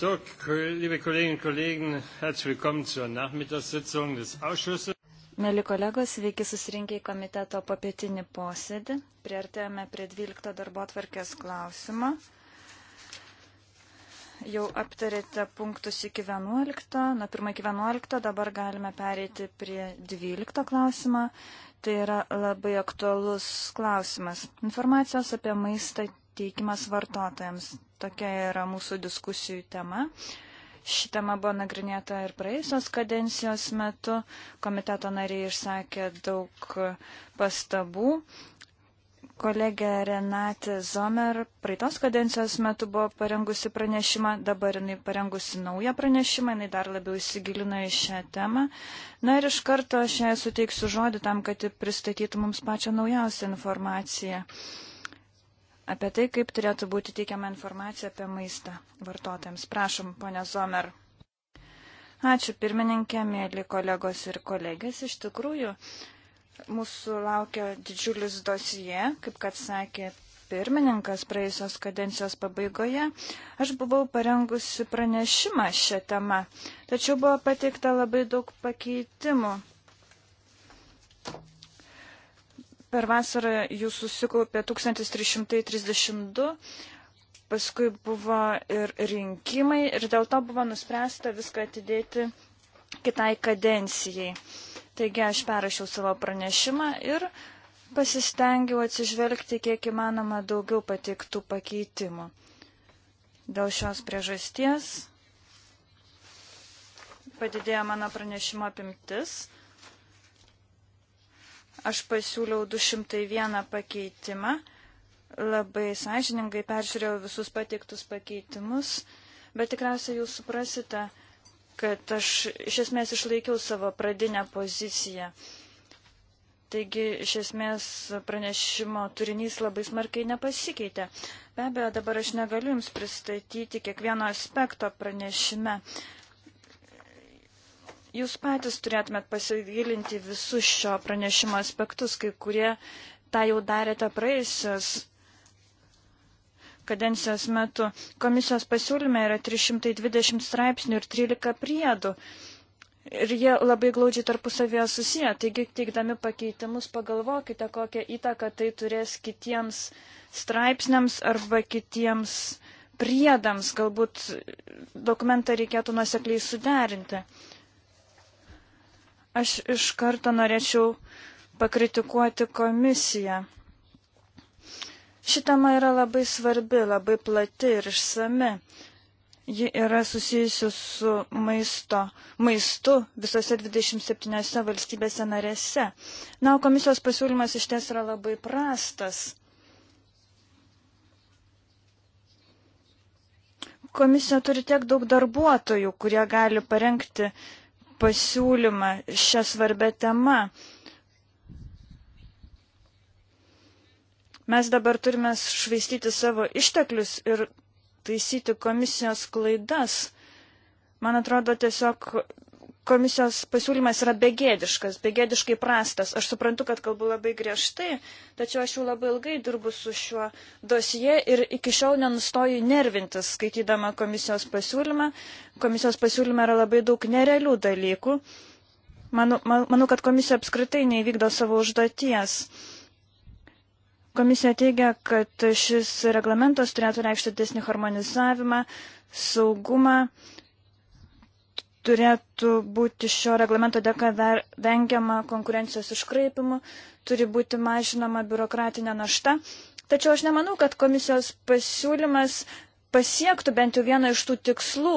So, liebe Kolleginnen und Kollegen, herzlich willkommen zur Nachmittagssitzung des Ausschusses. Mėly kolegos, sveiki susirinkę į komiteto papietinį posėdį. Priartėjome prie 12 darbo tvarkės klausimo. Jau aptarėte punktus iki 11, nuo 1 iki 11, dabar galime pereiti prie 12 klausimą. Tai yra labai aktualus klausimas. Informacijos apie maistą teikimas vartotojams. Tokia yra mūsų diskusijų tema. Ši tema buvo nagrinėta ir praėjusios kadencijos metu. Komiteto nariai išsakė daug pastabų. Kolegė Renate Zomer praeitos kadencijos metu buvo parengusi pranešimą, dabar jinai parengusi naują pranešimą, jinai dar labiau įsigilino į šią temą. Na ir iš karto aš jai suteiksiu žodį tam, kad pristatytų mums pačią naujausią informaciją. Uh, apie tai, kaip turėtų būti teikiama informacija apie maistą vartotojams. Prašom, ponė Zomer. Ačiū pirmininkė, mėly kolegos ir kolegės. Iš tikrųjų, mūsų laukia didžiulis dosie, kaip kad sakė pirmininkas praėjusios kadencijos pabaigoje. Aš buvau parengusi pranešimą šią temą, tačiau buvo pateikta labai daug pakeitimų. Per vasarą jų susikaupė 1332, paskui buvo ir rinkimai ir dėl to buvo nuspręsta viską atidėti kitai kadencijai. Taigi aš perrašiau savo pranešimą ir pasistengiau atsižvelgti kiek įmanoma daugiau pateiktų pakeitimų. Dėl šios priežasties padidėjo mano pranešimo apimtis Aš pasiūliau 201 pakeitimą, labai sąžiningai peržiūrėjau visus pateiktus pakeitimus, bet tikriausiai jūs suprasite, kad aš iš esmės išlaikiau savo pradinę poziciją. Taigi, iš esmės, pranešimo turinys labai smarkiai nepasikeitė. Be abejo, dabar aš negaliu Jums pristatyti kiekvieno aspekto pranešime, Jūs patys turėtumėt pasigilinti visus šio pranešimo aspektus, kai kurie tą jau darėte praėjusios kadencijos metu. Komisijos pasiūlyme yra 320 straipsnių ir 13 priedų. Ir jie labai glaudžiai tarpusavėje susiję. Taigi, teikdami pakeitimus, pagalvokite, kokią įtaką tai turės kitiems straipsniams arba kitiems priedams. Galbūt dokumentą reikėtų nusekliai suderinti. Aš iš karto norėčiau pakritikuoti komisiją. Ši tema yra labai svarbi, labai plati ir išsami. Ji yra susijusi su maisto, maistu visose 27 valstybėse narėse. Na, o komisijos pasiūlymas iš ties yra labai prastas. Komisija turi tiek daug darbuotojų, kurie gali parengti uh, pasiūlymą šią svarbę temą. Mes dabar turime švaistyti savo išteklius ir taisyti komisijos klaidas. Man atrodo, tiesiog komisijos pasiūlymas yra begėdiškas, begėdiškai prastas. Aš suprantu, kad kalbu labai griežtai, tačiau aš jau labai ilgai dirbu su šiuo dosie ir iki šiol nenustoju nervintis, skaitydama komisijos pasiūlymą. Komisijos pasiūlyme yra labai daug nerealių dalykų. Manau, man, manau kad komisija apskritai neįvykdo savo užduoties. Komisija teigia, kad šis reglamentas turėtų reikšti desnį harmonizavimą, saugumą turėtų būti šio reglamento dėka vengiama konkurencijos iškraipimų, turi būti mažinama biurokratinė našta. Tačiau aš nemanau, kad komisijos pasiūlymas pasiektų bent jau vieną iš tų tikslų.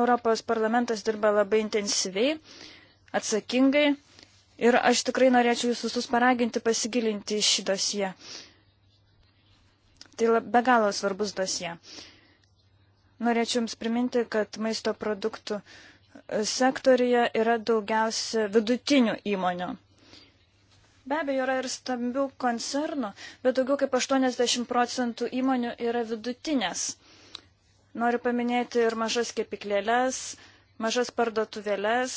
Europos parlamentas dirba labai intensyviai, atsakingai ir aš tikrai norėčiau jūs visus paraginti pasigilinti į šį dosiją. Tai be galo svarbus dosiją. Norėčiau Jums priminti, kad maisto produktų e, sektorija yra daugiausia vidutinių įmonių. Be abejo, yra ir stambių koncernų, bet daugiau kaip 80 procentų įmonių yra vidutinės. Noriu paminėti ir mažas kepiklėlės, mažas parduotuvėlės.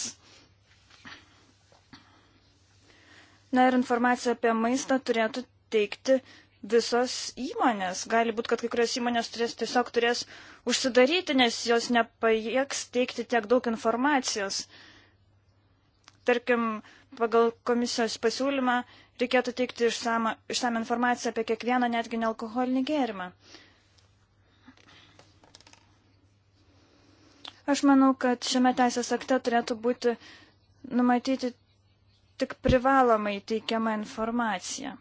Na ir informacija apie maistą turėtų teikti visos įmonės. Gali būti, kad kai kurios įmonės turės, tiesiog turės užsidaryti, nes jos nepajėgs teikti tiek daug informacijos. Tarkim, pagal komisijos pasiūlymą reikėtų teikti išsamą, išsamą informaciją apie kiekvieną netgi nealkoholinį gėrimą. Aš manau, kad šiame teisės akte turėtų būti numatyti tik privalomai teikiama informacija.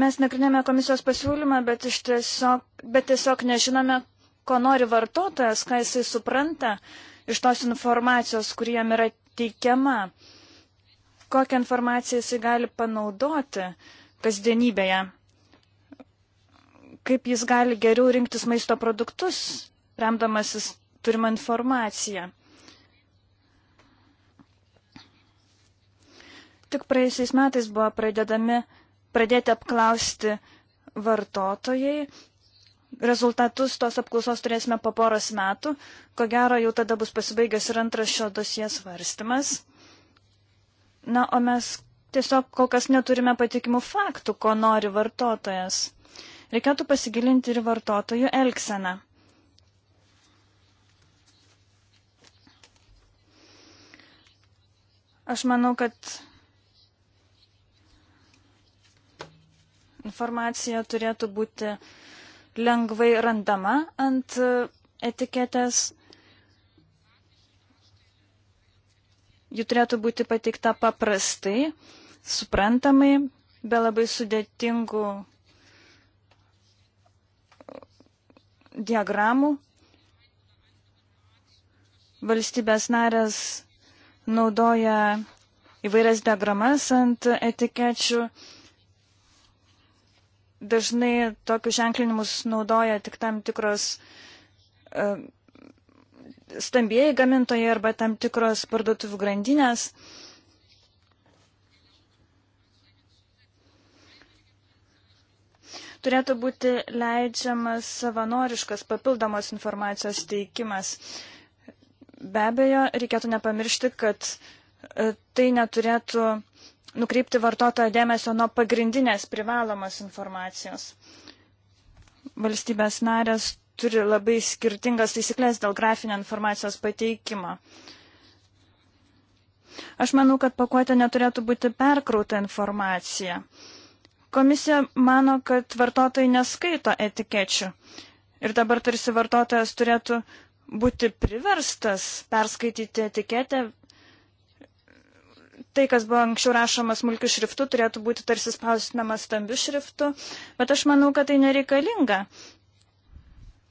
Mes nagrinėjame komisijos pasiūlymą, bet, tiesiog, bet tiesiog nežinome, ko nori vartotojas, ką jisai supranta iš tos informacijos, kuri jam yra teikiama, kokią informaciją jisai gali panaudoti kasdienybėje, kaip jis gali geriau rinktis maisto produktus, remdamasis turimą informaciją. Tik praėjusiais metais buvo pradedami pradėti apklausti vartotojai. Rezultatus tos apklausos turėsime po poros metų. Ko gero, jau tada bus pasibaigęs ir antras šio dosies varstimas. Na, o mes tiesiog kol kas neturime patikimų faktų, ko nori vartotojas. Reikėtų pasigilinti ir vartotojų elgseną. Aš manau, kad Informacija turėtų būti lengvai randama ant e, etiketės. Ji turėtų būti pateikta paprastai, suprantamai, be labai sudėtingų e, diagramų. Valstybės narės naudoja įvairias diagramas ant etikečių dažnai tokius ženklinimus naudoja tik tam tikros uh, stambieji gamintojai arba tam tikros parduotuvių grandinės. Turėtų būti leidžiamas savanoriškas papildomos informacijos teikimas. Be abejo, reikėtų nepamiršti, kad uh, tai neturėtų nukreipti vartotojo dėmesio nuo pagrindinės privalomos informacijos. Valstybės narės turi labai skirtingas taisyklės dėl grafinio informacijos pateikimo. Aš manau, kad pakuotė neturėtų būti perkrauta informacija. Komisija mano, kad vartotojai neskaito etikečių. Ir dabar tarsi vartotojas turėtų būti priverstas perskaityti etiketę, tai, kas buvo anksčiau rašoma smulkiu šriftu, turėtų būti tarsi spausdinama stambiu šriftu, bet aš manau, kad tai nereikalinga.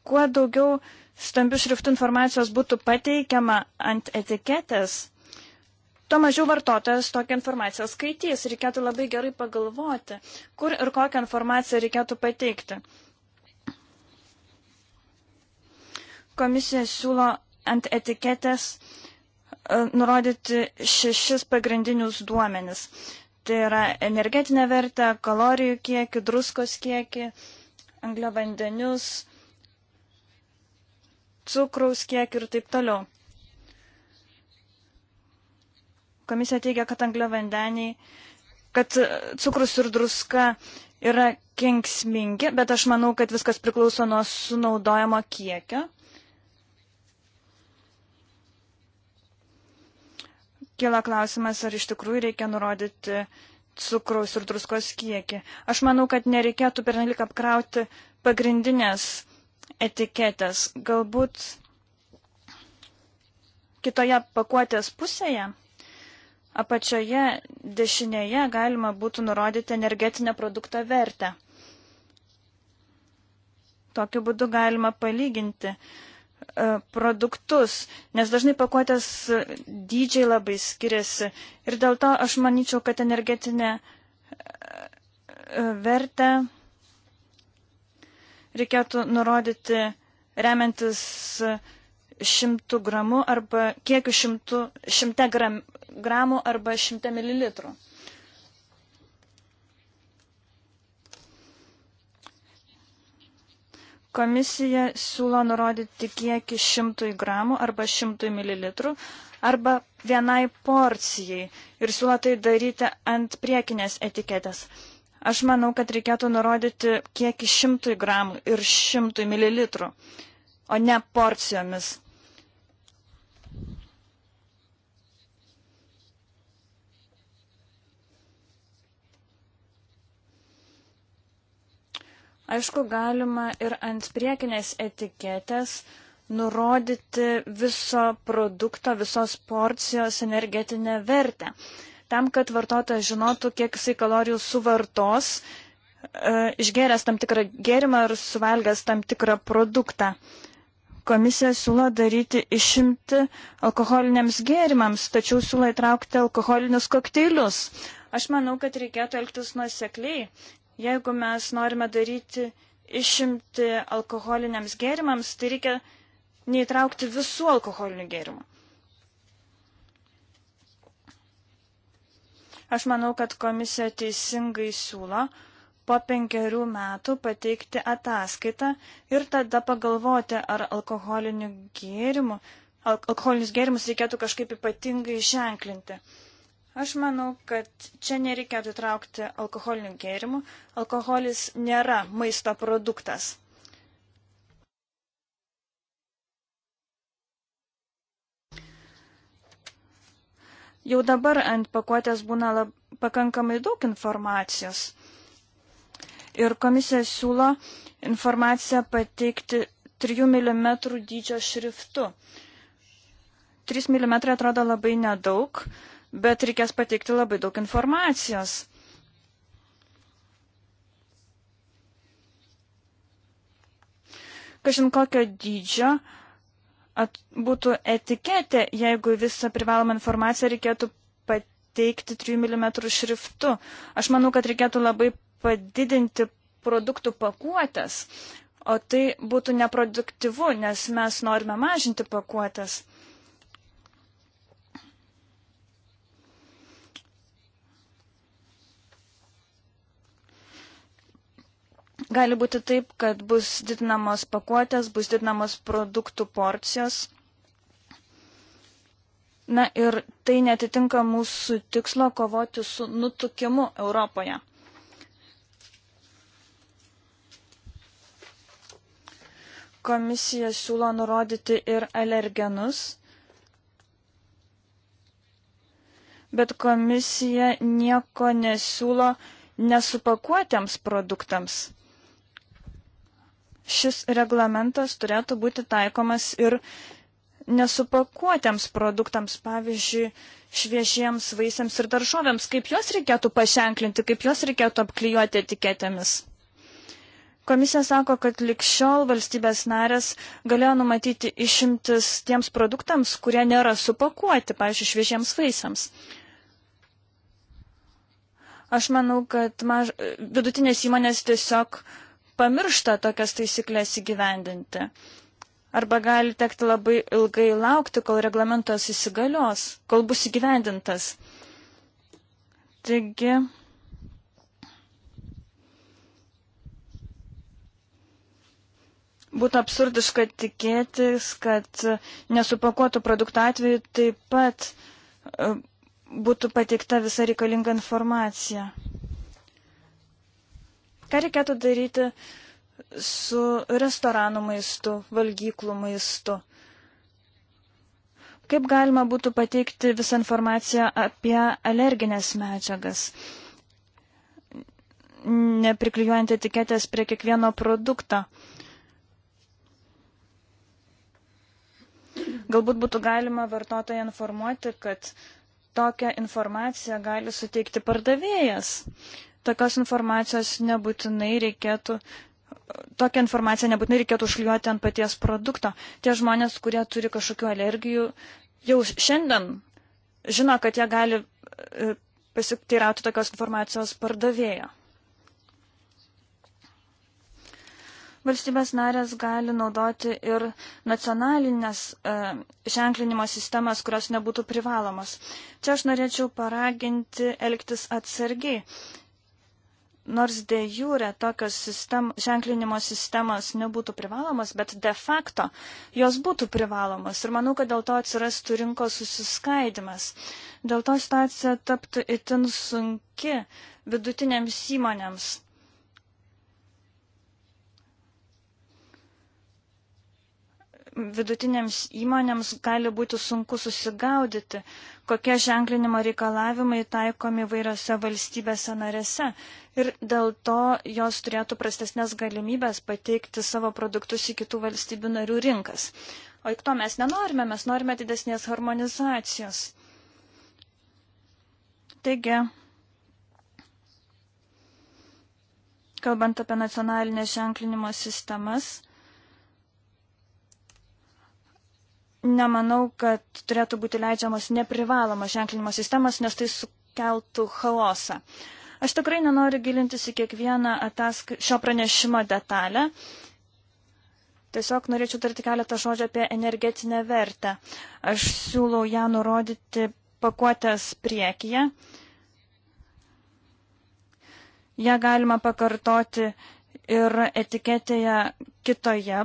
Kuo daugiau stambiu šriftu informacijos būtų pateikiama ant etiketės, tuo mažiau vartotojas tokią informaciją skaitys. Reikėtų labai gerai pagalvoti, kur ir kokią informaciją reikėtų pateikti. Komisija siūlo ant etiketės uh, E, nurodyti šešis pagrindinius duomenis. Tai yra energetinė vertė, kalorijų kiekį, druskos kiekį, angliavandenius, cukraus kiekį ir taip toliau. Komisija teigia, kad angliavandeniai, kad cukrus ir druska yra kenksmingi, bet aš manau, kad viskas priklauso nuo sunaudojamo kiekio. Kila klausimas, ar iš tikrųjų reikia nurodyti cukraus ir druskos kiekį. Aš manau, kad nereikėtų pernelik apkrauti pagrindinės etiketės. Galbūt kitoje pakuotės pusėje, apačioje dešinėje galima būtų nurodyti energetinę produkto vertę. Tokiu būdu galima palyginti uh, E, produktus, nes dažnai pakuotės dydžiai labai skiriasi. Ir dėl to aš manyčiau, kad energetinė e, vertę reikėtų nurodyti remiantis šimtų gramų arba kiekiu šimtų, šimte gram, gramų arba šimte mililitrų. Komisija siūlo nurodyti kiekį 100 gramų arba 100 ml arba vienai porcijai ir siūlo tai daryti ant priekinės etiketės. Aš manau, kad reikėtų nurodyti kiekį 100 gramų ir 100 ml, o ne porcijomis. Aišku, galima ir ant priekinės etiketės nurodyti viso produkto, visos porcijos energetinę vertę. Tam, kad vartotojas žinotų, kiek jisai kalorijų suvartos, e, išgeręs tam tikrą gėrimą ar suvalgęs tam tikrą produktą. Komisija siūlo daryti išimti alkoholiniams gėrimams, tačiau siūlo įtraukti alkoholinius kokteilius. Aš manau, kad reikėtų elgtis nuosekliai, Jeigu mes norime daryti išimti alkoholiniams gėrimams, tai reikia neįtraukti visų alkoholinių gėrimų. Aš manau, kad komisija teisingai siūlo po penkerių metų pateikti ataskaitą ir tada pagalvoti, ar alkoholinių gėrimų, alkoholinius gėrimus reikėtų kažkaip ypatingai ženklinti. Aš manau, kad čia nereikėtų traukti alkoholinių gėrimų. Alkoholis nėra maisto produktas. Jau dabar ant pakuotės būna lab, pakankamai daug informacijos. Ir komisija siūlo informaciją pateikti 3 mm dydžio šriftu. 3 mm atrodo labai nedaug, bet reikės pateikti labai daug informacijos. Kažin kokio dydžio at, būtų etiketė, jeigu visą privalomą informaciją reikėtų pateikti 3 mm šriftu. Aš manau, kad reikėtų labai padidinti produktų pakuotės, o tai būtų neproduktyvu, nes mes norime mažinti pakuotės. Gali būti taip, kad bus didinamos pakuotės, bus didinamos produktų porcijos. Na ir tai netitinka mūsų tikslo kovoti su nutukimu Europoje. Komisija siūlo nurodyti ir alergenus, bet komisija nieko nesiūlo nesupakuotiems produktams šis reglamentas turėtų būti taikomas ir nesupakuotiems produktams, pavyzdžiui, šviežiems vaisiams ir daržovėms, kaip juos reikėtų paženklinti, kaip juos reikėtų apklijuoti etiketėmis. Komisija sako, kad likščiol valstybės narės galėjo numatyti išimtis tiems produktams, kurie nėra supakuoti, pavyzdžiui, šviežiems vaisiams. Aš manau, kad maž... vidutinės įmonės tiesiog uh, pamiršta tokias taisyklės įgyvendinti. Arba gali tekti labai ilgai laukti, kol reglamentas įsigalios, kol bus įgyvendintas. Taigi, būtų absurdiška tikėtis, kad nesupakuotų produktų atveju taip pat e, būtų pateikta visa reikalinga informacija. Ką reikėtų daryti su restoranų maistu, valgyklų maistu? Kaip galima būtų pateikti visą informaciją apie alerginės medžiagas, nepriklijuojant etiketės prie kiekvieno produkto? Galbūt būtų galima vartotoją informuoti, kad tokią informaciją gali suteikti pardavėjas tokios informacijos nebūtinai reikėtų. Tokią informaciją nebūtinai reikėtų užliuoti ant paties produkto. Tie žmonės, kurie turi kažkokių alergijų, jau šiandien žino, kad jie gali e, pasiteirauti tokios informacijos pardavėjo. Valstybės narės gali naudoti ir nacionalinės e, ženklinimo sistemas, kurios nebūtų privalomos. Čia aš norėčiau paraginti elgtis atsargiai nors de jūre tokios sistem, ženklinimo sistemos nebūtų privalomos, bet de facto jos būtų privalomos. Ir manau, kad dėl to atsirastų rinkos susiskaidimas. Dėl to situacija taptų itin sunki vidutinėms įmonėms. Vidutinėms įmonėms gali būti sunku susigaudyti, kokie ženklinimo reikalavimai taikomi vairiose valstybėse narėse. Ir dėl to jos turėtų prastesnės galimybės pateikti savo produktus į kitų valstybių narių rinkas. O juk to mes nenorime, mes norime didesnės harmonizacijos. Taigi, kalbant apie nacionalinės ženklinimo sistemas, nemanau, kad turėtų būti leidžiamas neprivalomas ženklinimo sistemas, nes tai sukeltų chaosą. Aš tikrai nenoriu gilintis į kiekvieną atask... šio pranešimo detalę. Tiesiog norėčiau tarti keletą žodžių apie energetinę vertę. Aš siūlau ją nurodyti pakuotės priekyje. Ja galima pakartoti ir etiketėje kitoje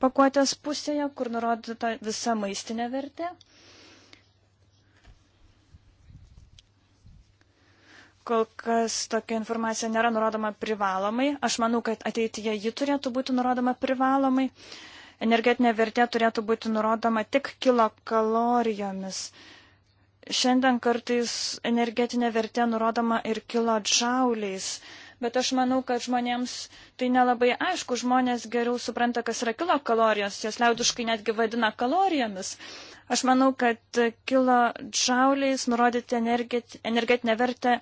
pakuotės pusėje, kur nurodyta visa maistinė vertė. Kol kas tokia informacija nėra nurodoma privalomai. Aš manau, kad ateityje ji turėtų būti nurodoma privalomai. Energetinė vertė turėtų būti nurodoma tik kilokalorijomis. Šiandien kartais energetinė vertė nurodoma ir kilodžauliais. džauliais bet aš manau, kad žmonėms tai nelabai aišku, žmonės geriau supranta, kas yra kilo kalorijos, jas liaudiškai netgi vadina kalorijomis. Aš manau, kad kilo džauliais nurodyti energet, energetinę vertę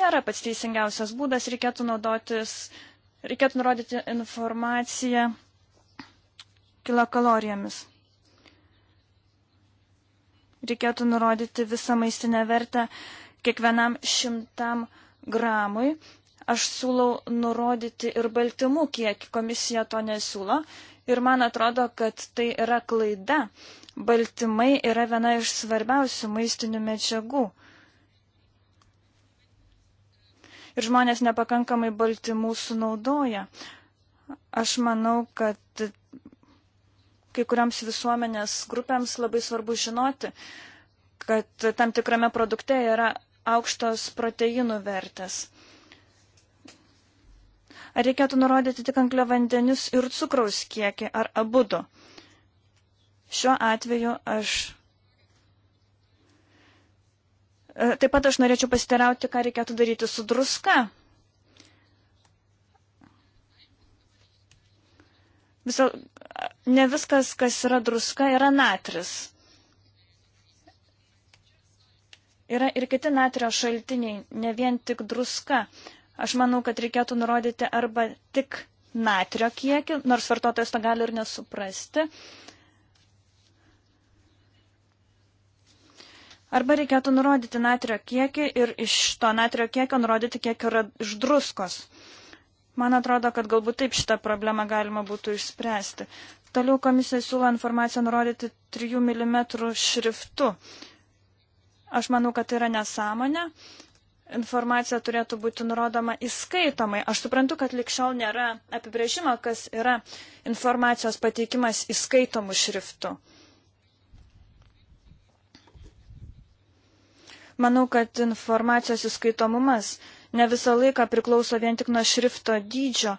nėra pats teisingiausias būdas, reikėtų naudotis, reikėtų nurodyti informaciją kilokalorijomis reikėtų nurodyti visą maistinę vertę kiekvienam šimtam gramui. Aš siūlau nurodyti ir baltymų kiekį, komisija to nesiūlo ir man atrodo, kad tai yra klaida. Baltymai yra viena iš svarbiausių maistinių medžiagų. Ir žmonės nepakankamai baltymų sunaudoja. Aš manau, kad kai kuriams visuomenės grupėms labai svarbu žinoti, kad tam tikrame produkte yra aukštos proteinų vertės. Ar reikėtų nurodyti tik angliavandenius ir cukraus kiekį, ar abudu? Šiuo atveju aš. E, taip pat aš norėčiau pasiterauti, ką reikėtų daryti su druska. Visa, ne viskas, kas yra druska, yra natris. Yra ir kiti natrio šaltiniai, ne vien tik druska. Aš manau, kad reikėtų nurodyti arba tik natrio kiekį, nors vartotojas to gali ir nesuprasti. Arba reikėtų nurodyti natrio kiekį ir iš to natrio kiekio nurodyti, kiek yra iš druskos. Man atrodo, kad galbūt taip šitą problemą galima būtų išspręsti. Toliau komisija siūlo informaciją nurodyti 3 mm šriftu. Aš manau, kad tai yra nesąmonė informacija turėtų būti nurodoma įskaitomai. Aš suprantu, kad likščiau nėra apibrėžimo, kas yra informacijos pateikimas įskaitomų šriftų. Manau, kad informacijos įskaitomumas ne visą laiką priklauso vien tik nuo šrifto dydžio.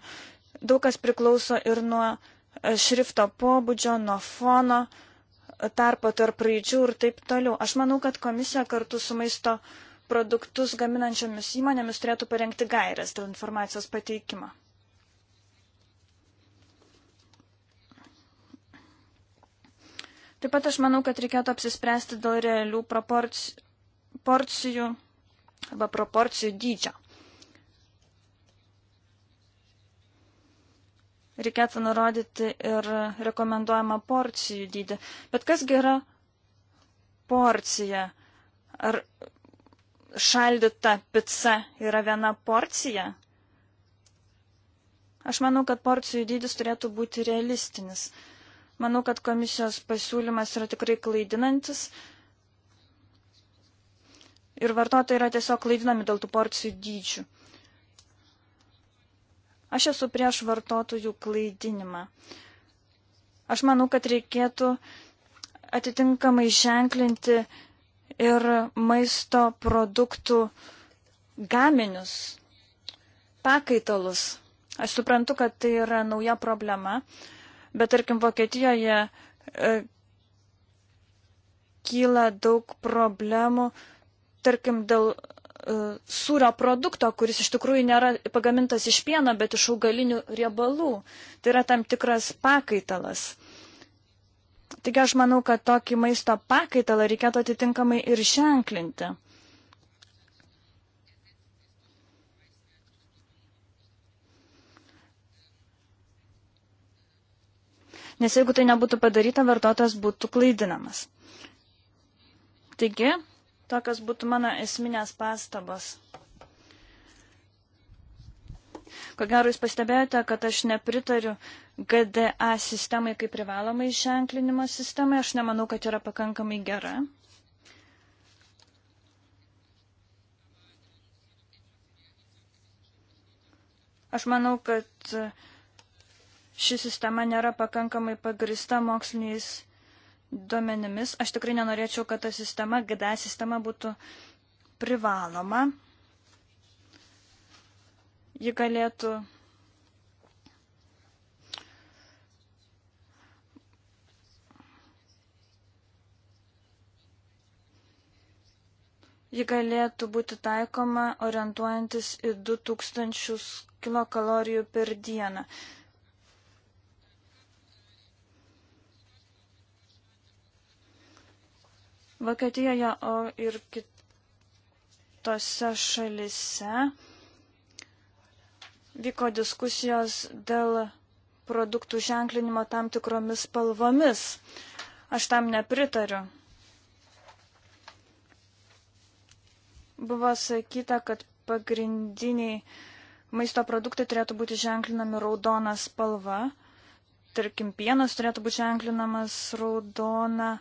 Daug kas priklauso ir nuo e, šrifto pobūdžio, nuo fono, tarpo tarp raidžių ir taip toliau. Aš manau, kad komisija kartu su maisto uh, produktus gaminančiomis įmonėmis turėtų parengti gairias dėl informacijos pateikimo. Taip pat aš manau, kad reikėtų apsispręsti dėl realių proporcijų arba proporcijų dydžio. Reikėtų nurodyti ir rekomenduojamą porcijų dydį. Bet kasgi yra porcija? Ar šaldyta pica yra viena porcija. Aš manau, kad porcijų dydis turėtų būti realistinis. Manau, kad komisijos pasiūlymas yra tikrai klaidinantis. Ir vartotojai yra tiesiog klaidinami dėl tų porcijų dydžių. Aš esu prieš vartotojų klaidinimą. Aš manau, kad reikėtų atitinkamai ženklinti uh, ir maisto produktų gaminius, pakaitalus. Aš suprantu, kad tai yra nauja problema, bet tarkim Vokietijoje e, kyla daug problemų, tarkim dėl e, sūrio produkto, kuris iš tikrųjų nėra pagamintas iš pieno, bet iš augalinių riebalų. Tai yra tam tikras pakaitalas. E, Tik aš manau, kad tokį maisto pakaitalą reikėtų atitinkamai ir ženklinti. Nes jeigu tai nebūtų padaryta, vartotojas būtų klaidinamas. Taigi, tokios būtų mano esminės pastabos. Ko gero jūs pastebėjote, kad aš nepritariu GDA sistemai kaip privalomai ženklinimo sistemai. Aš nemanau, kad yra pakankamai gera. Aš manau, kad ši sistema nėra pakankamai pagrista moksliniais duomenimis. Aš tikrai nenorėčiau, kad ta sistema, GDA sistema būtų privaloma ji galėtų ji galėtų būti taikoma orientuojantis į 2000 kilokalorijų per dieną. Vokietijoje, o ir kitose šalise Vyko diskusijos dėl produktų ženklinimo tam tikromis spalvomis. Aš tam nepritariu. Buvo sakyta, kad pagrindiniai maisto produktai turėtų būti ženklinami raudona spalva. Tarkim, pienas turėtų būti ženklinamas raudona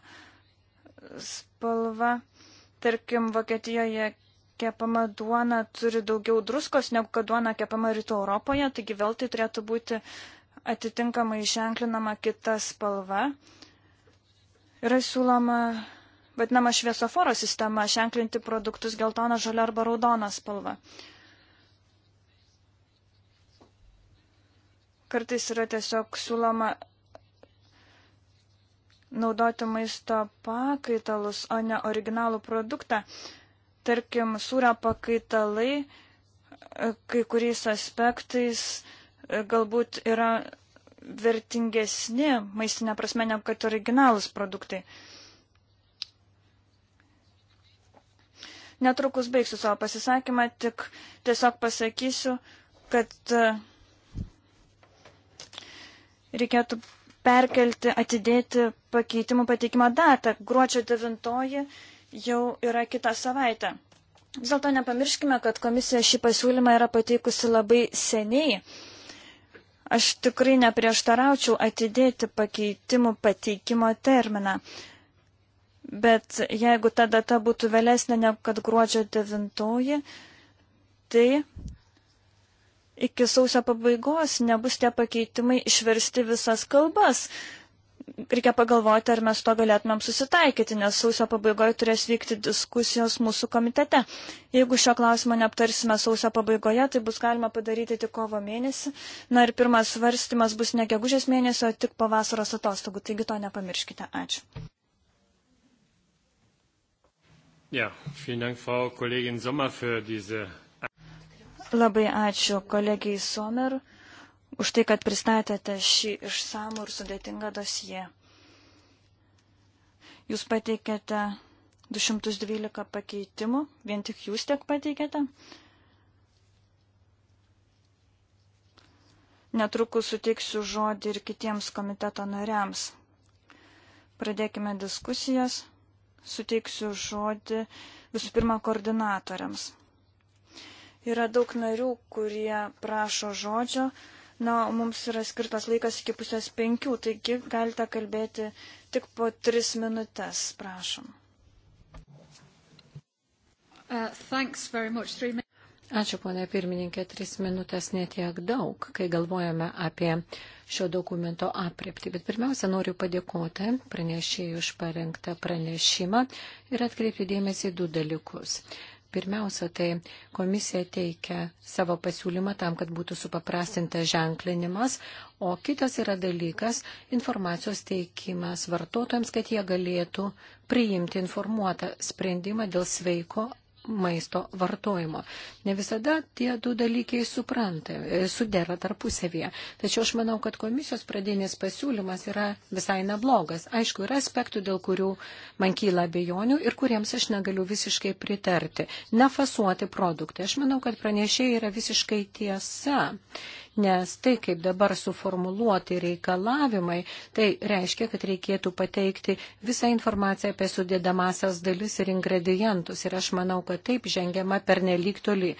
spalva. Tarkim, Vokietijoje kepama duona turi daugiau druskos negu kad duona kepama rytų Europoje, taigi vėl tai turėtų būti atitinkamai ženklinama kita spalva. Yra siūloma vadinama šviesoforo sistema ženklinti produktus geltona, žalia arba raudona spalva. Kartais yra tiesiog siūloma naudoti maisto pakaitalus, o ne originalų produktą. Uh, Tarkim, sūrio pakaitalai e, kai kuriais aspektais e, galbūt yra vertingesni maistinė prasme negu kad originalus produktai. Netrukus baigsiu savo pasisakymą, tik tiesiog pasakysiu, kad e, reikėtų perkelti, atidėti pakeitimų pateikimo datą. Gruodžio 9 jau yra kitą savaitę. Vis dėlto nepamirškime, kad komisija šį pasiūlymą yra pateikusi labai seniai. Aš tikrai neprieštaraučiau atidėti pakeitimų pateikimo terminą. Bet jeigu ta data būtų vėlesnė negu kad gruodžio 9, tai iki sausio pabaigos nebus tie pakeitimai išversti visas kalbas reikia pagalvoti, ar mes to galėtumėm susitaikyti, nes sausio pabaigoje turės vykti diskusijos mūsų komitete. Jeigu šio klausimo neaptarsime sausio pabaigoje, tai bus galima padaryti tik kovo mėnesį. Na ir pirmas svarstymas bus ne gegužės mėnesio, o tik po vasaros atostogų, taigi to nepamirškite. Ačiū. Ja, Dank, Frau Sommer, für diese... Labai ačiū kolegijai Somer už tai, kad pristatėte šį išsamų ir sudėtingą dosiją. Jūs pateikėte 212 pakeitimų, vien tik jūs tiek pateikėte. Netrukus suteiksiu žodį ir kitiems komiteto nariams. Pradėkime diskusijas. Suteiksiu žodį visų pirma koordinatoriams. Yra daug narių, kurie prašo žodžio. Na, mums yra skirtas laikas iki pusės penkių, taigi galite kalbėti tik po tris minutės, prašom. Uh, Ačiū, ponė pirmininkė, tris minutės netiek daug, kai galvojame apie šio dokumento apriepti. Bet pirmiausia, noriu padėkoti pranešėjų už parengtą pranešimą ir atkreipti dėmesį į du dalykus. Pirmiausia, tai komisija teikia savo pasiūlymą tam, kad būtų supaprastintas ženklinimas, o kitas yra dalykas - informacijos teikimas vartotojams, kad jie galėtų priimti informuotą sprendimą dėl sveiko maisto vartojimo. Ne visada tie du dalykai supranta, e, sudera tarpusavyje. Tačiau aš manau, kad komisijos pradinis pasiūlymas yra visai neblogas. Aišku, yra aspektų, dėl kurių man kyla abejonių ir kuriems aš negaliu visiškai pritarti. Nefasuoti produktai. Aš manau, kad pranešėjai yra visiškai tiesa nes tai, kaip dabar suformuluoti reikalavimai, tai reiškia, kad reikėtų pateikti visą informaciją apie sudėdamasias dalis ir ingredientus. Ir aš manau, kad taip žengiama per nelik toli.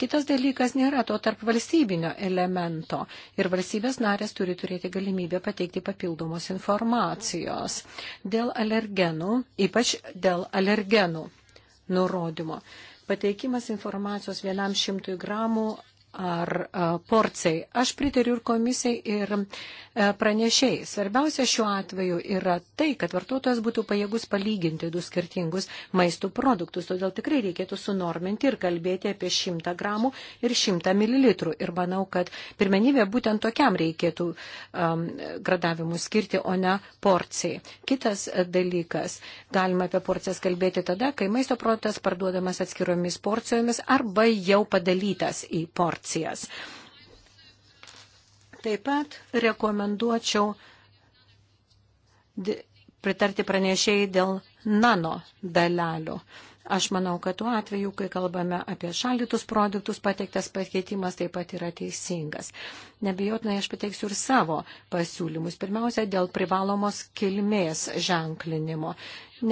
Kitas dalykas nėra to tarp valstybinio elemento ir valstybės narės turi turėti galimybę pateikti papildomos informacijos dėl alergenų, ypač dėl alergenų nurodymo. Pateikimas informacijos vienam šimtui gramų ar e, porcijai. Aš pritariu ir komisijai, ir e, pranešėjai. Svarbiausia šiuo atveju yra tai, kad vartotojas būtų pajėgus palyginti du skirtingus maistų produktus. Todėl tikrai reikėtų sunorminti ir kalbėti apie 100 gramų ir 100 mililitrų. Ir manau, kad pirmenybė būtent tokiam reikėtų um, gradavimų skirti, o ne porcijai. Kitas dalykas, galima apie porcijas kalbėti tada, kai maisto produktas parduodamas atskiromis porcijomis arba jau padalytas į porciją frakcijas. Taip pat rekomenduočiau pritarti pranešėjai dėl nano dalelių. Aš manau, kad tuo atveju, kai kalbame apie šaldytus produktus, pateiktas pakeitimas taip pat yra teisingas. Nebijotinai aš pateiksiu ir savo pasiūlymus. Pirmiausia, dėl privalomos kilmės ženklinimo.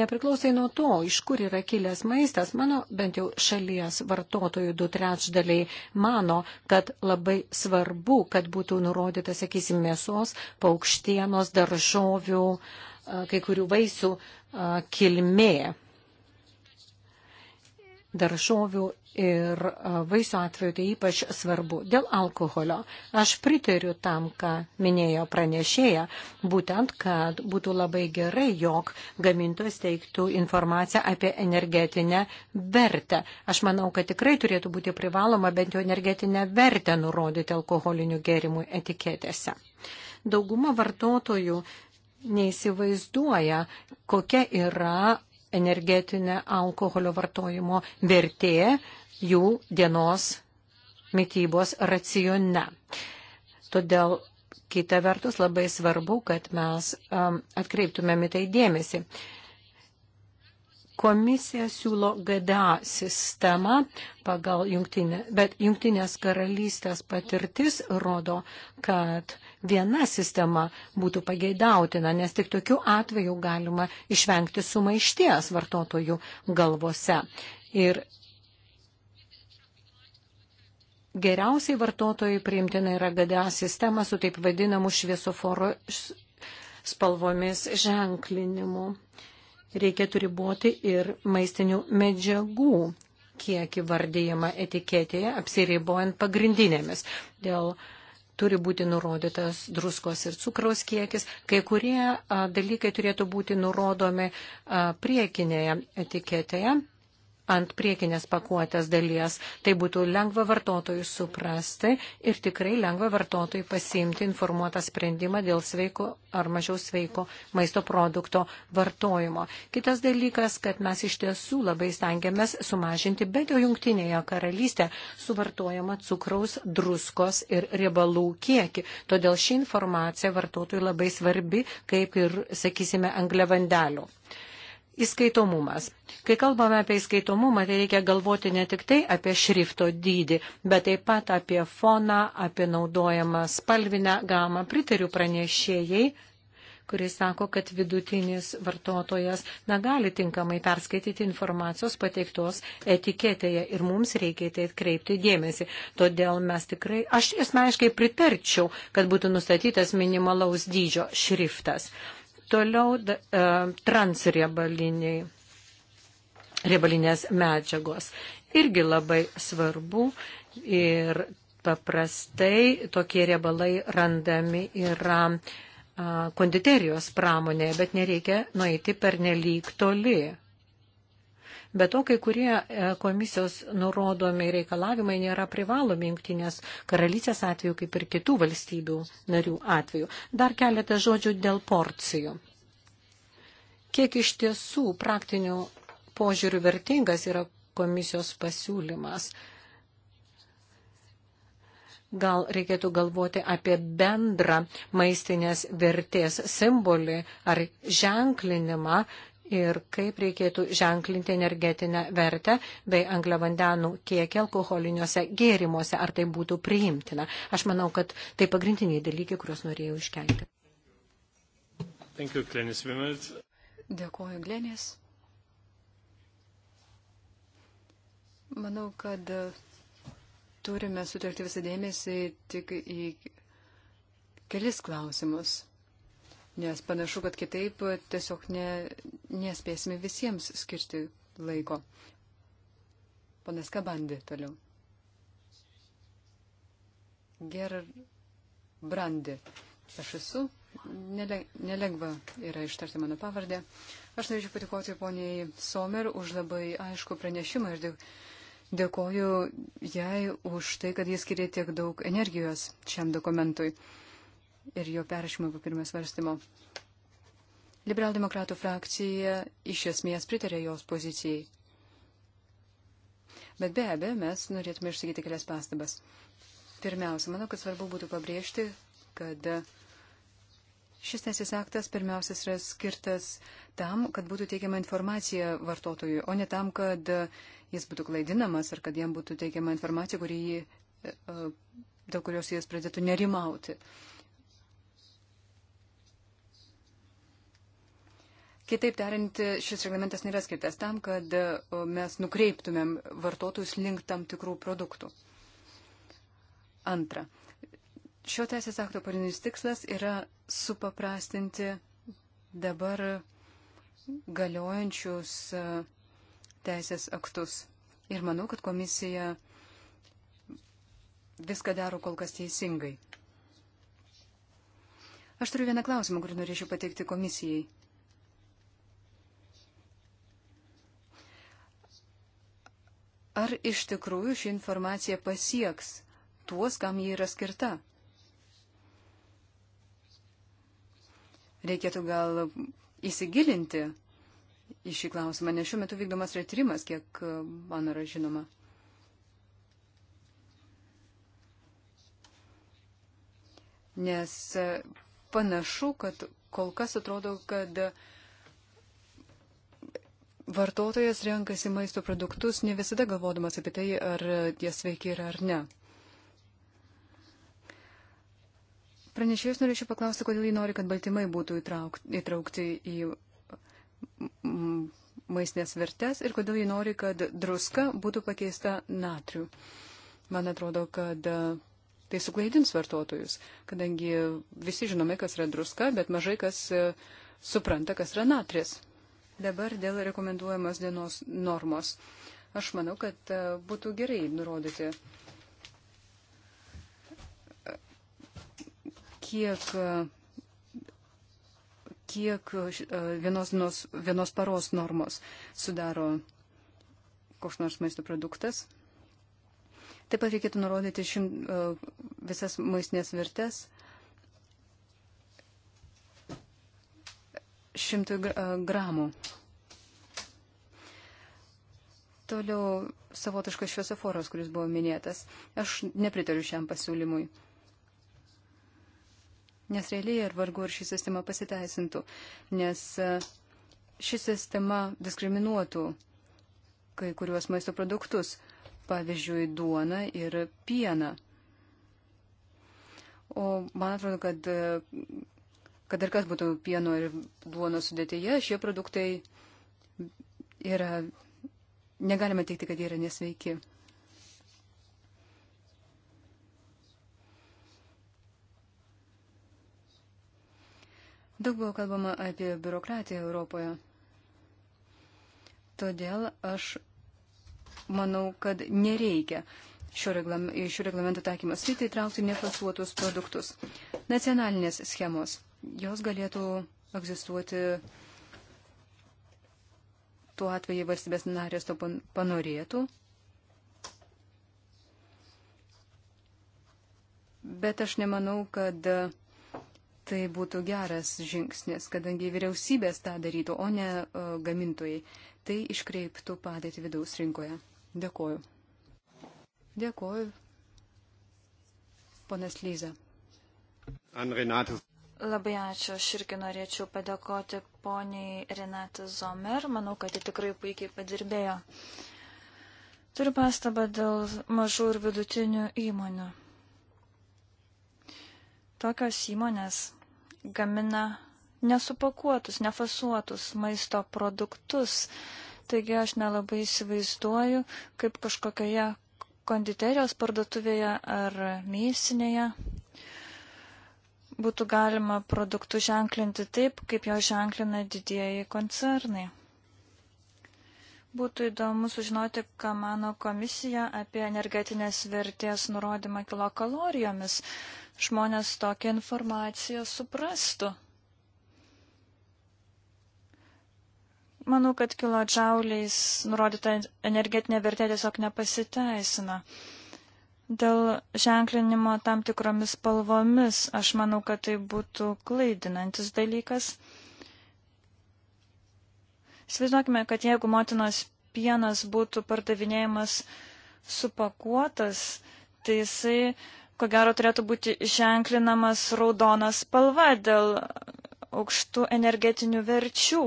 Nepriklausai nuo to, iš kur yra kilęs maistas, mano bent jau šalies vartotojų du trečdaliai mano, kad labai svarbu, kad būtų nurodyta, sakysim, mėsos, paukštienos, daržovių, kai kurių vaisių kilmė daržovių ir vaisių atveju tai ypač svarbu. Dėl alkoholio aš pritariu tam, ką minėjo pranešėja, būtent, kad būtų labai gerai, jog gamintojas teiktų informaciją apie energetinę vertę. Aš manau, kad tikrai turėtų būti privaloma bent jau energetinę vertę nurodyti alkoholinių gėrimų etiketėse. Dauguma vartotojų neįsivaizduoja, kokia yra energetinė alkoholio vartojimo vertė jų dienos mytybos racione. Todėl kita vertus labai svarbu, kad mes um, atkreiptumėm į tai dėmesį. Komisija siūlo GDA sistemą pagal jungtinę, bet jungtinės karalystės patirtis rodo, kad viena sistema būtų pageidautina, nes tik tokiu atveju galima išvengti sumaišties vartotojų galvose. Ir geriausiai vartotojai priimtina yra GDA sistema su taip vadinamu šviesoforo spalvomis ženklinimu. Reikėtų riboti ir maistinių medžiagų kiekį vardėjimą etiketėje, apsiribojant pagrindinėmis. Dėl uh, turi būti nurodytas druskos ir cukraus kiekis. Kai kurie dalykai turėtų būti nurodomi priekinėje etiketėje ant priekinės pakuotės dalies. Tai būtų lengva vartotojui suprasti ir tikrai lengva vartotojui pasiimti informuotą sprendimą dėl sveiko ar mažiau sveiko maisto produkto vartojimo. Kitas dalykas, kad mes iš tiesų labai stengiamės sumažinti bent jau jungtinėje karalystė suvartojama cukraus, druskos ir riebalų kiekį. Todėl ši informacija vartotojui labai svarbi, kaip ir, sakysime, angliavandelių. Įskaitomumas. Kai kalbame apie įskaitomumą, tai reikia galvoti ne tik tai apie šrifto dydį, bet taip pat apie foną, apie naudojamą spalvinę gamą. Pritariu pranešėjai, kuris sako, kad vidutinis vartotojas negali tinkamai perskaityti informacijos pateiktos etiketėje ir mums reikia tai atkreipti dėmesį. Todėl mes tikrai, aš esmaiškai pritarčiau, kad būtų nustatytas minimalaus dydžio šriftas. Toliau e, transriebaliniai riebalinės medžiagos. Irgi labai svarbu ir paprastai tokie riebalai randami yra a, konditerijos pramonėje, bet nereikia nueiti per nelyg toli. Be to, kai kurie e, komisijos nurodomi reikalavimai nėra privalomi jungtinės karalystės atveju, kaip ir kitų valstybių narių atveju. Dar keletą žodžių dėl porcijų. Kiek iš tiesų praktinių požiūrių vertingas yra komisijos pasiūlymas? gal reikėtų galvoti apie bendrą maistinės vertės simbolį ar ženklinimą, ir kaip reikėtų ženklinti energetinę vertę bei angliavandenų kiekį alkoholiniuose gėrimuose, ar tai būtų priimtina. Aš manau, kad tai pagrindiniai dalykai, kuriuos norėjau iškelti. Thank you, Glenis Vimmels. Dėkuoju, Glenis. Manau, kad turime sutelkti visą dėmesį tik į kelis klausimus nes panašu, kad kitaip tiesiog ne, nespėsime visiems skirti laiko. Ponas Kabandi toliau. Ger Brandi. Aš esu. Nelengva yra ištarti mano pavardę. Aš norėčiau patikoti poniai Somer už labai aišku pranešimą ir dėkoju jai už tai, kad jis skiria tiek daug energijos šiam dokumentui ir jo perrašymo po pirmio svarstymo. Liberaldemokratų frakcija iš esmės pritarė jos pozicijai. Bet be abejo, mes norėtume išsakyti kelias pastabas. Pirmiausia, manau, kad svarbu būtų pabrėžti, kad šis teisės aktas pirmiausias yra skirtas tam, kad būtų teikiama informacija vartotojui, o ne tam, kad jis būtų klaidinamas ar kad jam būtų teikiama informacija, kurį, e, e, dėl kurios jis pradėtų nerimauti. Uh, Kitaip tariant, šis reglamentas nėra skirtas tam, kad mes nukreiptumėm vartotojus link tam tikrų produktų. Antra, šio teisės akto pagrindinis tikslas yra supaprastinti dabar galiojančius e, teisės aktus. Ir manau, kad komisija viską daro kol kas teisingai. Aš turiu vieną klausimą, kurį norėčiau pateikti komisijai. ar iš tikrųjų ši informacija pasieks tuos, kam ji yra skirta. Reikėtų gal įsigilinti į šį klausimą, nes šiuo metu vykdomas yra tyrimas, kiek man yra žinoma. Nes panašu, kad kol kas atrodo, kad uh, vartotojas renkasi maisto produktus ne visada galvodamas apie tai, ar jie sveiki yra ar ne. Pranešėjus norėčiau paklausti, kodėl jį nori, kad baltymai būtų įtraukti į maistinės vertes ir kodėl jį nori, kad druska būtų pakeista natriu. Man atrodo, kad e, tai suklaidins vartotojus, kadangi visi žinome, kas yra druska, bet mažai kas e, supranta, kas yra natris. Dabar dėl rekomenduojamos dienos normos. Aš manau, kad e, būtų gerai nurodyti, kiek, e, kiek e, vienos, dienos, vienos paros normos sudaro koks nors maisto produktas. Taip pat reikėtų nurodyti šim, visas maistinės vertės šimtui e, gramų. Toliau savotiškas šviesoforas, kuris buvo minėtas. Aš nepritariu šiam pasiūlymui. Nes realiai ir vargu ar ši sistema pasiteisintų, nes e, ši sistema diskriminuotų kai kuriuos maisto produktus, pavyzdžiui, duoną ir pieną. O man atrodo, kad e, kad ir kas būtų pieno ir duonos sudėtyje, šie produktai yra, negalima teikti, kad jie yra nesveiki. Daug buvo kalbama apie biurokratiją Europoje. Todėl aš manau, kad nereikia šio reglam, šio reglamento taikymas rytį įtraukti nefasuotus produktus. Nacionalinės schemos jos galėtų egzistuoti tuo atveju valstybės narės to panorėtų. Bet aš nemanau, kad tai būtų geras žingsnis, kadangi vyriausybės tą darytų, o ne uh, gamintojai. Tai iškreiptų padėti vidaus rinkoje. Dėkoju. Dėkoju. Ponas Lyza. An Renatas. Labai ačiū. Aš irgi norėčiau padėkoti poniai Renatą Zomer. Manau, kad ji tikrai puikiai padirbėjo. Turiu pastabą dėl mažų ir vidutinių įmonių. Tokios įmonės gamina nesupakuotus, nefasuotus maisto produktus. Taigi aš nelabai įsivaizduoju, kaip kažkokioje konditerijos parduotuvėje ar mėsinėje būtų galima produktų ženklinti taip, kaip jo ženklina didieji koncernai. Būtų įdomu sužinoti, ką mano komisija apie energetinės vertės nurodymą kilokalorijomis. Žmonės tokią informaciją suprastų. Manau, kad kilodžiauliais nurodyta energetinė vertė tiesiog nepasiteisina. Dėl ženklinimo tam tikromis spalvomis, aš manau, kad tai būtų klaidinantis dalykas. Įsivaizduokime, kad jeigu motinos pienas būtų pardavinėjimas supakuotas, tai jisai, ko gero, turėtų būti ženklinamas raudona spalva dėl aukštų energetinių verčių.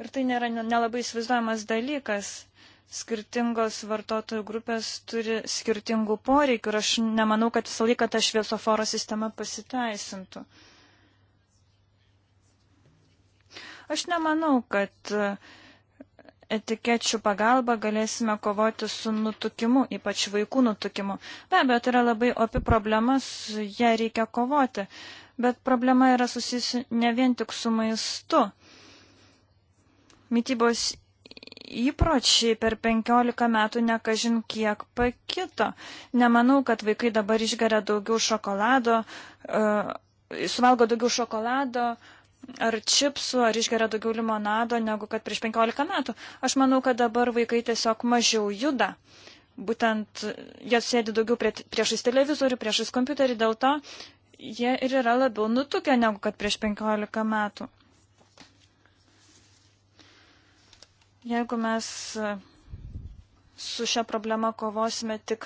Ir tai nėra nelabai įsivaizduojamas dalykas skirtingos vartotojų grupės turi skirtingų poreikių ir aš nemanau, kad visą laiką ta šviesoforo sistema pasiteisintų. Aš nemanau, kad e, etikečių pagalba galėsime kovoti su nutukimu, ypač vaikų nutukimu. Be abejo, tai yra labai opi problema, su ją reikia kovoti, bet problema yra susijusi ne vien tik su maistu. Mytybos įpročiai per 15 metų nekažin kiek pakito. Nemanau, kad vaikai dabar išgeria daugiau šokolado, uh, suvalgo daugiau šokolado ar čipsų, ar išgeria daugiau limonado negu kad prieš 15 metų. Aš manau, kad dabar vaikai tiesiog mažiau juda. Būtent jie sėdi daugiau prie, priešais televizorių, priešais kompiuterį, dėl to jie ir yra labiau nutukę negu kad prieš 15 metų. Jeigu mes e, su šia problema kovosime tik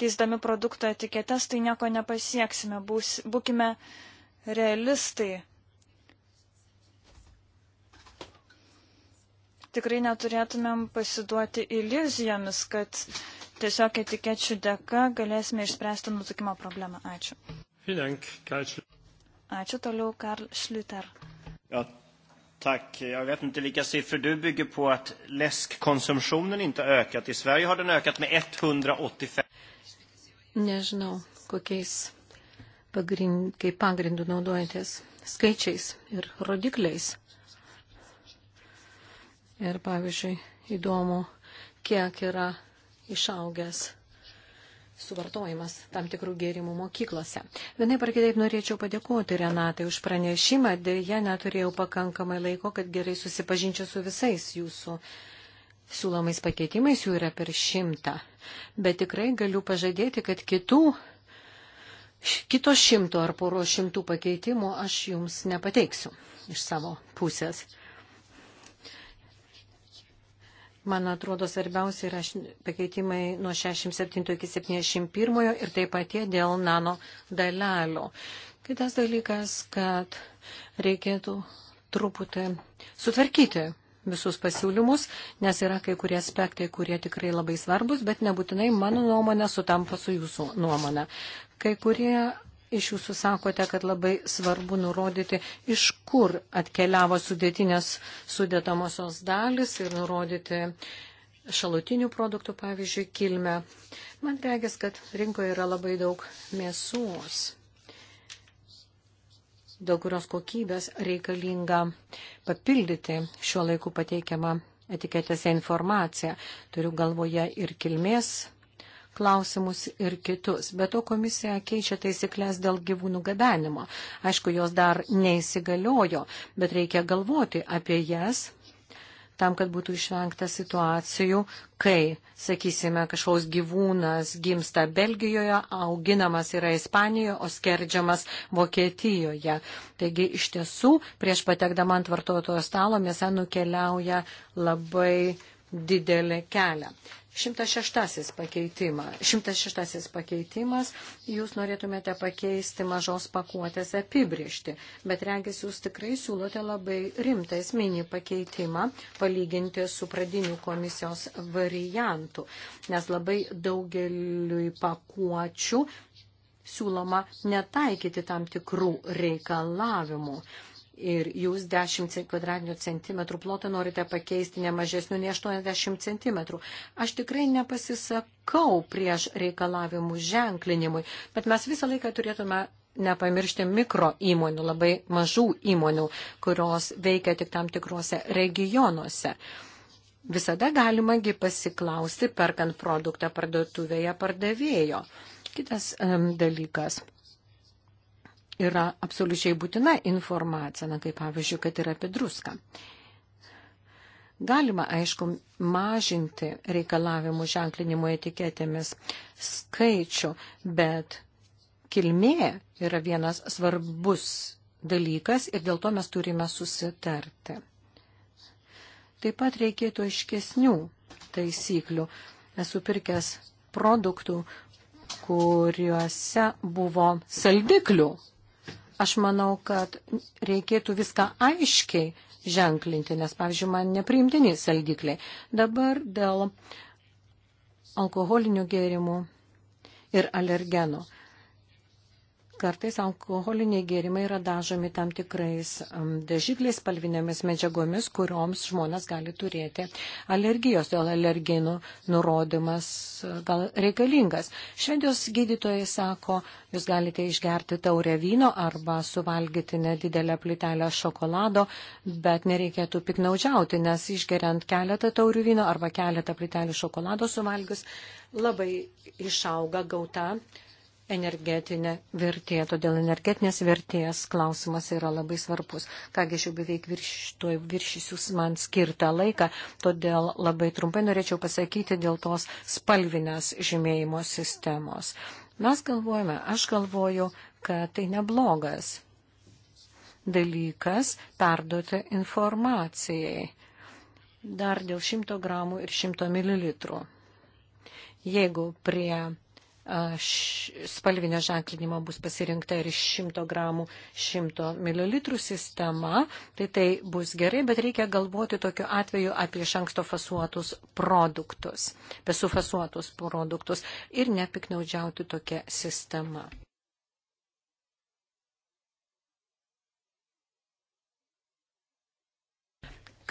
keisdami produkto etiketes, tai nieko nepasieksime. Būs, būkime realistai. Tikrai neturėtumėm pasiduoti iliuzijomis, kad tiesiog etikečių dėka galėsime išspręsti nutukimo problemą. Ačiū. Ačiū toliau, Karl Schlüter. Ja, Tack. Jag vet inte vilka siffror du bygger på att läskkonsumtionen inte ökat. I Sverige har den ökat med 185. Nežinau, kokiais pagrind, kaip pagrindų naudojantis skaičiais ir rodikliais. Ir pavyzdžiui, įdomu, kiek yra išaugęs suvartojimas tam tikrų gėrimų mokyklose. Vienai par kitaip norėčiau padėkoti Renatai už pranešimą, dėja neturėjau pakankamai laiko, kad gerai susipažinčiau su visais jūsų siūlomais pakeitimais, jų yra per šimtą. Bet tikrai galiu pažadėti, kad kitų, kito šimto ar poro šimtų pakeitimų aš jums nepateiksiu iš savo pusės. Man atrodo, svarbiausia yra pakeitimai nuo 67 iki 71 ir taip pat jie dėl nano dalelio. Kitas dalykas, kad reikėtų truputį sutvarkyti visus pasiūlymus, nes yra kai kurie aspektai, kurie tikrai labai svarbus, bet nebūtinai mano nuomonė sutampa su jūsų nuomonė. Kai kurie iš jūsų sakote, kad labai svarbu nurodyti, iš kur atkeliavo sudėtinės sudėtamosios dalis ir nurodyti šalutinių produktų, pavyzdžiui, kilmę. Man regis, kad rinkoje yra labai daug mėsos dėl kurios kokybės reikalinga papildyti šiuo laiku pateikiamą etiketėse informaciją. Turiu galvoje ir kilmės klausimus ir kitus. Be to komisija keičia taisyklės dėl gyvūnų gabenimo. Aišku, jos dar neįsigaliojo, bet reikia galvoti apie jas tam, kad būtų išvengta situacijų, kai, sakysime, kažkoks gyvūnas gimsta Belgijoje, auginamas yra Ispanijoje, o skerdžiamas Vokietijoje. Taigi iš tiesų, prieš patekdama ant vartotojo stalo, mėsa nukeliauja labai didelį kelią. 106 pakeitimas. 106 pakeitimas, jūs norėtumėte pakeisti mažos pakuotės apibriežti, bet regis jūs tikrai siūlote labai rimtą esminį pakeitimą palyginti su pradiniu komisijos variantu, nes labai daugeliui pakuočių siūloma netaikyti tam tikrų reikalavimų ir jūs 10 kvadratinių centimetrų plotą norite pakeisti ne mažesniu nei 80 centimetrų. Aš tikrai nepasisakau prieš reikalavimų ženklinimui, bet mes visą laiką turėtume nepamiršti mikro įmonių, labai mažų įmonių, kurios veikia tik tam tikrose regionuose. Visada galimagi pasiklausti, perkant produktą parduotuvėje pardavėjo. Kitas um, dalykas yra absoliučiai būtina informacija, na, kaip pavyzdžiui, kad yra apie druską. Galima, aišku, mažinti reikalavimų ženklinimo etiketėmis skaičių, bet kilmė yra vienas svarbus dalykas ir dėl to mes turime susitarti. Taip pat reikėtų aiškesnių taisyklių. Esu pirkęs produktų, kuriuose buvo saldiklių Aš manau, kad reikėtų viską aiškiai ženklinti, nes, pavyzdžiui, man nepriimtini saldikliai. Dabar dėl alkoholinių gėrimų ir alergenų kartais alkoholiniai gėrimai yra dažomi tam tikrais dažikliais, spalvinėmis medžiagomis, kurioms žmonės gali turėti alergijos, dėl alerginų nurodymas e, gal reikalingas. Švedijos gydytojai sako, jūs galite išgerti taurę vyno arba suvalgyti nedidelę plytelę šokolado, bet nereikėtų piknaudžiauti, nes išgeriant keletą taurių vyno arba keletą plytelių šokolado suvalgius labai išauga gauta energetinė vertė. Todėl energetinės vertės klausimas yra labai svarbus. Kągi aš jau beveik virš, tuoj viršysius man skirtą laiką, todėl labai trumpai norėčiau pasakyti dėl tos spalvinės žymėjimo sistemos. Mes galvojame, aš galvoju, kad tai neblogas dalykas perduoti informacijai. Dar dėl 100 gramų ir 100 mililitrų. Jeigu prie spalvinio ženklinimo bus pasirinkta ir 100 gramų 100 ml sistema, tai tai bus gerai, bet reikia galvoti tokiu atveju apie šanksto fasuotus produktus, besufasuotus produktus ir nepiknaudžiauti tokią sistemą.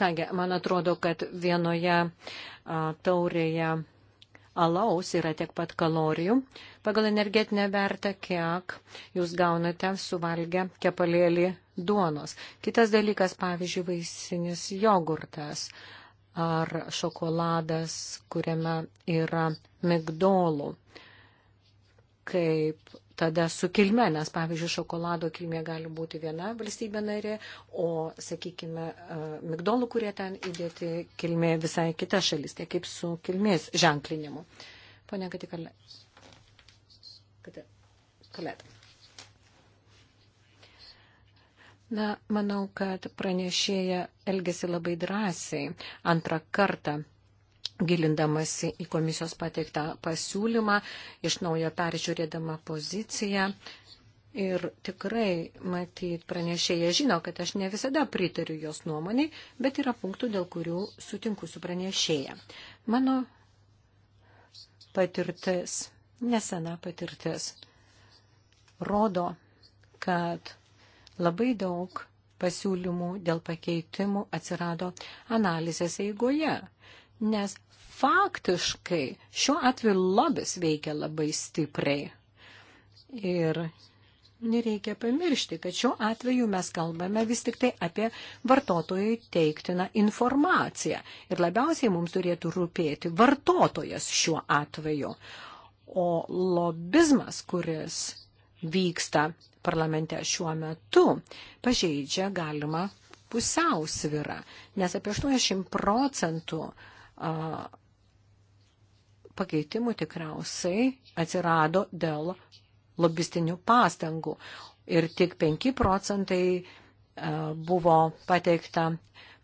Kągi, man atrodo, kad vienoje a, taurėje alaus yra tiek pat kalorijų pagal energetinę vertę, kiek jūs gaunate suvalgę kepalėlį duonos. Kitas dalykas, pavyzdžiui, vaisinis jogurtas ar šokoladas, kuriame yra migdolų kaip tada su kilme, nes pavyzdžiui, šokolado kilmė gali būti viena valstybė narė, o, sakykime, e, migdolų, kurie ten įdėti kilmė visai kita šalis, tai kaip su kilmės ženklinimu. Pone Katikalė. Kalėt. Na, manau, kad pranešėja elgesi labai drąsiai antrą kartą gilindamasi į komisijos pateiktą pasiūlymą, iš naujo peržiūrėdama poziciją. Ir tikrai, matyt, pranešėja žino, kad aš ne visada pritariu jos nuomoniai, bet yra punktų, dėl kurių sutinku su pranešėja. Mano patirtis, nesena patirtis, rodo, kad labai daug pasiūlymų dėl pakeitimų atsirado analizės eigoje nes faktiškai šiuo atveju lobis veikia labai stipriai. Ir nereikia pamiršti, kad šiuo atveju mes kalbame vis tik tai apie vartotojui teiktiną informaciją. Ir labiausiai mums turėtų rūpėti vartotojas šiuo atveju. O lobizmas, kuris vyksta parlamente šiuo metu, pažeidžia galima pusiausvyrą, nes apie 80 procentų pakeitimų tikriausiai atsirado dėl lobistinių pastangų. Ir tik 5 procentai e, buvo pateikta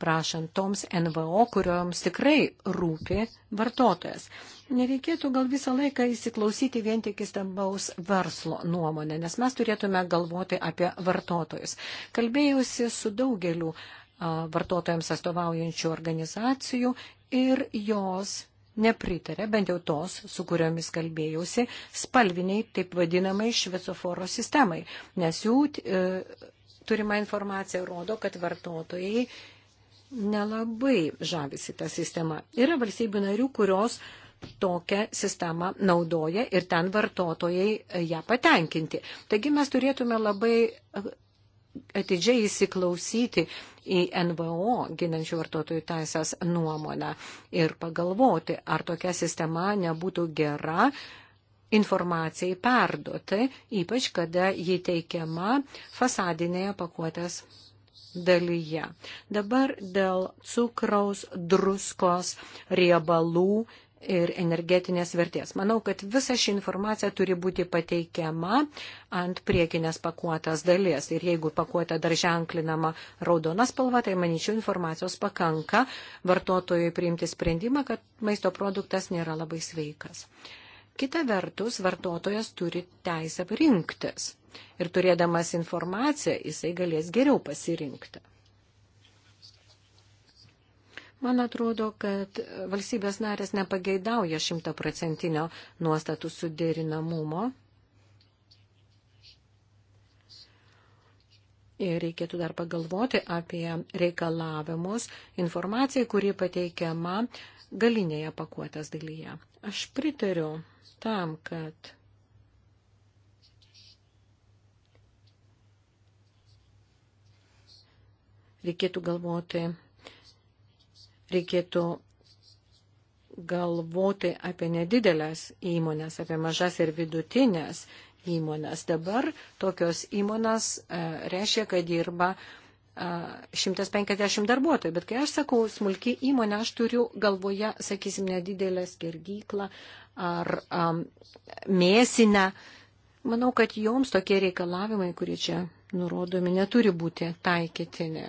prašant toms NVO, kurioms tikrai rūpi vartotojas. Nereikėtų gal visą laiką įsiklausyti vien tik į stambaus verslo nuomonę, nes mes turėtume galvoti apie vartotojus. Kalbėjusi su daugeliu vartotojams atstovaujančių organizacijų ir jos nepritarė, bent jau tos, su kuriomis kalbėjausi, spalviniai taip vadinamai šviesoforo sistemai, nes jų e, turima informacija rodo, kad vartotojai nelabai žavisi tą sistemą. Yra valstybių narių, kurios tokią sistemą naudoja ir ten vartotojai ją patenkinti. Taigi mes turėtume labai atidžiai įsiklausyti į NVO ginančių vartotojų teisės nuomonę ir pagalvoti, ar tokia sistema nebūtų gera informacijai perduoti, ypač kada ji teikiama fasadinėje pakuotės dalyje. Dabar dėl cukraus, druskos, riebalų ir energetinės vertės. Manau, kad visa ši informacija turi būti pateikiama ant priekinės pakuotas dalies. Ir jeigu pakuotė dar ženklinama raudona spalva, tai manyčiau informacijos pakanka vartotojui priimti sprendimą, kad maisto produktas nėra labai sveikas. Kita vertus, vartotojas turi teisę rinktis. Ir turėdamas informaciją, jisai galės geriau pasirinkti. Man atrodo, kad valstybės narės nepageidauja šimtaprocentinio nuostatų suderinamumo. Ir reikėtų dar pagalvoti apie reikalavimus informacijai, kuri pateikiama galinėje pakuotės dalyje. Aš pritariu tam, kad reikėtų galvoti reikėtų galvoti apie nedidelės įmonės, apie mažas ir vidutinės įmonės. Dabar tokios įmonės e, reiškia, kad dirba 150 e, darbuotojų. Bet kai aš sakau smulki įmonė, aš turiu galvoje, sakysim, nedidelę skirgyklą ar um, mėsinę. Manau, kad joms tokie reikalavimai, kurie čia nurodomi, neturi būti taikytini.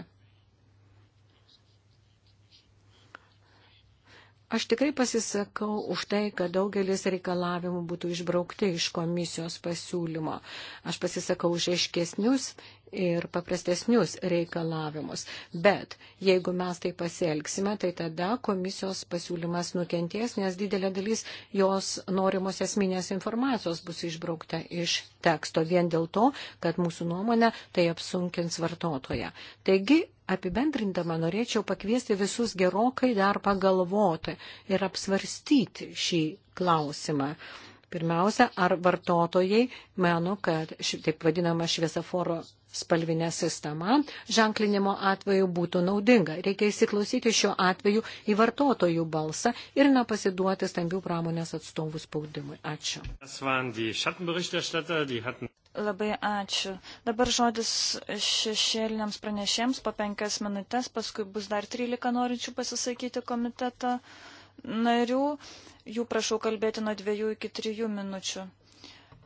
Aš tikrai pasisakau už tai, kad daugelis reikalavimų būtų išbraukti iš komisijos pasiūlymo. Aš pasisakau už aiškesnius ir paprastesnius reikalavimus. Bet jeigu mes tai pasielgsime, tai tada komisijos pasiūlymas nukenties, nes didelė dalis jos norimos esminės informacijos bus išbraukta iš teksto vien dėl to, kad mūsų nuomonė tai apsunkins vartotoje. Taigi, Apibendrindama norėčiau pakviesti visus gerokai dar pagalvoti ir apsvarstyti šį klausimą. Pirmiausia, ar vartotojai mano, kad taip vadinama šviesaforo spalvinė sistema ženklinimo atveju būtų naudinga. Reikia įsiklausyti šiuo atveju į vartotojų balsą ir nepasiduoti stambių pramonės atstovų spaudimui. Ačiū. Labai ačiū. Dabar žodis šešėliniams pranešėms po penkias minutės, paskui bus dar trylika norinčių pasisakyti komiteto narių, jų prašau kalbėti nuo dviejų iki trijų minučių.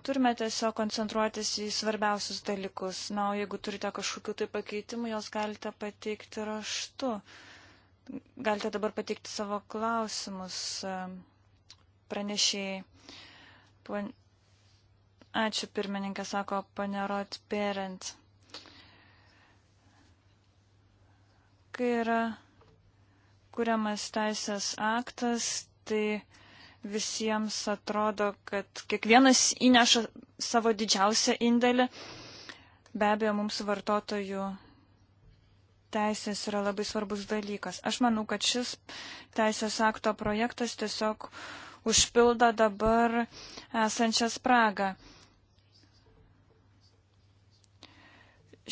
Turime tiesiog koncentruotis į svarbiausius dalykus. Na, o jeigu turite kažkokių tai pakeitimų, jos galite pateikti raštu. Galite dabar pateikti savo klausimus e, pranešėjai. Pon... Ačiū pirmininkė, sako panerot perent. Kai yra kuriamas teisės aktas, tai visiems atrodo, kad kiekvienas įneša savo didžiausią indėlį. Be abejo, mums vartotojų teisės yra labai svarbus dalykas. Aš manau, kad šis teisės akto projektas tiesiog užpildo dabar esančią spragą.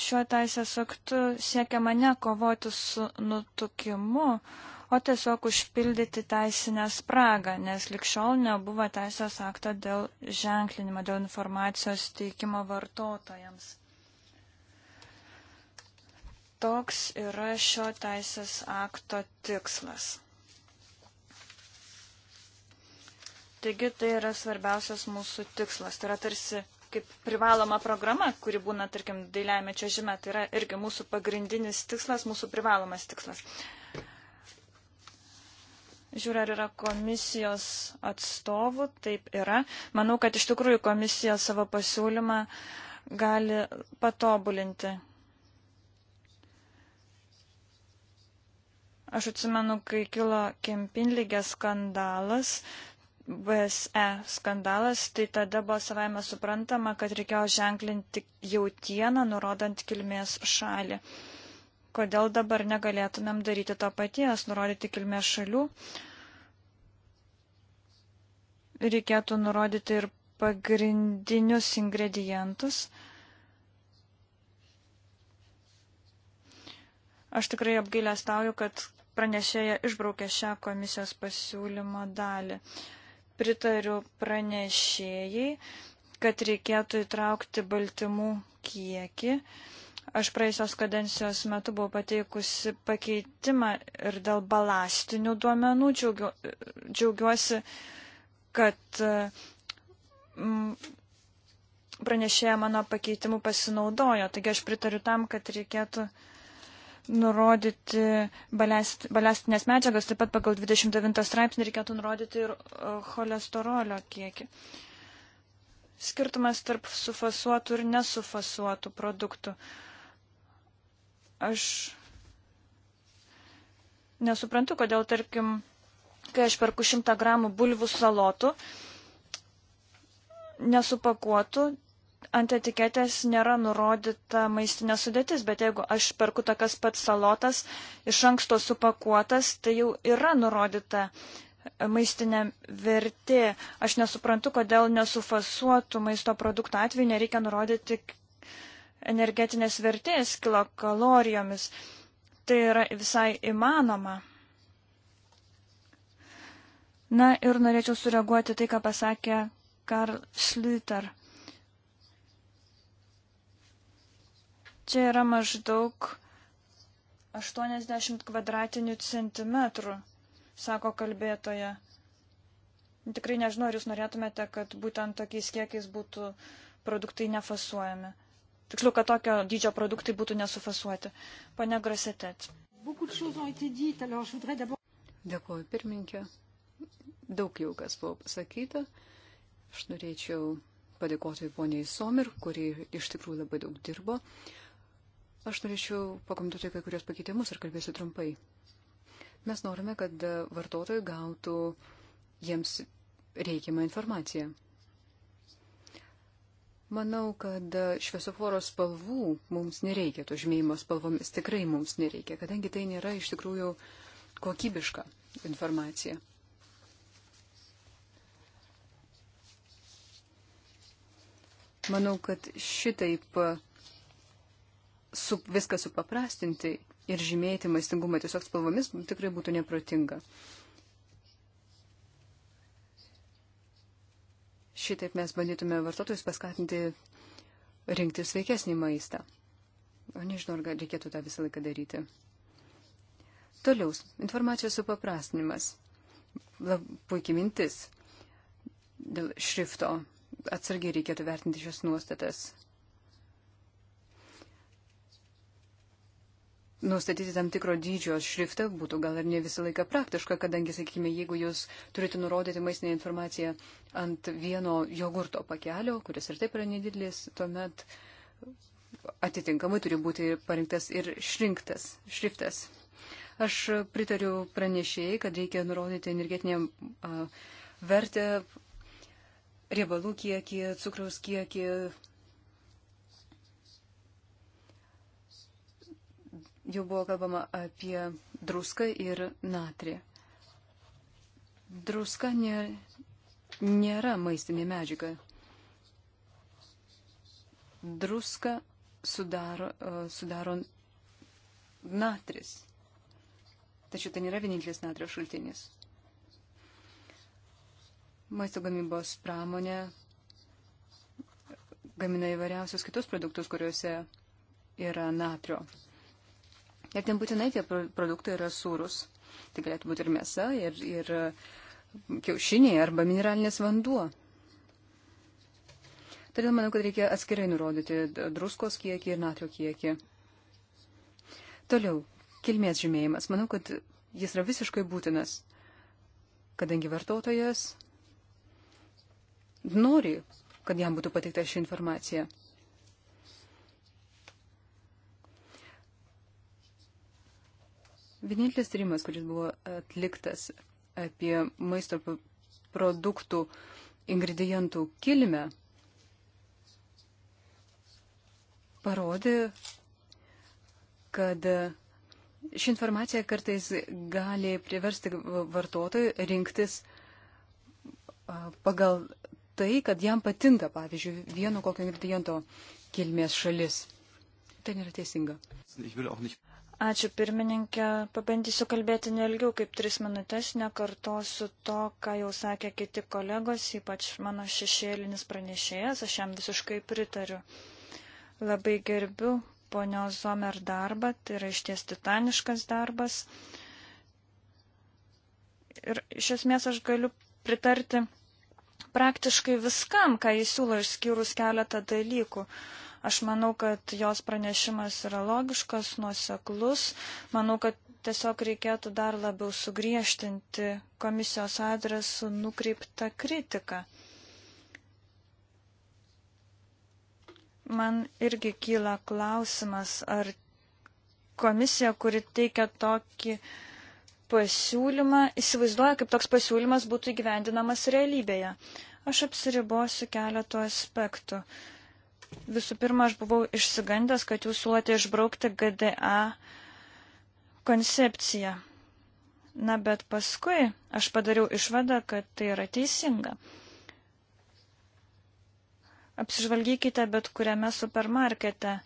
šiuo teisės aktu siekiama ne kovoti su nutukimu, o tiesiog užpildyti teisinę spragą, nes likščiol nebuvo teisės akto dėl ženklinimo, dėl informacijos teikimo vartotojams. Toks yra šio teisės akto tikslas. Taigi tai yra svarbiausias mūsų tikslas. Tai yra tarsi kaip privaloma programa, kuri būna, tarkim, dailiajame čiažime, tai yra irgi mūsų pagrindinis tikslas, mūsų privalomas tikslas. Žiūrė, ar yra komisijos atstovų, taip yra. Manau, kad iš tikrųjų komisija savo pasiūlymą gali patobulinti. Aš atsimenu, kai kilo kempinlygės skandalas, uh, BSE skandalas, tai tada buvo savaime suprantama, kad reikėjo ženklinti jautieną, nurodant kilmės šalį. Kodėl dabar negalėtumėm daryti to paties, nurodyti kilmės šalių? Reikėtų nurodyti ir pagrindinius ingredientus. Aš tikrai apgailę stauju, kad pranešėja išbraukė šią komisijos pasiūlymo dalį. Uh, Pritariu pranešėjai, kad reikėtų įtraukti baltymų kiekį. Aš praėjusios kadencijos metu buvau pateikusi pakeitimą ir dėl balastinių duomenų džiaugiu, džiaugiuosi, kad mm, pranešėja mano pakeitimu pasinaudojo. Taigi aš pritariu tam, kad reikėtų uh, nurodyti balest, balestinės medžiagas, taip pat pagal 29 straipsnį reikėtų nurodyti ir e, cholesterolio kiekį. Skirtumas tarp sufasuotų ir nesufasuotų produktų. Aš nesuprantu, kodėl, tarkim, kai aš perku 100 gramų bulvų salotų, nesupakuotų, ant etiketės nėra nurodyta maistinė sudėtis, bet jeigu aš perku tokias pats salotas iš anksto supakuotas, tai jau yra nurodyta maistinė vertė. Aš nesuprantu, kodėl nesufasuotų maisto produktų atveju nereikia nurodyti energetinės vertės kilokalorijomis. Tai yra visai įmanoma. Na ir norėčiau sureaguoti tai, ką pasakė Karl Schlüter. Čia yra maždaug 80 kvadratinių centimetrų, sako kalbėtoja. Tikrai nežinau, ar jūs norėtumėte, kad būtent tokiais kiekiais būtų produktai nefasuojami. Tiksliau, kad tokio dydžio produktai būtų nesufasuoti. Pane Grasetet. Dėkuoju, pirmininkė. Daug jau kas buvo pasakyta. Aš norėčiau padėkoti poniai Somer, kuri iš tikrųjų labai daug dirbo. Uh, Aš norėčiau pakomentuoti kai kurios pakeitimus ir kalbėsiu trumpai. Mes norime, kad vartotojai gautų jiems reikiamą informaciją. Manau, kad šviesoforo spalvų mums nereikia, to žymėjimo spalvomis tikrai mums nereikia, kadangi tai nėra iš tikrųjų kokybiška informacija. Manau, kad šitaip su, viską supaprastinti ir žymėti maistingumą tiesiog spalvomis tikrai būtų neprotinga. Šitaip mes bandytume vartotojus paskatinti rinkti sveikesnį maistą. O nežinau, ar reikėtų tą visą laiką daryti. Toliau, informacijos supaprastinimas. Lab, puikiai mintis. Dėl šrifto atsargiai reikėtų vertinti šios nuostatas. nustatyti tam tikro dydžio šriftą būtų gal ir ne visą laiką praktiška, kadangi, sakykime, jeigu jūs turite nurodyti maistinę informaciją ant vieno jogurto pakelio, kuris ir taip yra nedidelis, tuomet atitinkamai turi būti parinktas ir šrinktas, šriftas. Aš pritariu pranešėjai, kad reikia nurodyti energetinę vertę, riebalų kiekį, cukraus kiekį, jau buvo kalbama apie druską ir natrį. Druska nėra, nėra maistinė medžiaga. Druska sudaro, e, sudaro natris. Tačiau tai nėra vienintelis natrio šaltinis. Maisto gamybos pramonė gamina įvairiausius kitus produktus, kuriuose yra natrio. Ir ten būtinai tie produktai yra sūrus. Tai galėtų būti ir mėsa, ir, ir e, kiaušiniai arba mineralinis vanduo. Todėl manau, kad reikia atskirai nurodyti druskos kiekį ir natrio kiekį. Toliau, kilmės žymėjimas. Manau, kad jis yra visiškai būtinas, kadangi vartotojas nori, kad jam būtų pateikta ši informacija. Vienintelis tyrimas, kuris buvo atliktas apie maisto produktų ingredientų kilmę, parodė, kad ši informacija kartais gali priversti vartotojų rinktis pagal tai, kad jam patinka, pavyzdžiui, vieno kokio ingrediento kilmės šalis. Tai nėra teisinga. Ačiū pirmininkė. Pabandysiu kalbėti nelgiau kaip tris minutės, nekartosiu to, ką jau sakė kiti kolegos, ypač mano šešėlinis pranešėjas, aš jam visiškai pritariu. Labai gerbiu ponios Zomer darbą, tai yra išties titaniškas darbas. Ir iš esmės aš galiu pritarti praktiškai viskam, ką jis siūlo, išskyrus keletą dalykų. Uh, Aš manau, kad jos pranešimas yra logiškas, nuoseklus. Manau, kad tiesiog reikėtų dar labiau sugriežtinti komisijos adresų nukreiptą kritiką. Man irgi kyla klausimas, ar komisija, kuri teikia tokį pasiūlymą, įsivaizduoja, kaip toks pasiūlymas būtų įgyvendinamas realybėje. Aš apsiribosiu keletų aspektų. Visų pirma, aš buvau išsigandęs, kad jūs siūlote išbraukti GDA koncepciją. Na, bet paskui aš padariau išvadą, kad tai yra teisinga. Apsižvalgykite bet kuriame supermarkete.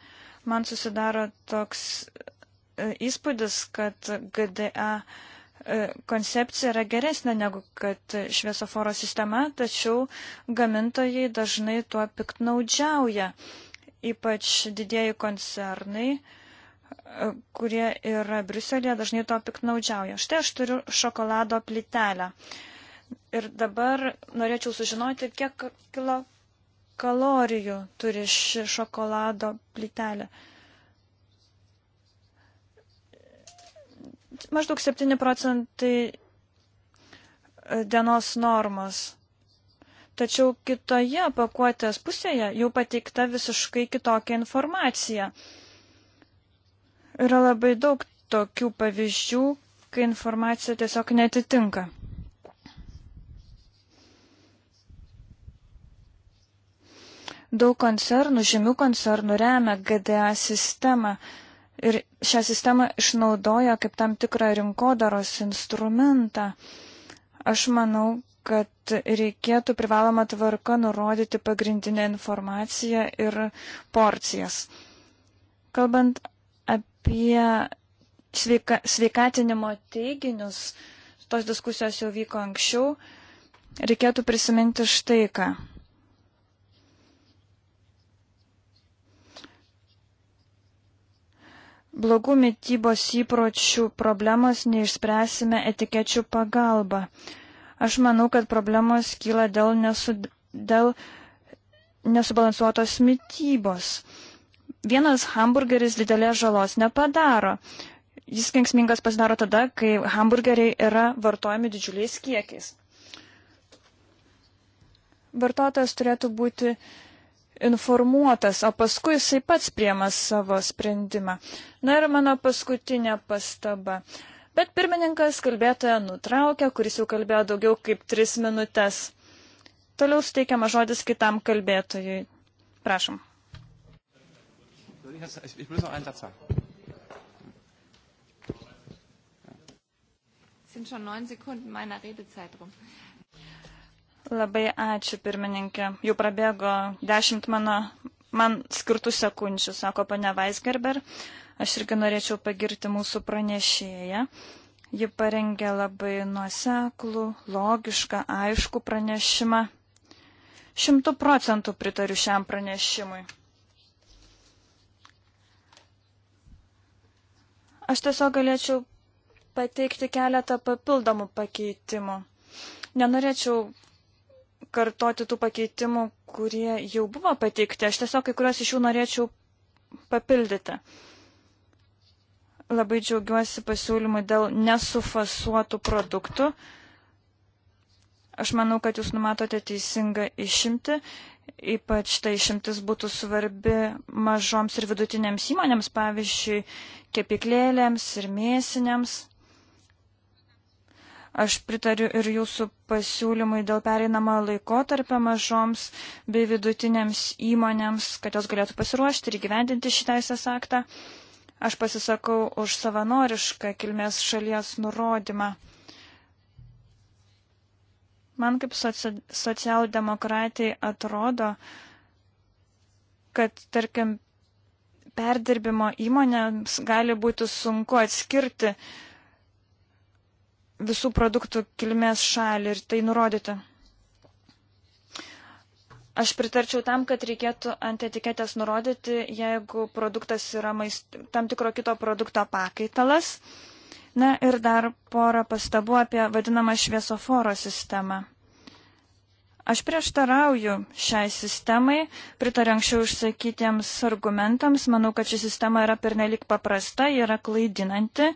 Man susidaro toks e, įspūdis, kad GDA koncepcija E, koncepcija yra geresnė negu kad šviesoforo sistema, tačiau gamintojai dažnai tuo piktnaudžiauja, ypač didieji koncernai e, kurie yra Briuselėje, dažnai to piknaudžiauja. Štai aš turiu šokolado plytelę. Ir dabar norėčiau sužinoti, kiek kilo kalorijų turi ši šokolado plytelė. Uh, maždaug 7 procentai dienos normos. Tačiau kitoje pakuotės pusėje jau pateikta visiškai kitokia informacija. Yra labai daug tokių pavyzdžių, kai informacija tiesiog netitinka. Daug koncernų, žymių koncernų remia GDA sistemą, ir šią sistemą išnaudoja kaip tam tikrą rinkodaros instrumentą. Aš manau, kad reikėtų privaloma tvarka nurodyti pagrindinę informaciją ir porcijas. Kalbant apie sveika, sveikatinimo teiginius, tos diskusijos jau vyko anksčiau, reikėtų prisiminti štai ką. Blogų mytybos įpročių problemos neišspręsime etikečių pagalba. Aš manau, kad problemos kyla dėl, nesu, dėl nesubalansuotos mytybos. Vienas hamburgeris didelės žalos nepadaro. Jis kenksmingas pasidaro tada, kai hamburgeriai yra vartojami didžiuliais kiekiais. Vartotojas turėtų būti uh, informuotas, o paskui jisai pats priema savo sprendimą. Na ir mano paskutinė pastaba. Bet pirmininkas kalbėtoje nutraukė, kuris jau kalbėjo daugiau kaip tris minutės. Toliau suteikiama žodis kitam kalbėtojui. Prašom. Sind schon neun Sekunden meiner Redezeit rum. Labai ačiū, pirmininkė. Jau prabėgo dešimt mano, man skirtų sekundžių, sako pane Weisgerber. Aš irgi norėčiau pagirti mūsų pranešėją. Ji parengė labai nuoseklų, logišką, aišku pranešimą. Šimtų procentų pritariu šiam pranešimui. Aš tiesiog galėčiau pateikti keletą papildomų pakeitimų. Nenorėčiau kartoti tų pakeitimų, kurie jau buvo pateikti. Aš tiesiog kai kuriuos iš jų norėčiau papildyti. Labai džiaugiuosi pasiūlymu dėl nesufasuotų produktų. Aš manau, kad jūs numatote teisingą išimti, ypač ta išimtis būtų svarbi mažoms ir vidutinėms įmonėms, pavyzdžiui, kepiklėlėms ir mėsinėms. Aš pritariu ir jūsų pasiūlymui dėl pereinamą laikotarpę mažoms bei vidutinėms įmonėms, kad jos galėtų pasiruošti ir gyvendinti šį teisės aktą. Aš pasisakau už savanorišką kilmės šalies nurodymą. Man kaip socialdemokratai atrodo, kad, tarkim, perdirbimo įmonėms gali būti sunku atskirti uh, visų produktų kilmės šalį ir tai nurodyti. Aš pritarčiau tam, kad reikėtų ant etiketės nurodyti, jeigu produktas yra maist, tam tikro kito produkto pakaitalas. Na ir dar porą pastabų apie vadinamą šviesoforo sistemą. Aš prieštarauju šiai sistemai, pritariu anksčiau išsakytiems argumentams, manau, kad ši sistema yra pernelik paprasta, yra klaidinanti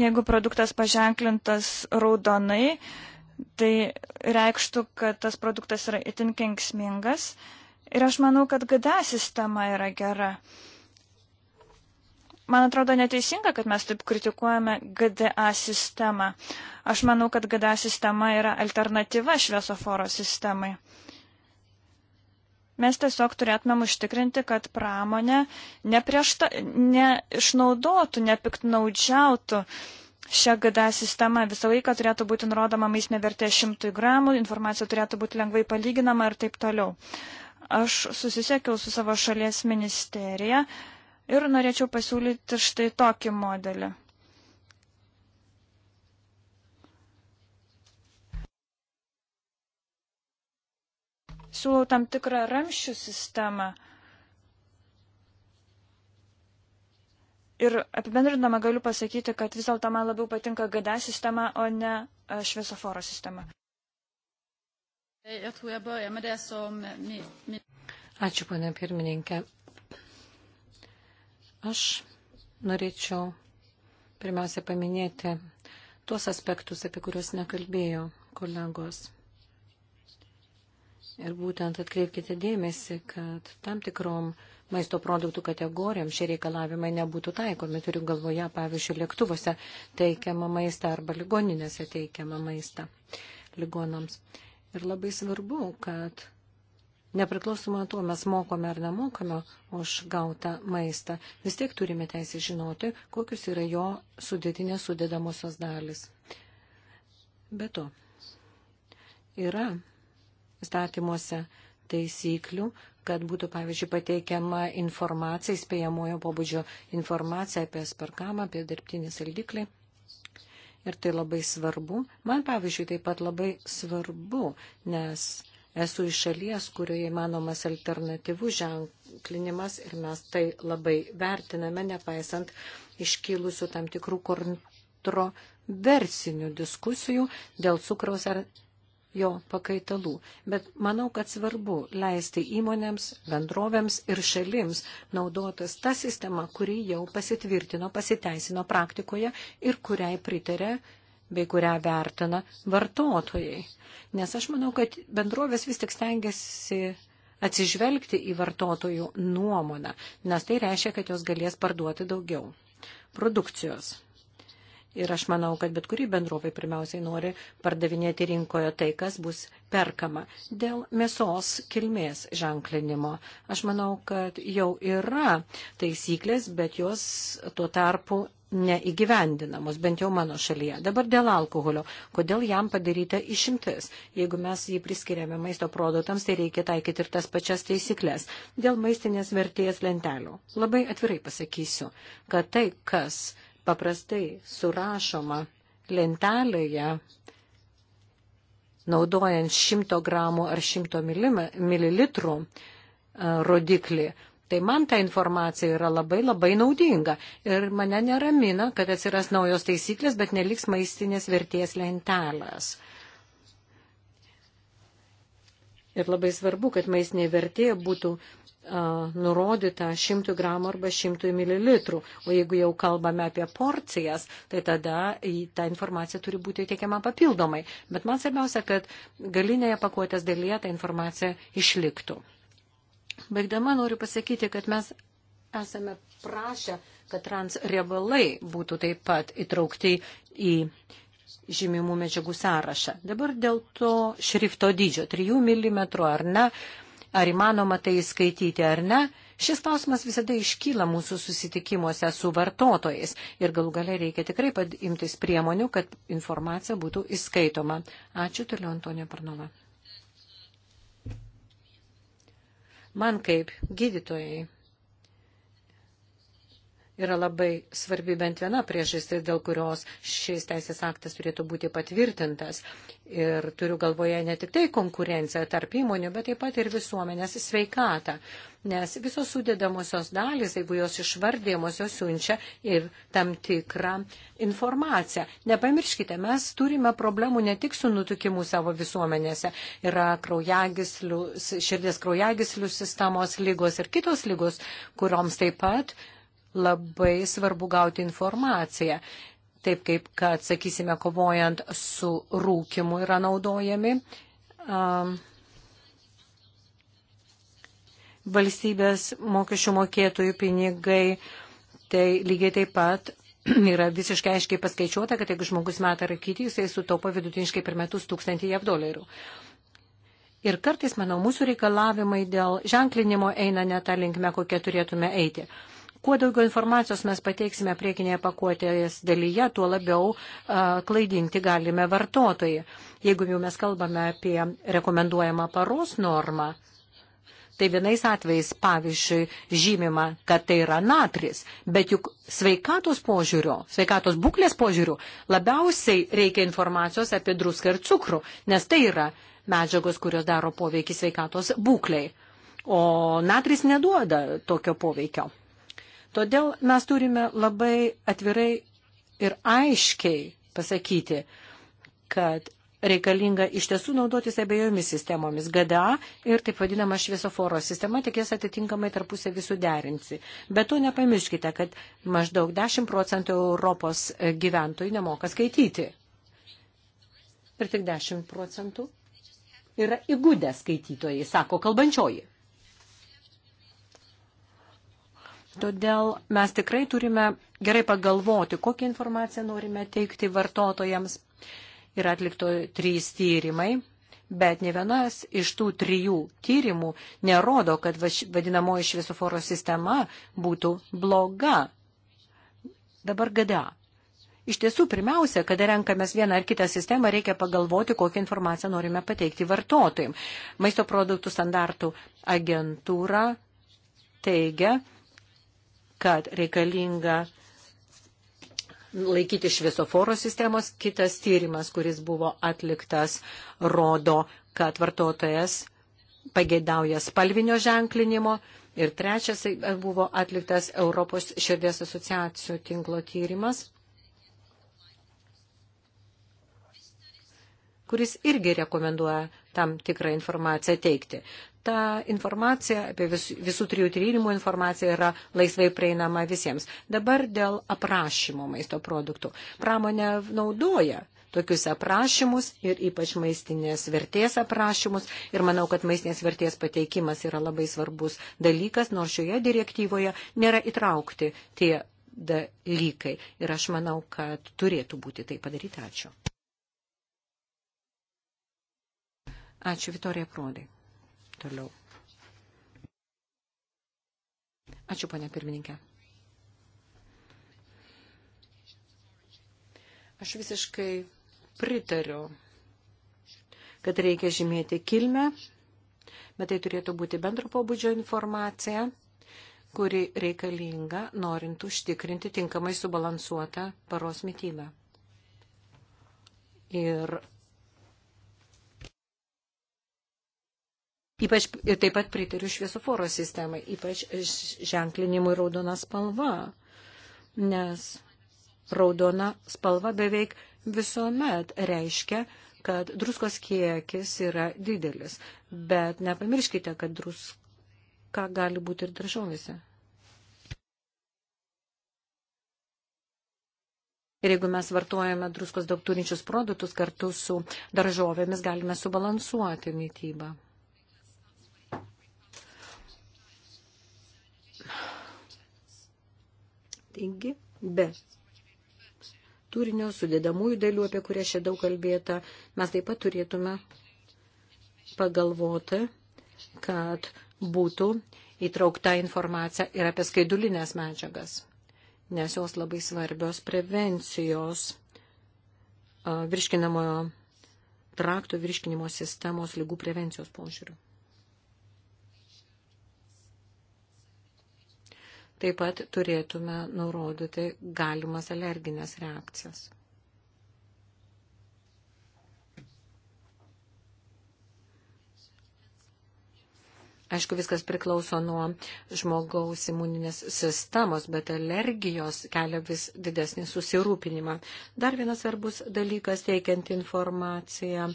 Jeigu produktas paženklintas raudonai, tai reikštų, kad tas produktas yra itin kenksmingas. Ir aš manau, kad GDA sistema yra gera. Man atrodo neteisinga, kad mes taip kritikuojame GDA sistemą. Aš manau, kad GDA sistema yra alternatyva šviesoforo sistemai. Mes tiesiog turėtumėm užtikrinti, kad pramonė nepriešta, neišnaudotų, nepiktnaudžiautų šią GDA sistemą. Visą laiką turėtų būti nurodoma maistinė vertė 100 gramų, informacija turėtų būti lengvai palyginama ir taip toliau. Aš susisiekiau su savo šalies ministerija ir norėčiau pasiūlyti štai tokį modelį. siūlau tam tikrą ramščių sistemą. Ir apibendrindama galiu pasakyti, kad vis dėlto man labiau patinka GD sistema, o ne e, šviesoforo sistema. Ačiū, ponė pirmininkė. Aš norėčiau pirmiausia paminėti tuos aspektus, apie kuriuos nekalbėjo kolegos. Ir būtent atkreipkite dėmesį, kad tam tikrom maisto produktų kategorijom šie reikalavimai nebūtų taikomi. Turiu galvoje, pavyzdžiui, lėktuvose teikiamą maistą arba ligoninėse teikiamą maistą ligonams. Ir labai svarbu, kad nepriklausomai tuo mes mokome ar nemokame už gautą maistą, vis tiek turime teisę žinoti, kokius yra jo sudėtinės sudėdamosios dalis. Be to, yra statymuose taisyklių, kad būtų, pavyzdžiui, pateikiama informacija, įspėjamojo pobūdžio informacija apie sparkamą, apie dirbtinį saldiklį. Ir tai labai svarbu. Man, pavyzdžiui, taip pat labai svarbu, nes esu iš šalies, kurioje įmanomas alternatyvų ženklinimas ir mes tai labai vertiname, nepaisant iškilusių tam tikrų kontroversinių diskusijų dėl cukraus ar jo pakaitalų. Bet manau, kad svarbu leisti įmonėms, bendrovėms ir šalims naudotis tą sistemą, kuri jau pasitvirtino, pasiteisino praktikoje ir kuriai pritarė bei kurią vertina vartotojai. Nes aš manau, kad bendrovės vis tik stengiasi atsižvelgti į vartotojų nuomonę, nes tai reiškia, kad jos galės parduoti daugiau produkcijos. Ir aš manau, kad bet kuri bendrovė pirmiausiai nori pardavinėti rinkoje tai, kas bus perkama. Dėl mėsos kilmės ženklinimo. Aš manau, kad jau yra taisyklės, bet jos tuo tarpu neįgyvendinamos, bent jau mano šalyje. Dabar dėl alkoholio. Kodėl jam padaryta išimtis? Jeigu mes jį priskiriame maisto produktams, tai reikia taikyti ir tas pačias taisyklės. Dėl maistinės vertėjas lentelių. Labai atvirai pasakysiu, kad tai, kas paprastai surašoma lentelėje, naudojant 100 gramų ar 100 mililitrų e, rodiklį. Tai man ta informacija yra labai labai naudinga ir mane neramina, kad atsiras naujos taisyklės, bet neliks maistinės vertės lentelės. Ir labai svarbu, kad maistinė vertė būtų nurodyta 100 gramų arba 100 mililitrų. O jeigu jau kalbame apie porcijas, tai tada ta informacija turi būti teikiama papildomai. Bet man svarbiausia, kad galinėje pakuotės dalyje ta informacija išliktų. Baigdama noriu pasakyti, kad mes esame prašę, kad transriebalai būtų taip pat įtraukti į žymimų medžiagų sąrašą. Dabar dėl to šrifto dydžio, 3 mm ar ne, ar įmanoma tai skaityti ar ne, šis klausimas visada iškyla mūsų susitikimuose su vartotojais ir galų gale reikia tikrai imtis priemonių, kad informacija būtų įskaitoma. Ačiū toliau Antonio Parnova. Man kaip gydytojai yra labai svarbi bent viena priežastis, dėl kurios šis teisės aktas turėtų būti patvirtintas. Ir turiu galvoje ne tik tai konkurenciją tarp įmonių, bet taip pat ir visuomenės sveikatą. Nes visos sudėdamosios dalys, jeigu jos išvardėmos, jos siunčia ir tam tikrą informaciją. Nepamirškite, mes turime problemų ne tik su nutukimu savo visuomenėse. Yra kraujagislių, širdies kraujagislių sistemos lygos ir kitos lygos, kurioms taip pat uh, labai svarbu gauti informaciją. Taip kaip, kad, sakysime, kovojant su rūkimu yra naudojami. Um, valstybės mokesčių mokėtojų pinigai, tai lygiai taip pat yra visiškai aiškiai paskaičiuota, kad jeigu žmogus meta rakyti, jisai sutaupa vidutiniškai per metus tūkstantį jav dolerių. Ir kartais, manau, mūsų reikalavimai dėl ženklinimo eina ne tą linkmę, kokią turėtume eiti. Kuo daugiau informacijos mes pateiksime priekinėje pakuotės dalyje, tuo labiau a, klaidinti galime vartotojai. Jeigu jau mes kalbame apie rekomenduojamą paros normą, tai vienais atvejais, pavyzdžiui, žymima, kad tai yra natris, bet juk sveikatos požiūrio, sveikatos būklės požiūrių labiausiai reikia informacijos apie druską ir cukrų, nes tai yra medžiagos, kurios daro poveikį sveikatos būklei. O natris neduoda tokio poveikio. Todėl mes turime labai atvirai ir aiškiai pasakyti, kad reikalinga iš tiesų naudotis abejomis sistemomis GDA ir taip vadinama šviesoforo sistema, tik jas atitinkamai tarpusavį suderinsi. Bet to nepamirškite, kad maždaug 10 procentų Europos gyventojų nemoka skaityti. Ir tik 10 procentų yra įgudę skaitytojai, sako kalbančioji. Todėl mes tikrai turime gerai pagalvoti, kokią informaciją norime teikti vartotojams. Yra atlikto trys tyrimai, bet ne vienas iš tų trijų tyrimų nerodo, kad vadinamoji šviesoforo sistema būtų bloga. Dabar gada. Iš tiesų, pirmiausia, kada renkamės vieną ar kitą sistemą, reikia pagalvoti, kokią informaciją norime pateikti vartotojim. Maisto produktų standartų agentūra teigia, kad reikalinga laikyti šviesoforo sistemos. Kitas tyrimas, kuris buvo atliktas, rodo, kad vartotojas pageidauja spalvinio ženklinimo. Ir trečias tai buvo atliktas Europos širdies asociacijų tinklo tyrimas, kuris irgi rekomenduoja tam tikrą informaciją teikti ta informacija, apie vis, visų trijų tyrimų informacija yra laisvai prieinama visiems. Dabar dėl aprašymo maisto produktų. Pramonė naudoja tokius aprašymus ir ypač maistinės vertės aprašymus. Ir manau, kad maistinės vertės pateikimas yra labai svarbus dalykas, nors šioje direktyvoje nėra įtraukti tie dalykai. Ir aš manau, kad turėtų būti tai padaryti. Ačiū. Ačiū, Vitorija Prodai toliau. Ačiū, ponia pirmininkė. Aš visiškai pritariu, kad reikia žymėti kilmę, bet tai turėtų būti bendro pobūdžio informacija, kuri reikalinga norint užtikrinti tinkamai subalansuotą paros mytybę. Ir Ypač ir taip pat pritariu šviesoforo sistemai, ypač ženklinimui raudona spalva, nes raudona spalva beveik visuomet reiškia, kad druskos kiekis yra didelis. Bet nepamirškite, kad druska gali būti ir daržovėse. Ir jeigu mes vartojame druskos daug turinčius produktus kartu su daržovėmis, galime subalansuoti mytybą. Taigi, be turinio sudėdamųjų dalių, apie kurias čia daug kalbėta, mes taip pat turėtume pagalvoti, kad būtų įtraukta informacija ir apie skaidulinės medžiagas, nes jos labai svarbios prevencijos virškinamojo traktų virškinimo sistemos lygų prevencijos požiūrių. Taip pat turėtume nurodyti galimas alerginės reakcijas. Aišku, viskas priklauso nuo žmogaus imuninės sistemos, bet alergijos kelia vis didesnį susirūpinimą. Dar vienas svarbus dalykas teikiant informaciją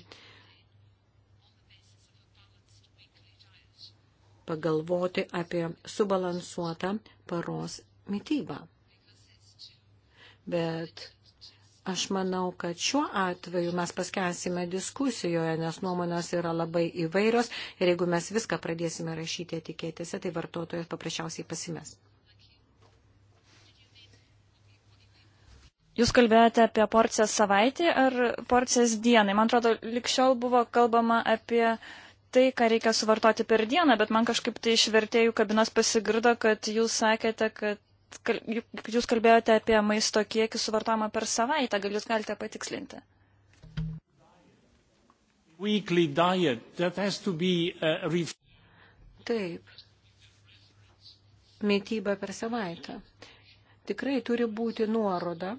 pagalvoti apie subalansuotą paros mytybą. Bet aš manau, kad šiuo atveju mes paskensime diskusijoje, nes nuomonės yra labai įvairios ir jeigu mes viską pradėsime rašyti etiketėse, tai vartotojas paprasčiausiai pasimes. Jūs kalbėjote apie porcijas savaitį ar porcijas dienai. Man atrodo, likščiol buvo kalbama apie uh, tai, ką reikia suvartoti per dieną, bet man kažkaip tai iš vertėjų kabinos pasigirdo, kad jūs sakėte, kad jūs kalbėjote apie maisto kiekį suvartojimą per savaitę, gal jūs galite patikslinti? Uh, Taip. Mytyba per savaitę. Tikrai turi būti nuoroda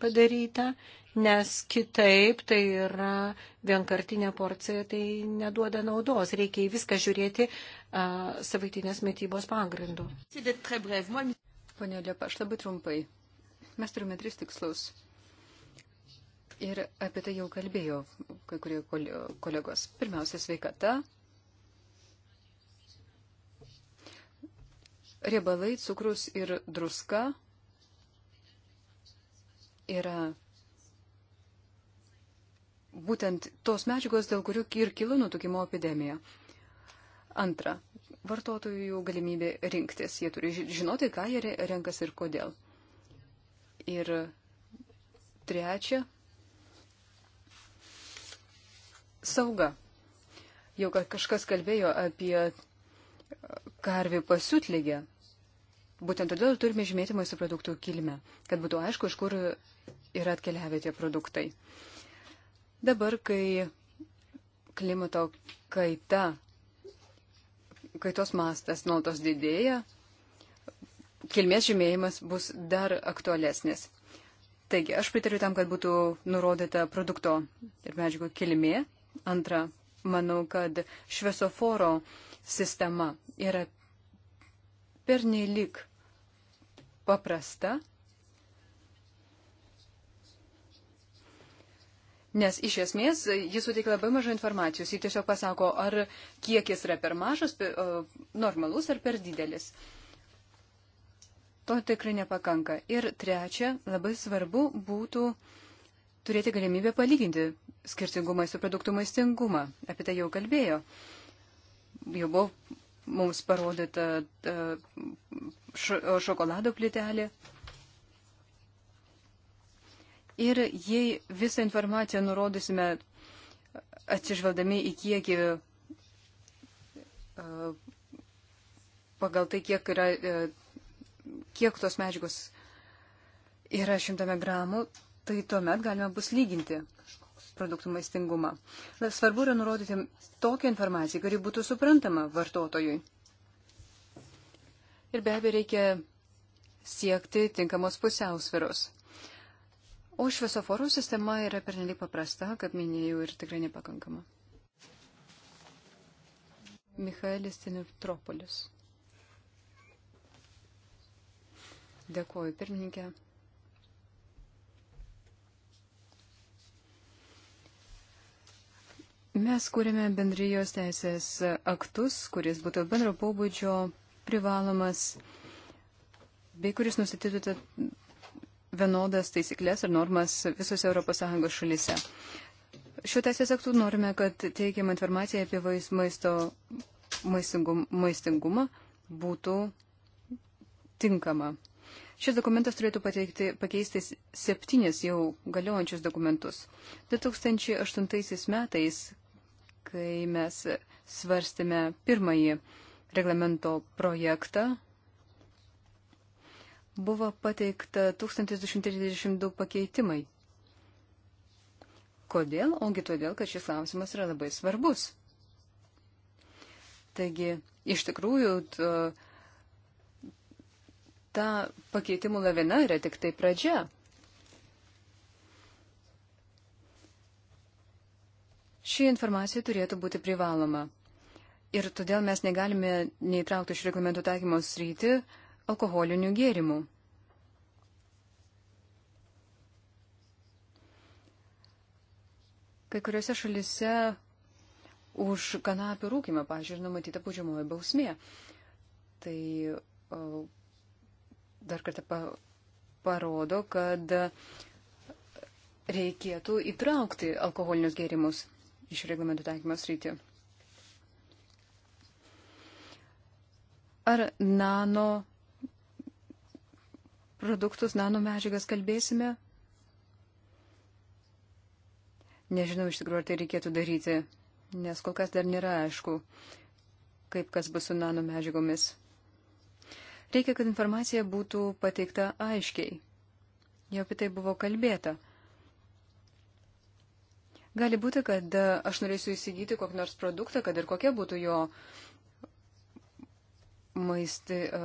padaryta nes kitaip tai yra vienkartinė porcija, tai neduoda naudos. Reikia į viską žiūrėti uh, savaitinės mytybos pagrindu. Pone Liepa, aš labai trumpai. Mes turime tris tikslus. Ir apie tai jau kalbėjo kai kurie kolegos. Pirmiausia, sveikata. Riebalai, cukrus ir druska yra būtent tos medžiagos, dėl kurių ir kilo nutukimo epidemija. Antra, vartotojų galimybė rinktis. Jie turi žinoti, ką jie renkas ir kodėl. Ir trečia, sauga. Jau kažkas kalbėjo apie e, karvių pasiutlygę. Būtent todėl turime žymėti maisto produktų kilmę, kad būtų aišku, iš kur yra atkeliavę tie produktai. Uh, Dabar, kai klimato kaita, kaitos mastas nuolatos didėja, kilmės žymėjimas bus dar aktualesnis. Taigi, aš pritariu tam, kad būtų nurodyta produkto ir medžiagų kilmė. Antra, manau, kad šviesoforo sistema yra pernelyg paprasta Nes iš esmės e, jis suteikia labai mažai informacijos. Jis tiesiog pasako, ar kiekis yra per mažas, normalus ar per didelis. To tikrai nepakanka. Ir trečia, labai svarbu būtų turėti galimybę palyginti skirtingumą su produktų maistingumą. Apie tai jau kalbėjo. Jau buvo mums parodyta e, šokolado plitelė. Ir jei visą informaciją nurodysime atsižvelgdami į kiekį e, pagal tai, kiek, yra, e, kiek tos medžiagos yra šimtame gramų, tai tuomet galima bus lyginti produktų maistingumą. Svarbu yra nurodyti tokią informaciją, kuri būtų suprantama vartotojui. Ir be abejo reikia siekti tinkamos pusiausviros. O šviesoforų sistema yra pernelyg paprasta, kaip minėjau, ir tikrai nepakankama. Michaelis Tinitropolis. Dėkuoju, pirmininkė. Mes kūrėme bendrijos teisės aktus, kuris būtų bendro pobūdžio privalomas, bei kuris nustatytų vienodas taisyklės ir normas visose ES šalyse. Šiuo teisės aktu norime, kad teikiama informacija apie maisto maistingum, maistingumą būtų tinkama. Šis dokumentas turėtų pateikti, pakeisti septynis jau galiojančius dokumentus. 2008 metais, kai mes svarstėme pirmąjį reglamento projektą, buvo pateikta 1232 pakeitimai. Kodėl? Ogi todėl, kad šis klausimas yra labai svarbus. Taigi, iš tikrųjų, ta pakeitimų lavina yra tik tai pradžia. Ši informacija turėtų būti privaloma. Ir todėl mes negalime neįtraukti iš reglamentų taikymos rytį uh, alkoholinių gėrimų. Kai kuriuose šalise už kanapių rūkymą, pažiūrėjau, numatyta pužiamoji bausmė. Tai o, dar kartą pa, parodo, kad reikėtų įtraukti alkoholinius gėrimus iš reglamentų taikymas rytį. Ar nano produktus, nanomedžiagas kalbėsime. Nežinau iš tikrųjų, ar tai reikėtų daryti, nes kol kas dar nėra aišku, kaip kas bus su nanomedžiagomis. Reikia, kad informacija būtų pateikta aiškiai. Jau apie tai buvo kalbėta. Gali būti, kad aš norėsiu įsigyti kokį nors produktą, kad ir kokia būtų jo maisti, e,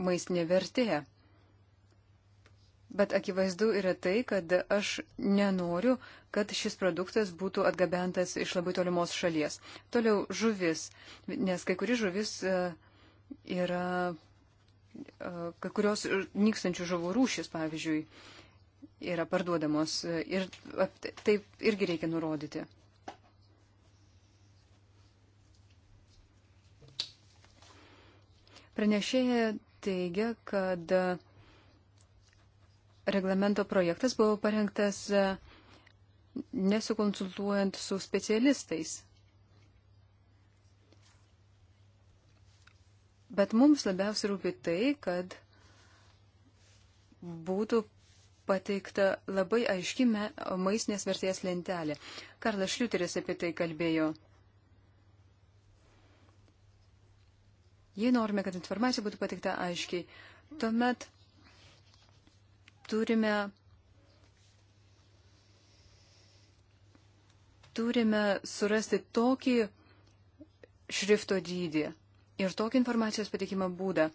maistinė vertė. Bet akivaizdu yra tai, kad aš nenoriu, kad šis produktas būtų atgabentas iš labai tolimos šalies. Toliau žuvis, nes kai kuri žuvis e, yra, e, kai kurios nykstančių žuvų rūšis, pavyzdžiui, yra parduodamos e, ir taip irgi reikia nurodyti. Pranešėja teigia, kad reglamento projektas buvo parengtas e, nesikonsultuojant su specialistais. Bet mums labiausiai rūpi tai, kad būtų pateikta labai aiški maisnės vertės lentelė. Karlas Šliuteris apie tai kalbėjo. Jei norime, kad informacija būtų pateikta aiškiai, tuomet turime, turime surasti tokį šrifto dydį ir tokį informacijos patikimą būdą,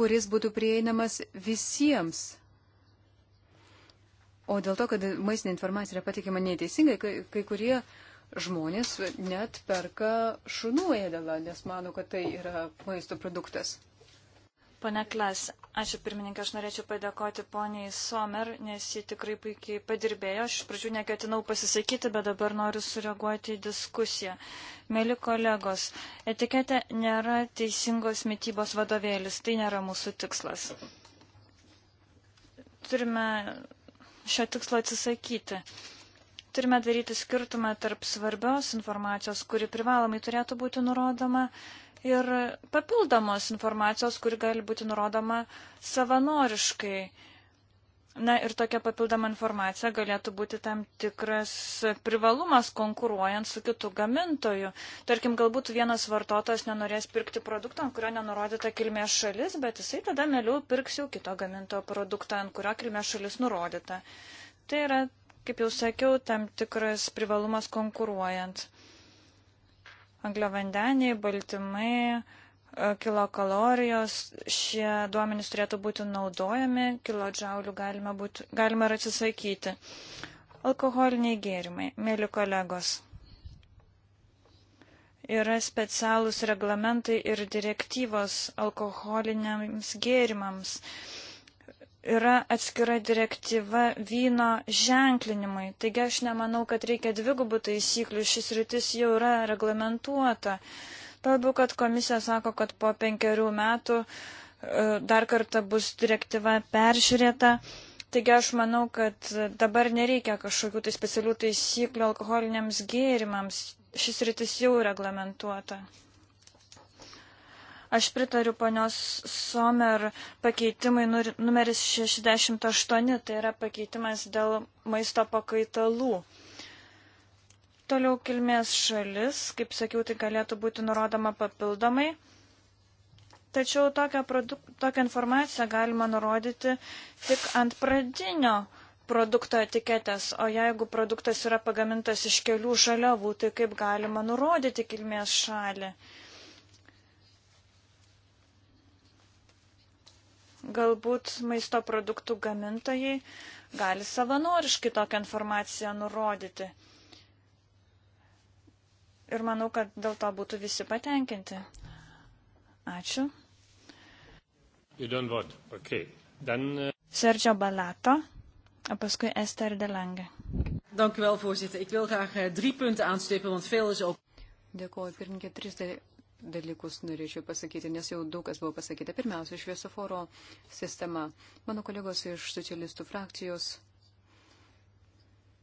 kuris būtų prieinamas visiems O dėl to, kad maistinė informacija yra patikima neteisingai, kai, kai kurie žmonės net perka šunų ėdalą, nes mano, kad tai yra maisto produktas. Pane Klas, ačiū pirmininkė, aš norėčiau padėkoti poniai Somer, nes ji tikrai puikiai padirbėjo. Aš iš pradžių neketinau pasisakyti, bet dabar noriu sureaguoti į diskusiją. Mėly kolegos, etiketė nėra teisingos mytybos vadovėlis, tai nėra mūsų tikslas. Turime šio tikslo atsisakyti. Turime daryti skirtumą tarp svarbios informacijos, kuri privalomai turėtų būti nurodoma, ir papildomos informacijos, kuri gali būti nurodoma savanoriškai. Na ir tokia papildoma informacija galėtų būti tam tikras privalumas konkuruojant su kitu gamintoju. Tarkim, galbūt vienas vartotojas nenorės pirkti produktą, ant kurio nenurodyta kilmės šalis, bet jisai tada mėliau pirks jau kito gamintojo produktą, ant kurio kilmės šalis nurodyta. Tai yra, kaip jau sakiau, tam tikras privalumas konkuruojant angliavandeniai, baltymai, e, kilokalorijos, šie duomenys turėtų būti naudojami, kilodžiaulių galima, būti, galima ir atsisakyti. Alkoholiniai gėrimai, mėly kolegos, yra specialūs reglamentai ir direktyvos alkoholiniams gėrimams yra atskira direktyva vyno ženklinimui. Taigi aš nemanau, kad reikia dvigubų taisyklių, šis rytis jau yra reglamentuota. Labiau, kad komisija sako, kad po penkerių metų e, dar kartą bus direktyva peržiūrėta. Taigi aš manau, kad dabar nereikia kažkokių tai specialių taisyklių alkoholiniams gėrimams. Šis rytis jau reglamentuota. Aš pritariu ponios Somer pakeitimai numeris 68, tai yra pakeitimas dėl maisto pakaitalų. Toliau kilmės šalis, kaip sakiau, tai galėtų būti nurodoma papildomai. Tačiau tokią, produk... tokią informaciją galima nurodyti tik ant pradinio produkto etiketės, o jeigu produktas yra pagamintas iš kelių žaliavų, tai kaip galima nurodyti kilmės šalį. Galbūt maisto produktų gamintojai gali savanoriškai tokią informaciją nurodyti. Ir manau, kad dėl to būtų visi patenkinti. Ačiū. Okay. Then, uh... Sergio Balato, o paskui Ester Delange. Dank u wel, voorzitter. Ik wil graag eh, drie punten aanstippen, want veel is ook. Dėkuoju, pirmininkė, tris tai- dalykus norėčiau pasakyti, nes jau daug kas buvo pasakyta. Pirmiausia, šviesoforo sistema. Mano kolegos iš socialistų frakcijos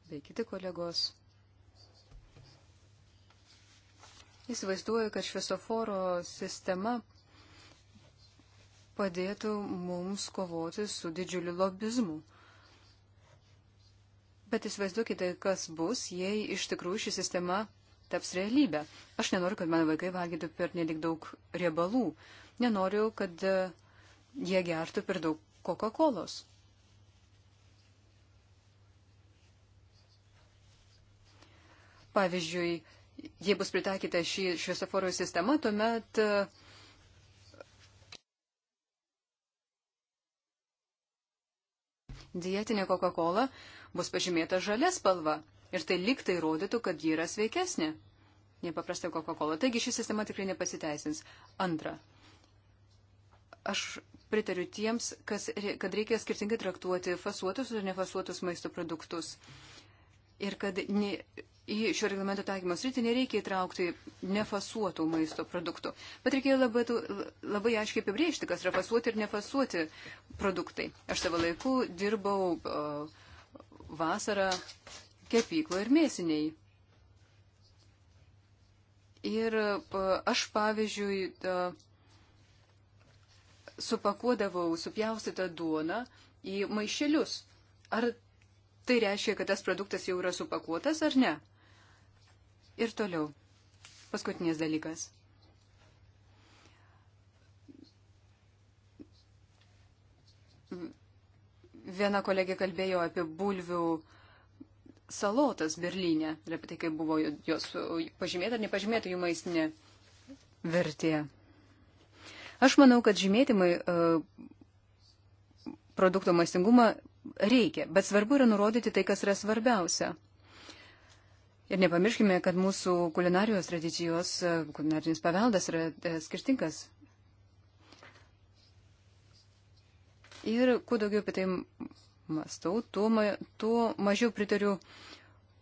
bei kiti kolegos įsivaizduoju, kad šviesoforo sistema padėtų mums kovoti su didžiuliu lobizmu. Bet įsivaizduokite, kas bus, jei iš tikrųjų ši sistema taps realybė. Aš nenoriu, kad mano vaikai valgytų per nelik daug riebalų. Nenoriu, kad e, jie gertų per daug Coca-Colos. Pavyzdžiui, jei bus pritaikyta ši šviesoforų sistema, tuomet e, dietinė Coca-Cola bus pažymėta žalia spalva. Ir tai liktai rodytų, kad ji yra sveikesnė. Nepaprasta Coca-Cola. Taigi ši sistema tikrai nepasiteisins. Antra. Aš pritariu tiems, kas, kad reikia skirtingai traktuoti fasuotus ir nefasuotus maisto produktus. Ir kad ne, į šio reglamento taikymo sritį nereikia įtraukti nefasuotų maisto produktų. Bet reikėjo labai, labai aiškiai apibriežti, kas yra fasuoti ir nefasuoti produktai. Aš savo laiku dirbau o, vasarą kepyklai ir mėsiniai. Ir aš, pavyzdžiui, supakuodavau supjaustytą duoną į maišelius. Ar tai reiškia, kad tas produktas jau yra supakuotas ar ne? Ir toliau. Paskutinis dalykas. Viena kolegė kalbėjo apie bulvių uh, salotas Berlyne ir apie tai, kaip buvo jos pažymėta ar nepažymėta jų maistinė vertė. Aš manau, kad žymėtimai e, produkto maistingumą reikia, bet svarbu yra nurodyti tai, kas yra svarbiausia. Ir nepamirškime, kad mūsų kulinarijos tradicijos, e, kulinarinis paveldas yra e, skirtingas. Ir kuo daugiau apie tai mastau, tuo, ma, tuo mažiau pritariu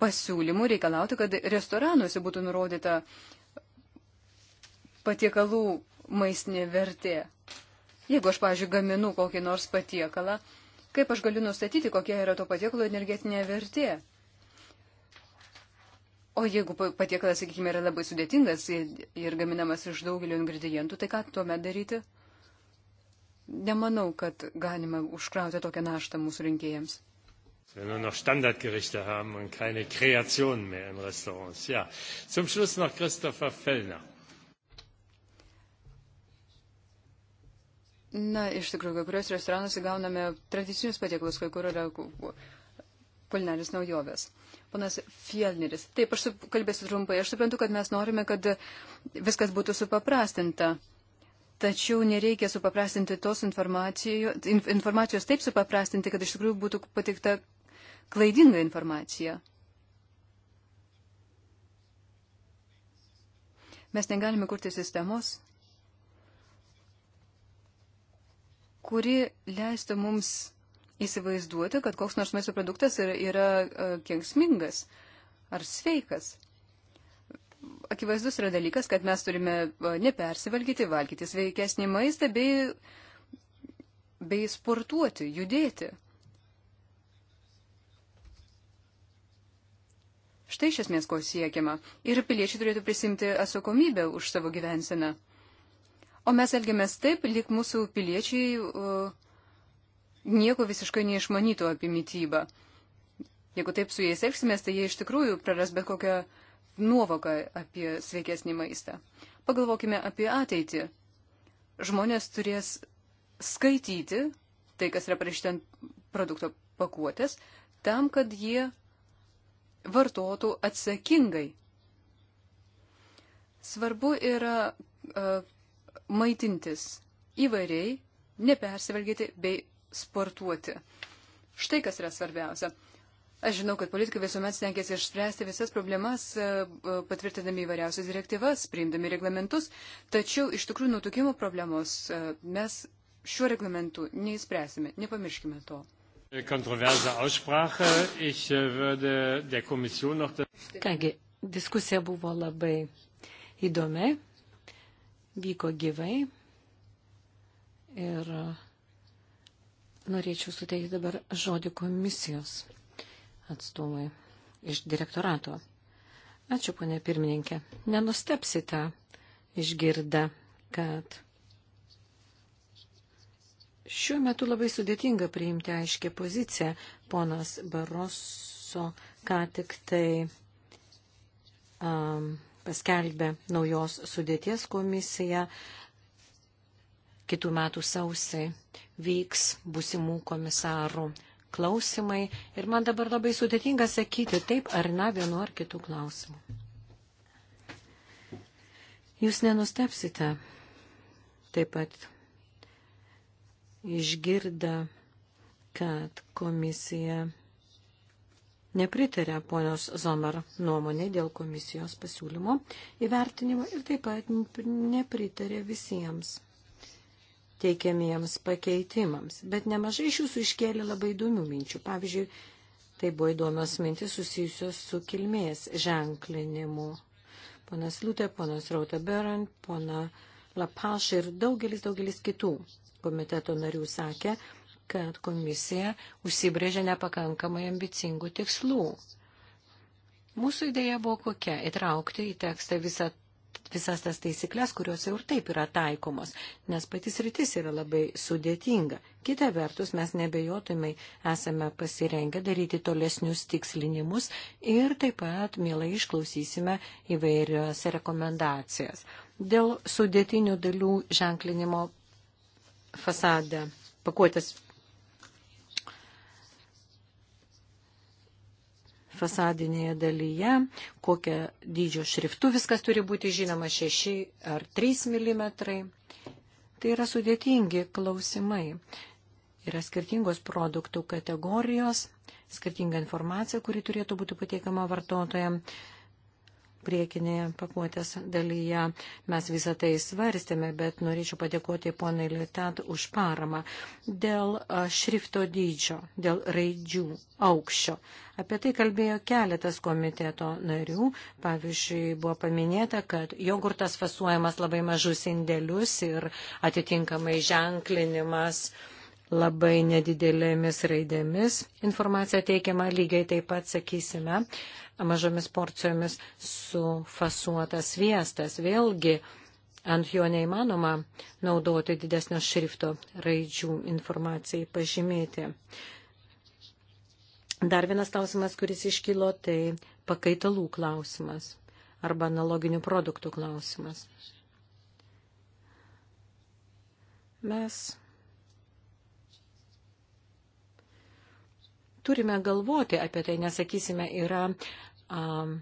pasiūlymų reikalauti, kad restoranuose būtų nurodyta patiekalų maistinė vertė. Jeigu aš, pažiūrėjau, gaminu kokį nors patiekalą, kaip aš galiu nustatyti, kokia yra to patiekalo energetinė vertė? O jeigu patiekalas, sakykime, yra labai sudėtingas ir gaminamas iš daugelio ingredientų, tai ką tuomet daryti? nemanau, kad galima užkrauti tokią naštą mūsų rinkėjams. Wenn wir noch Standardgerichte haben und keine Kreationen mehr in Restaurants. Ja. Zum Schluss noch Christopher Fellner. Na, iš tikrųjų, kai kurios restoranuose gauname tradicinius patiekalus, kai kur yra kulinaris naujovės. Ponas Fielneris. Taip, aš kalbėsiu trumpai. Aš suprantu, kad mes norime, kad viskas būtų supaprastinta. Tačiau nereikia supaprastinti tos informacijos, informacijos taip supaprastinti, kad iš tikrųjų būtų patikta klaidinga informacija. Mes negalime kurti sistemos, kuri leistų mums įsivaizduoti, kad koks nors maisto produktas yra, yra e, kenksmingas ar sveikas akivaizdus yra dalykas, kad mes turime nepersivalgyti, valgyti sveikesnį maistą bei, bei sportuoti, judėti. Štai iš esmės ko siekiama. Ir piliečiai turėtų prisimti atsakomybę už savo gyvenseną. O mes elgiamės taip, lyg mūsų piliečiai uh, nieko visiškai neišmanytų apie mytybą. Jeigu taip su jais elgsimės, tai jie iš tikrųjų praras bet kokią uh, nuovoką apie sveikesnį maistą. Pagalvokime apie ateitį. Žmonės turės skaityti tai, kas yra parašyta ant produkto pakuotės, tam, kad jie vartotų atsakingai. Svarbu yra uh, maitintis įvairiai, nepersivalgyti bei sportuoti. Štai kas yra svarbiausia. Aš žinau, kad politikai visuomet stengiasi išspręsti visas problemas, e, e, patvirtinami įvairiausias direktyvas, priimdami reglamentus, tačiau iš tikrųjų nutukimo problemos e, mes šiuo reglamentu neįspręsime, nepamirškime to. Kągi, diskusija buvo labai įdomi, vyko gyvai ir norėčiau suteikti dabar žodį komisijos atstovai iš direktorato. Ačiū, ponė pirmininkė. Nenustepsite išgirdę, kad šiuo metu labai sudėtinga priimti aiškę poziciją. Ponas Baroso ką tik tai um, paskelbė naujos sudėties komisiją. Kitų metų sausai vyks busimų komisarų klausimai ir man dabar labai sudėtinga sakyti taip ar ne vienu ar kitų klausimų. Jūs nenustepsite taip pat išgirda, kad komisija nepritarė ponios Zomar nuomonė dėl komisijos pasiūlymo įvertinimo ir taip pat nepritarė visiems teikiamiems pakeitimams. Bet nemažai iš jūsų iškėlė labai įdomių minčių. Pavyzdžiui, tai buvo įdomios mintis susijusios su kilmės ženklinimu. Ponas Liutė, ponas Rauta Berant, pona Lapaš ir daugelis, daugelis kitų komiteto narių sakė, kad komisija užsibrėžė nepakankamai ambicingų tikslų. Mūsų idėja buvo kokia - įtraukti į tekstą visą visas tas taisyklės, kurios jau ir taip yra taikomos, nes patys rytis yra labai sudėtinga. Kita vertus, mes nebejotumai esame pasirengę daryti tolesnius tikslinimus ir taip pat mielai išklausysime įvairios rekomendacijas. Dėl sudėtinių dalių ženklinimo fasade, pakuotės fasadinėje dalyje, kokią dydžio šriftų viskas turi būti žinoma 6 ar 3 mm. Tai yra sudėtingi klausimai. Yra skirtingos produktų kategorijos, skirtinga informacija, kuri turėtų būti patiekama vartotojams priekinėje pakuotės dalyje. Mes visą tai svarstėme, bet norėčiau padėkoti ponai Lietat už paramą dėl šrifto dydžio, dėl raidžių aukščio. Apie tai kalbėjo keletas komiteto narių. Pavyzdžiui, buvo paminėta, kad jogurtas fasuojamas labai mažus indėlius ir atitinkamai ženklinimas labai nedidelėmis raidėmis informacija teikiama lygiai taip pat, sakysime, mažomis porcijomis sufasuotas sviestas. Vėlgi ant jo neįmanoma naudoti didesnio šrifto raidžių informacijai pažymėti. Dar vienas klausimas, kuris iškilo, tai pakaitalų klausimas arba analoginių produktų klausimas. Mes turime galvoti apie tai, nesakysime, yra um,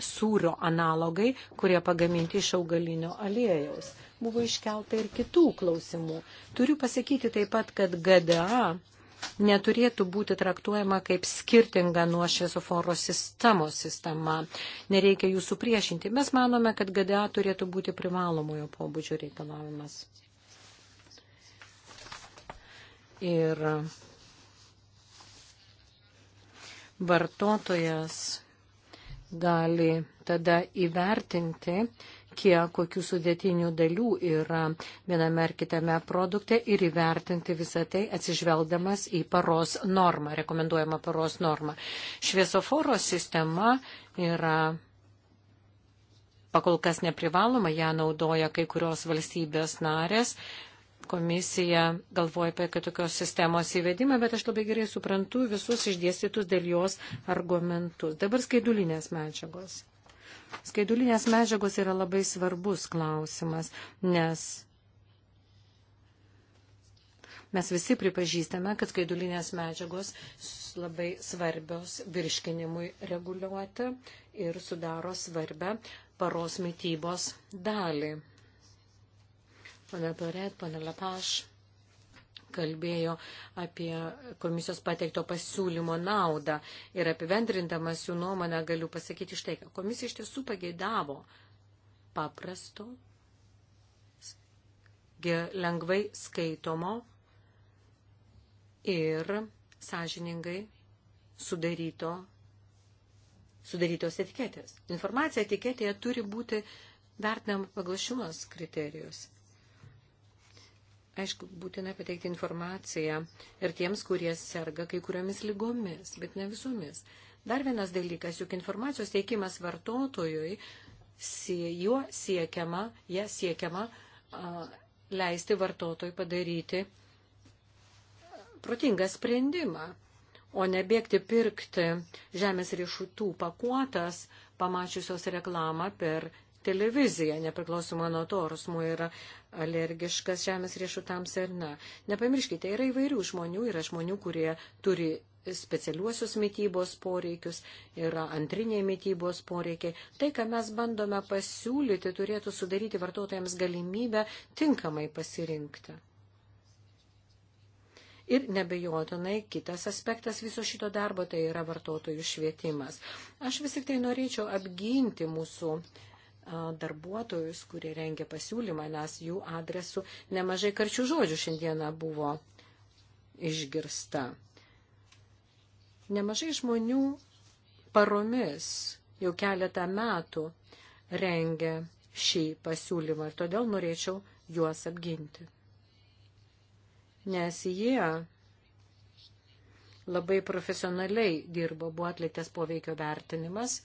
sūrio analogai, kurie pagaminti iš augalinio aliejaus. Buvo iškelta ir kitų klausimų. Turiu pasakyti taip pat, kad GDA neturėtų būti traktuojama kaip skirtinga nuo šviesoforo sistemos sistema. Nereikia jų supriešinti. Mes manome, kad GDA turėtų būti privalomojo pobūdžio reikalavimas. Ir vartotojas gali tada įvertinti, kiek kokių sudėtinių dalių yra viename ar kitame produkte ir įvertinti visą tai atsižvelgdamas į paros normą, rekomenduojamą paros normą. Šviesoforo sistema yra pakol kas neprivaloma, ją naudoja kai kurios valstybės narės, komisija galvoja apie kitokios sistemos įvedimą, bet aš labai gerai suprantu visus išdėstytus dėl jos argumentus. Dabar skaidulinės medžiagos. Skaidulinės medžiagos yra labai svarbus klausimas, nes mes visi pripažįstame, kad skaidulinės medžiagos labai svarbios virškinimui reguliuoti ir sudaro svarbę paros mytybos dalį. Pana Paret, pana Lapaš kalbėjo apie komisijos pateikto pasiūlymo naudą ir apivendrindamas jų nuomonę galiu pasakyti štai, kad komisija iš tiesų pageidavo paprasto, lengvai skaitomo ir sąžiningai sudaryto, sudarytos etiketės. Informacija etiketėje turi būti vertinama pagal šiuos kriterijus aišku, būtina pateikti informaciją ir tiems, kurie serga kai kuriomis lygomis, bet ne visomis. Dar vienas dalykas, juk informacijos teikimas vartotojui, juo siekiama, ją siekiama leisti vartotojui padaryti protingą sprendimą, o ne bėgti pirkti žemės riešutų pakuotas, pamačiusios reklamą per televiziją, nepriklausomai nuo to, ar asmuo yra alergiškas žemės riešutams ar ne. Nepamirškite, yra įvairių žmonių, yra žmonių, kurie turi specialiuosius mytybos poreikius, yra antriniai mytybos poreikiai. Tai, ką mes bandome pasiūlyti, turėtų sudaryti vartotojams galimybę tinkamai pasirinkti. Ir nebejotinai kitas aspektas viso šito darbo tai yra vartotojų švietimas. Aš vis tik tai norėčiau apginti mūsų uh, darbuotojus, kurie rengia pasiūlymą, nes jų adresu nemažai karčių žodžių šiandieną buvo išgirsta. Nemažai žmonių paromis jau keletą metų rengia šį pasiūlymą ir todėl norėčiau juos apginti. Nes jie labai profesionaliai dirbo, buvo atliktas poveikio vertinimas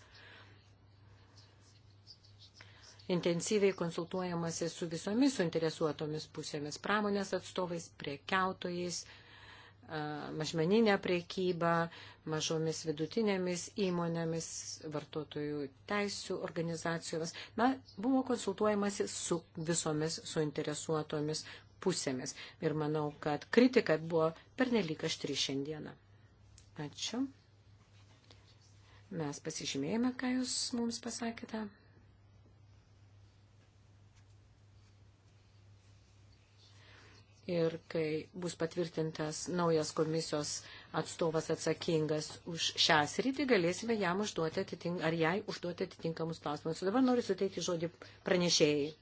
intensyviai konsultuojamasi su visomis suinteresuotomis pusėmis - pramonės atstovais, priekiautojais, mažmeninę priekybą, mažomis vidutinėmis įmonėmis, vartotojų teisų organizacijomis. Na, buvo konsultuojamasi su visomis suinteresuotomis pusėmis. Ir manau, kad kritika buvo pernelyg aštri šiandieną. Ačiū. Mes pasižymėjome, ką jūs mums pasakėte. ir kai bus patvirtintas naujas komisijos atstovas atsakingas už šią sritį, galėsime jam užduoti atitink, ar jai užduoti atitinkamus klausimus. O dabar noriu suteikti žodį pranešėjai.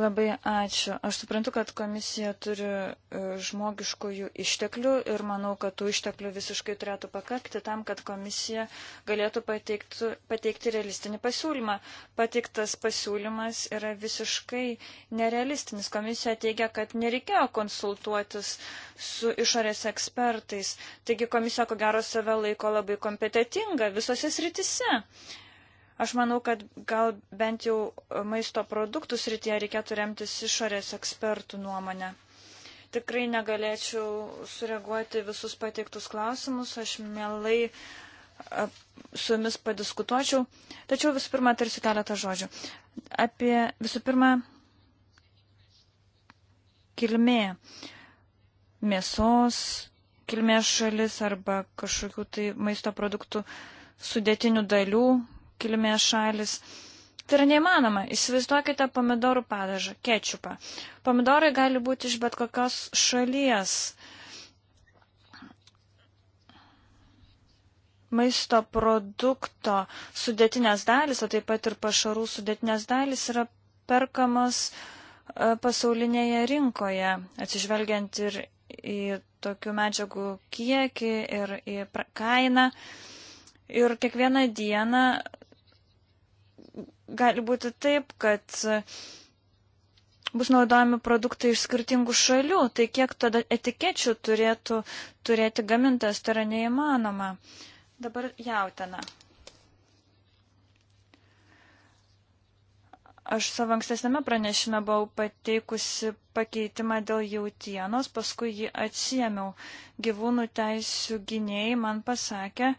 Labai ačiū. Aš suprantu, kad komisija turi e, žmogiškųjų išteklių ir manau, kad tų išteklių visiškai turėtų pakakti tam, kad komisija galėtų pateikti, pateikti realistinį pasiūlymą. Pateiktas pasiūlymas yra visiškai nerealistinis. Komisija teigia, kad nereikėjo konsultuotis su išorės ekspertais. Taigi komisija, ko gero, save laiko labai kompetitinga visose sritise. Aš manau, kad gal bent jau maisto produktų srityje reikėtų remtis išorės ekspertų nuomonę. Tikrai negalėčiau sureaguoti visus pateiktus klausimus, aš mielai su jumis padiskutuočiau, tačiau visų pirma tarsiu keletą žodžių. Apie visų pirma kilmė mėsos, kilmės šalis arba kažkokių tai maisto produktų sudėtinių dalių kilmės šalis. Tai yra neįmanoma. Įsivaizduokite pomidorų padažą, kečupą. Pomidorai gali būti iš bet kokios šalies. Maisto produkto sudėtinės dalis, o taip pat ir pašarų sudėtinės dalis yra perkamas e, pasaulinėje rinkoje, atsižvelgiant ir į tokių medžiagų kiekį ir į kainą. Ir kiekvieną dieną gali būti taip, kad bus naudojami produktai iš skirtingų šalių, tai kiek tada etikečių turėtų turėti gamintas, tai yra neįmanoma. Dabar jautina. Aš savo ankstesnėme pranešime buvau pateikusi pakeitimą dėl jautienos, paskui jį atsiemiau. Gyvūnų teisų gynėjai man pasakė,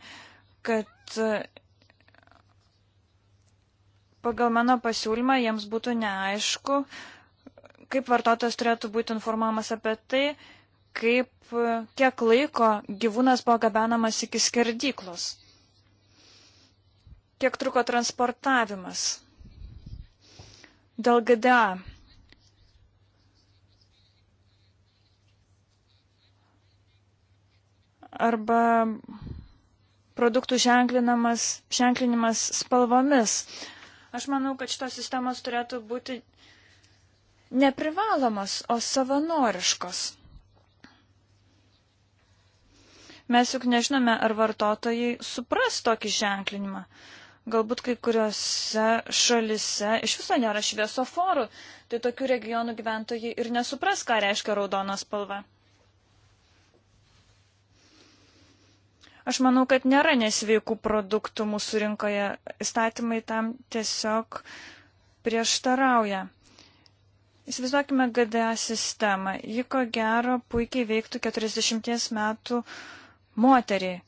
kad pagal mano pasiūlymą jiems būtų neaišku, kaip vartotojas turėtų būti informuojamas apie tai, kaip, kiek laiko gyvūnas buvo gabenamas iki skerdyklos, kiek truko transportavimas. Dėl GDA. Arba produktų ženklinimas spalvomis. Aš manau, kad šitos sistemos turėtų būti neprivalomas, o savanoriškos. Mes juk nežinome, ar vartotojai supras tokį ženklinimą. Galbūt kai kuriuose šalise iš viso nėra šviesoforų, tai tokių regionų gyventojai ir nesupras, ką reiškia raudonas spalva. Aš manau, kad nėra nesveikų produktų mūsų rinkoje. Įstatymai tam tiesiog prieštarauja. Įsivaizduokime GDA sistemą. Ji ko gero puikiai veiktų 40 metų moteriai.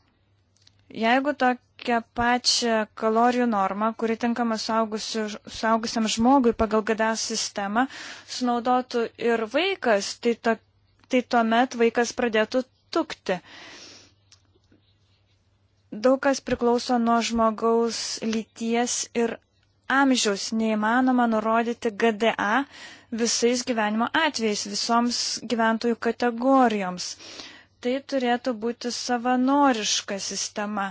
Jeigu tokią pačią kalorijų normą, kuri tinkama suaugusiam žmogui pagal GDA sistemą, sunaudotų ir vaikas, tai, to, tai tuomet vaikas pradėtų tukti. Uh, Daug kas priklauso nuo žmogaus lyties ir amžiaus. Neįmanoma nurodyti GDA visais gyvenimo atvejais, visoms gyventojų kategorijoms. Tai turėtų būti savanoriška sistema.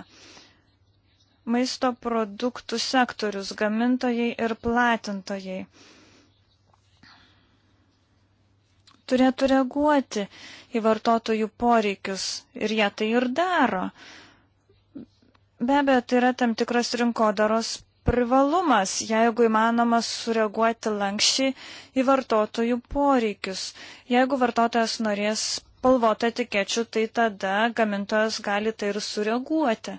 Maisto produktų sektorius, gamintojai ir platintojai. turėtų reaguoti į vartotojų poreikius ir jie tai ir daro. Be abejo, tai yra tam tikras rinkodaros privalumas, jeigu įmanoma sureaguoti lankščiai į vartotojų poreikius. Jeigu vartotojas norės palvotą etikečių, tai tada gamintojas gali tai ir sureaguoti.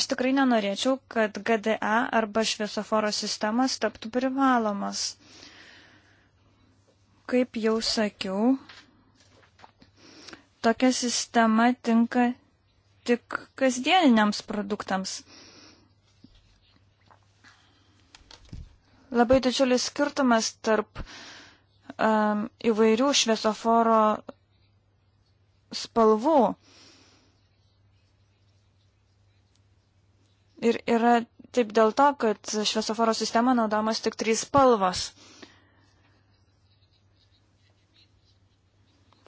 Aš tikrai nenorėčiau, kad GDA arba šviesoforo sistemas taptų privalomas. Kaip jau sakiau, tokia sistema tinka tik kasdieniniams produktams. Labai didžiulis skirtumas tarp um, įvairių šviesoforo spalvų. Ir yra taip dėl to, kad šviesoforo sistema naudomas tik trys spalvos.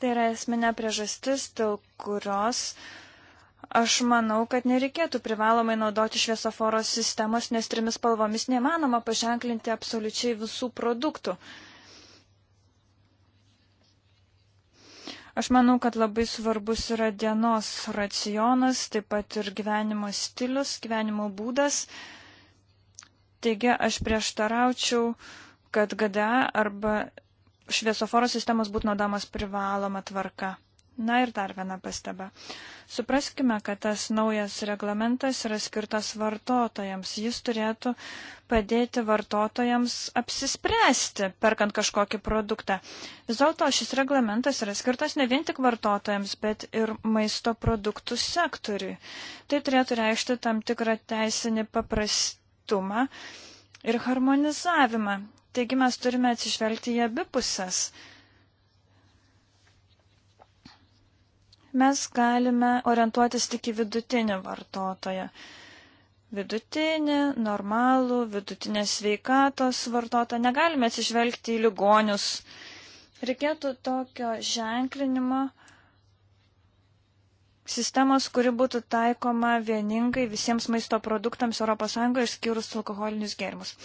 Tai yra esminė priežastis, dėl kurios uh, Aš manau, kad nereikėtų privalomai naudoti šviesoforo sistemos, nes trimis spalvomis nemanoma paženklinti absoliučiai visų produktų. Aš manau, kad labai svarbus yra dienos racionas, taip pat ir gyvenimo stilius, gyvenimo būdas. Taigi aš prieštaraučiau, kad GDA arba šviesoforo sistemos būtų naudomas privaloma tvarka. Na ir dar viena pastaba. Supraskime, kad tas naujas reglamentas yra skirtas vartotojams. Jis turėtų padėti vartotojams apsispręsti, perkant kažkokį produktą. Vis dėlto šis reglamentas yra skirtas ne vien tik vartotojams, bet ir maisto produktų sektoriui. Tai turėtų reikšti tam tikrą teisinį paprastumą ir harmonizavimą. Taigi mes turime atsižvelgti į abipusės. pusės mes galime orientuotis tik į vidutinį vartotoją. Vidutinį, normalų, vidutinės sveikatos vartotoją. Negalime atsižvelgti į ligonius. Reikėtų tokio ženklinimo sistemos, kuri būtų taikoma vieningai visiems maisto produktams ES išskyrus alkoholinius gėrimus.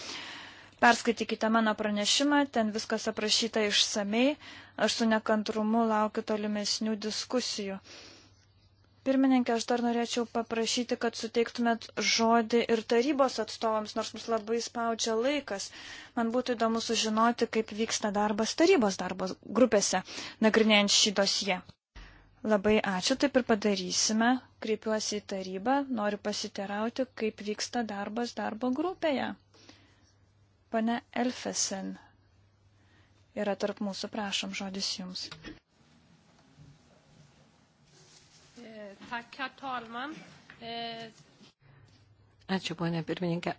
Perskaitykite mano pranešimą, ten viskas aprašyta išsamei. Aš su nekantrumu laukiu tolimesnių diskusijų. Pirmininkė, aš dar norėčiau paprašyti, kad suteiktumėt žodį ir tarybos atstovams, nors mus labai spaudžia laikas. Man būtų įdomu sužinoti, kaip vyksta darbas tarybos darbo grupėse, nagrinėjant šį dosiją. Labai ačiū, taip ir padarysime. Kreipiuosi į tarybą, noriu pasiterauti, kaip vyksta darbas darbo grupėje. Pane Elfesen yra tarp mūsų. Prašom, žodis jums. Eh. Ačiū, ponė pirmininkė.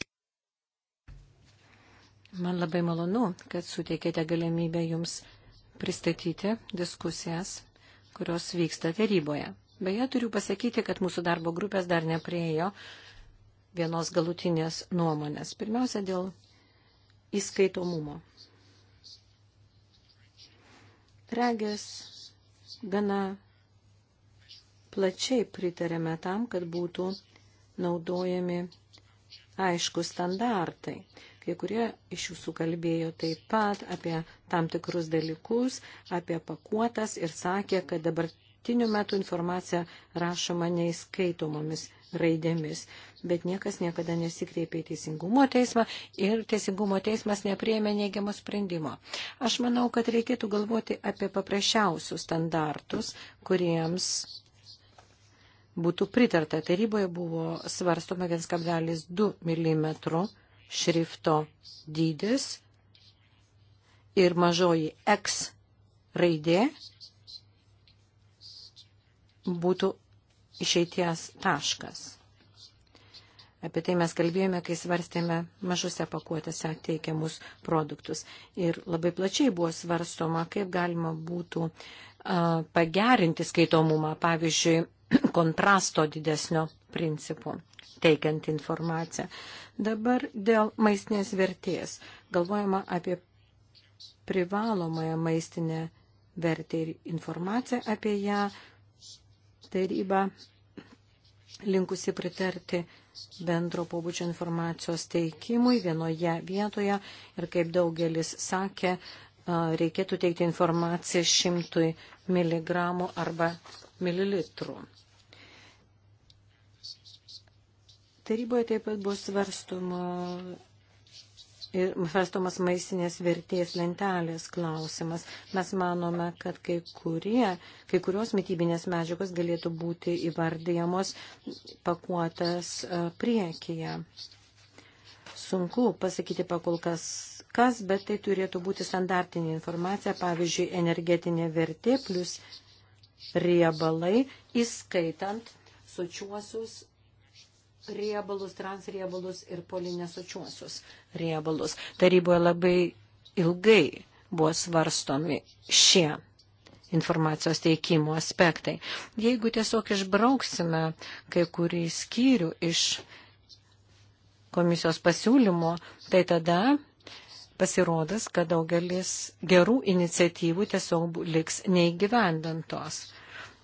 Man labai malonu, kad suteikėte galimybę jums pristatyti diskusijas, kurios vyksta taryboje. Beje, turiu pasakyti, kad mūsų darbo grupės dar nepriejo vienos galutinės nuomonės. Pirmiausia, dėl įskaitomumo. Regės gana plačiai pritarėme tam, kad būtų naudojami aiškus standartai. Kai kurie iš jūsų kalbėjo taip pat apie tam tikrus dalykus, apie pakuotas ir sakė, kad dabartiniu metu informacija rašoma neįskaitomomis raidėmis bet niekas niekada nesikreipė į teisingumo teismą ir teisingumo teismas nepriėmė neigiamo sprendimo. Aš manau, kad reikėtų galvoti apie paprasčiausius standartus, kuriems būtų pritarta. Taryboje buvo svarstoma 1,2 mm šrifto dydis ir mažoji X raidė būtų išeities taškas. Apie tai mes kalbėjome, kai svarstėme mažose pakuotėse teikiamus produktus. Ir labai plačiai buvo svarstoma, kaip galima būtų pagerinti skaitomumą, pavyzdžiui, kontrasto didesnio principų teikiant informaciją. Dabar dėl maistinės vertės. Galvojama apie privalomąją maistinę vertę ir informaciją apie ją. Taryba linkusi pritarti bendro pobūdžio informacijos teikimui vienoje vietoje ir kaip daugelis sakė, reikėtų teikti informaciją šimtui miligramų arba mililitrų. Taryboje taip pat bus svarstoma svarstomas maistinės vertės lentelės klausimas. Mes manome, kad kai, kurie, kai kurios mytybinės medžiagos galėtų būti įvardyjamos pakuotas e, priekyje. Sunku pasakyti pakol kas kas, bet tai turėtų būti standartinė informacija, pavyzdžiui, energetinė vertė plus riebalai, įskaitant sučiuosius riebalus, transriebalus ir polinesočiuosius riebalus. Taryboje labai ilgai buvo svarstomi šie informacijos teikimo aspektai. Jeigu tiesiog išbrauksime kai kurį skyrių iš komisijos pasiūlymo, tai tada pasirodas, kad daugelis gerų iniciatyvų tiesiog liks neįgyvendantos.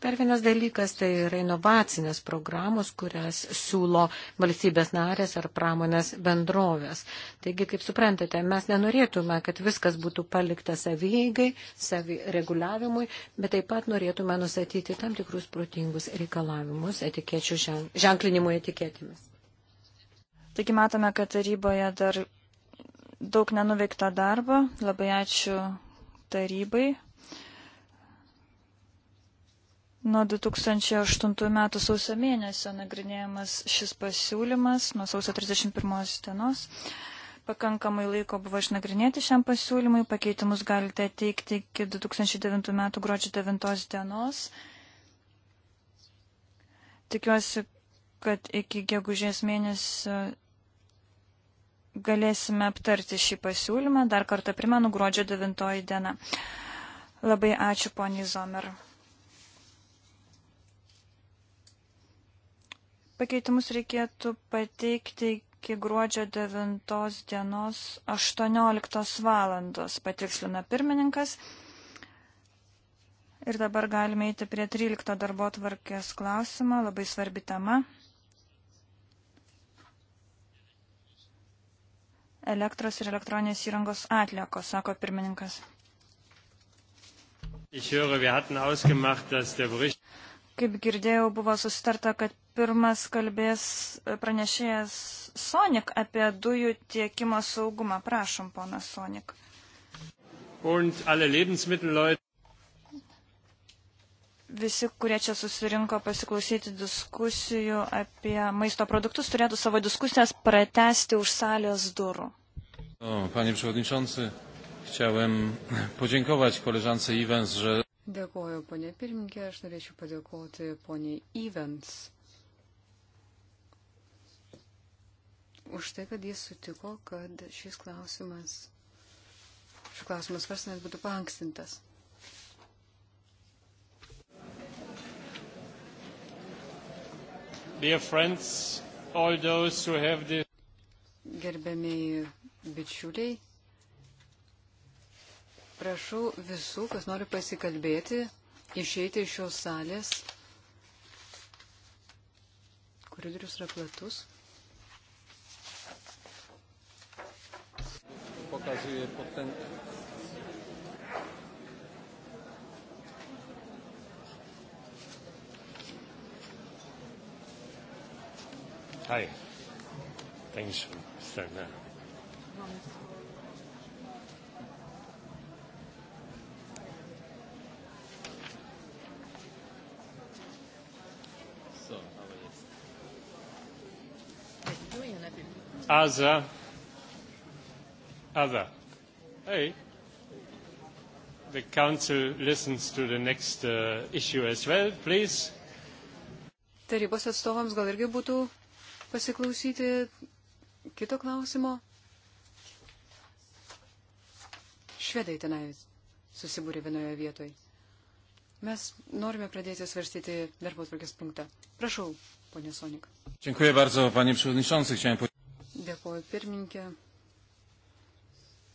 Dar vienas dalykas tai yra inovacinės programos, kurias siūlo valstybės narės ar pramonės bendrovės. Taigi, kaip suprantate, mes nenorėtume, kad viskas būtų palikta savyjeigai, savireguliavimui, bet taip pat norėtume nusatyti tam tikrus protingus reikalavimus etikečių ženklinimui etiketėmis. Taigi matome, kad taryboje dar daug nenuveikto darbo. Labai ačiū tarybai Nuo 2008 metų sausio mėnesio nagrinėjamas šis pasiūlymas nuo sausio 31 dienos. Pakankamai laiko buvo išnagrinėti šiam pasiūlymui. Pakeitimus galite teikti iki 2009 metų gruodžio 9 dienos. Tikiuosi, kad iki gegužės mėnesio galėsime aptarti šį pasiūlymą. Dar kartą primenu gruodžio 9 diena. Labai ačiū, poniai Zomer. Pakeitimus reikėtų pateikti iki gruodžio 9 dienos 18 valandos, patikslina pirmininkas. Ir dabar galime eiti prie 13 darbo tvarkės klausimo, labai svarbi tema. Elektros ir elektroninės įrangos atliekos, sako pirmininkas. Kaip girdėjau, buvo susitarta, kad Pirmas kalbės pranešėjas Sonik apie dujų tiekimo saugumą. Prašom, ponas Sonik. Visi, kurie čia susirinko pasiklausyti diskusijų apie maisto produktus, turėtų savo diskusijas pratesti už salės durų. O, panie Przewodniczący, chciałem podziękować koleżance Iwens, że... Dėkuoju, ponė pirmininkė, aš norėčiau padėkoti poniai Ivens už tai, kad jis sutiko, kad šis klausimas, šis klausimas svarstamas būtų pankstintas. Friends, this... Gerbėmiai bičiuliai, prašau visų, kas nori pasikalbėti, išeiti iš šios salės. Koridorius yra platus. pokazuje poten... Hi. Thanks for starting that. So, aber jetzt. Also, other. Hey, the council listens to the next uh, issue as well, please. Tarybos atstovams gal irgi būtų pasiklausyti kito klausimo. Švedai tenai susibūrė vienoje vietoje. Mes norime pradėti svarstyti darbo tvarkės punktą. Prašau, ponė Sonika. Dziękuję bardzo, panie przewodniczący. Chciałem... Dėkuoju, pirmininkė.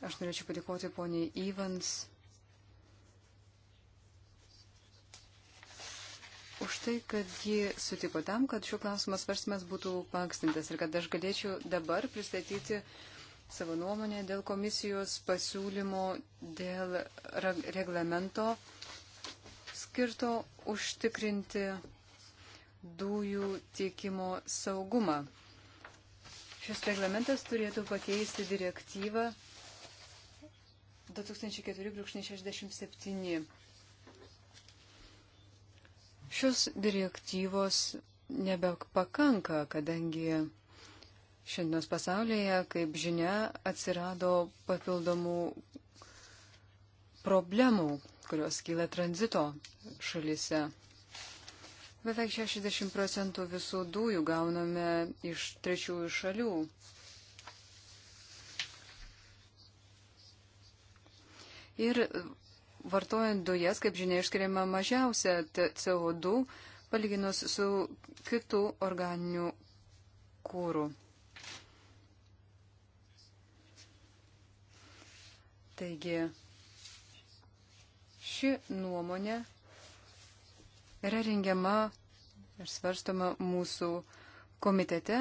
Aš norėčiau padėkoti poniai Evans už tai, kad ji sutiko tam, kad šių klausimų svarstymas būtų pankstintas ir kad aš galėčiau dabar pristatyti savo nuomonę dėl komisijos pasiūlymo dėl reglamento skirto užtikrinti dujų tiekimo saugumą. Šis reglamentas turėtų pakeisti direktyvą 2008-2008. 2004-67. Šios direktyvos nebepakanka, kadangi šiandienos pasaulyje, kaip žinia, atsirado papildomų problemų, kurios kyla tranzito šalise. Beveik 60 procentų visų dujų gauname iš trečiųjų šalių. Ir vartojant dujas, kaip žinia, išskiriama mažiausia CO2 palyginus su kitų organinių kūrų. Taigi, ši nuomonė yra rengiama ir svarstama mūsų komitete,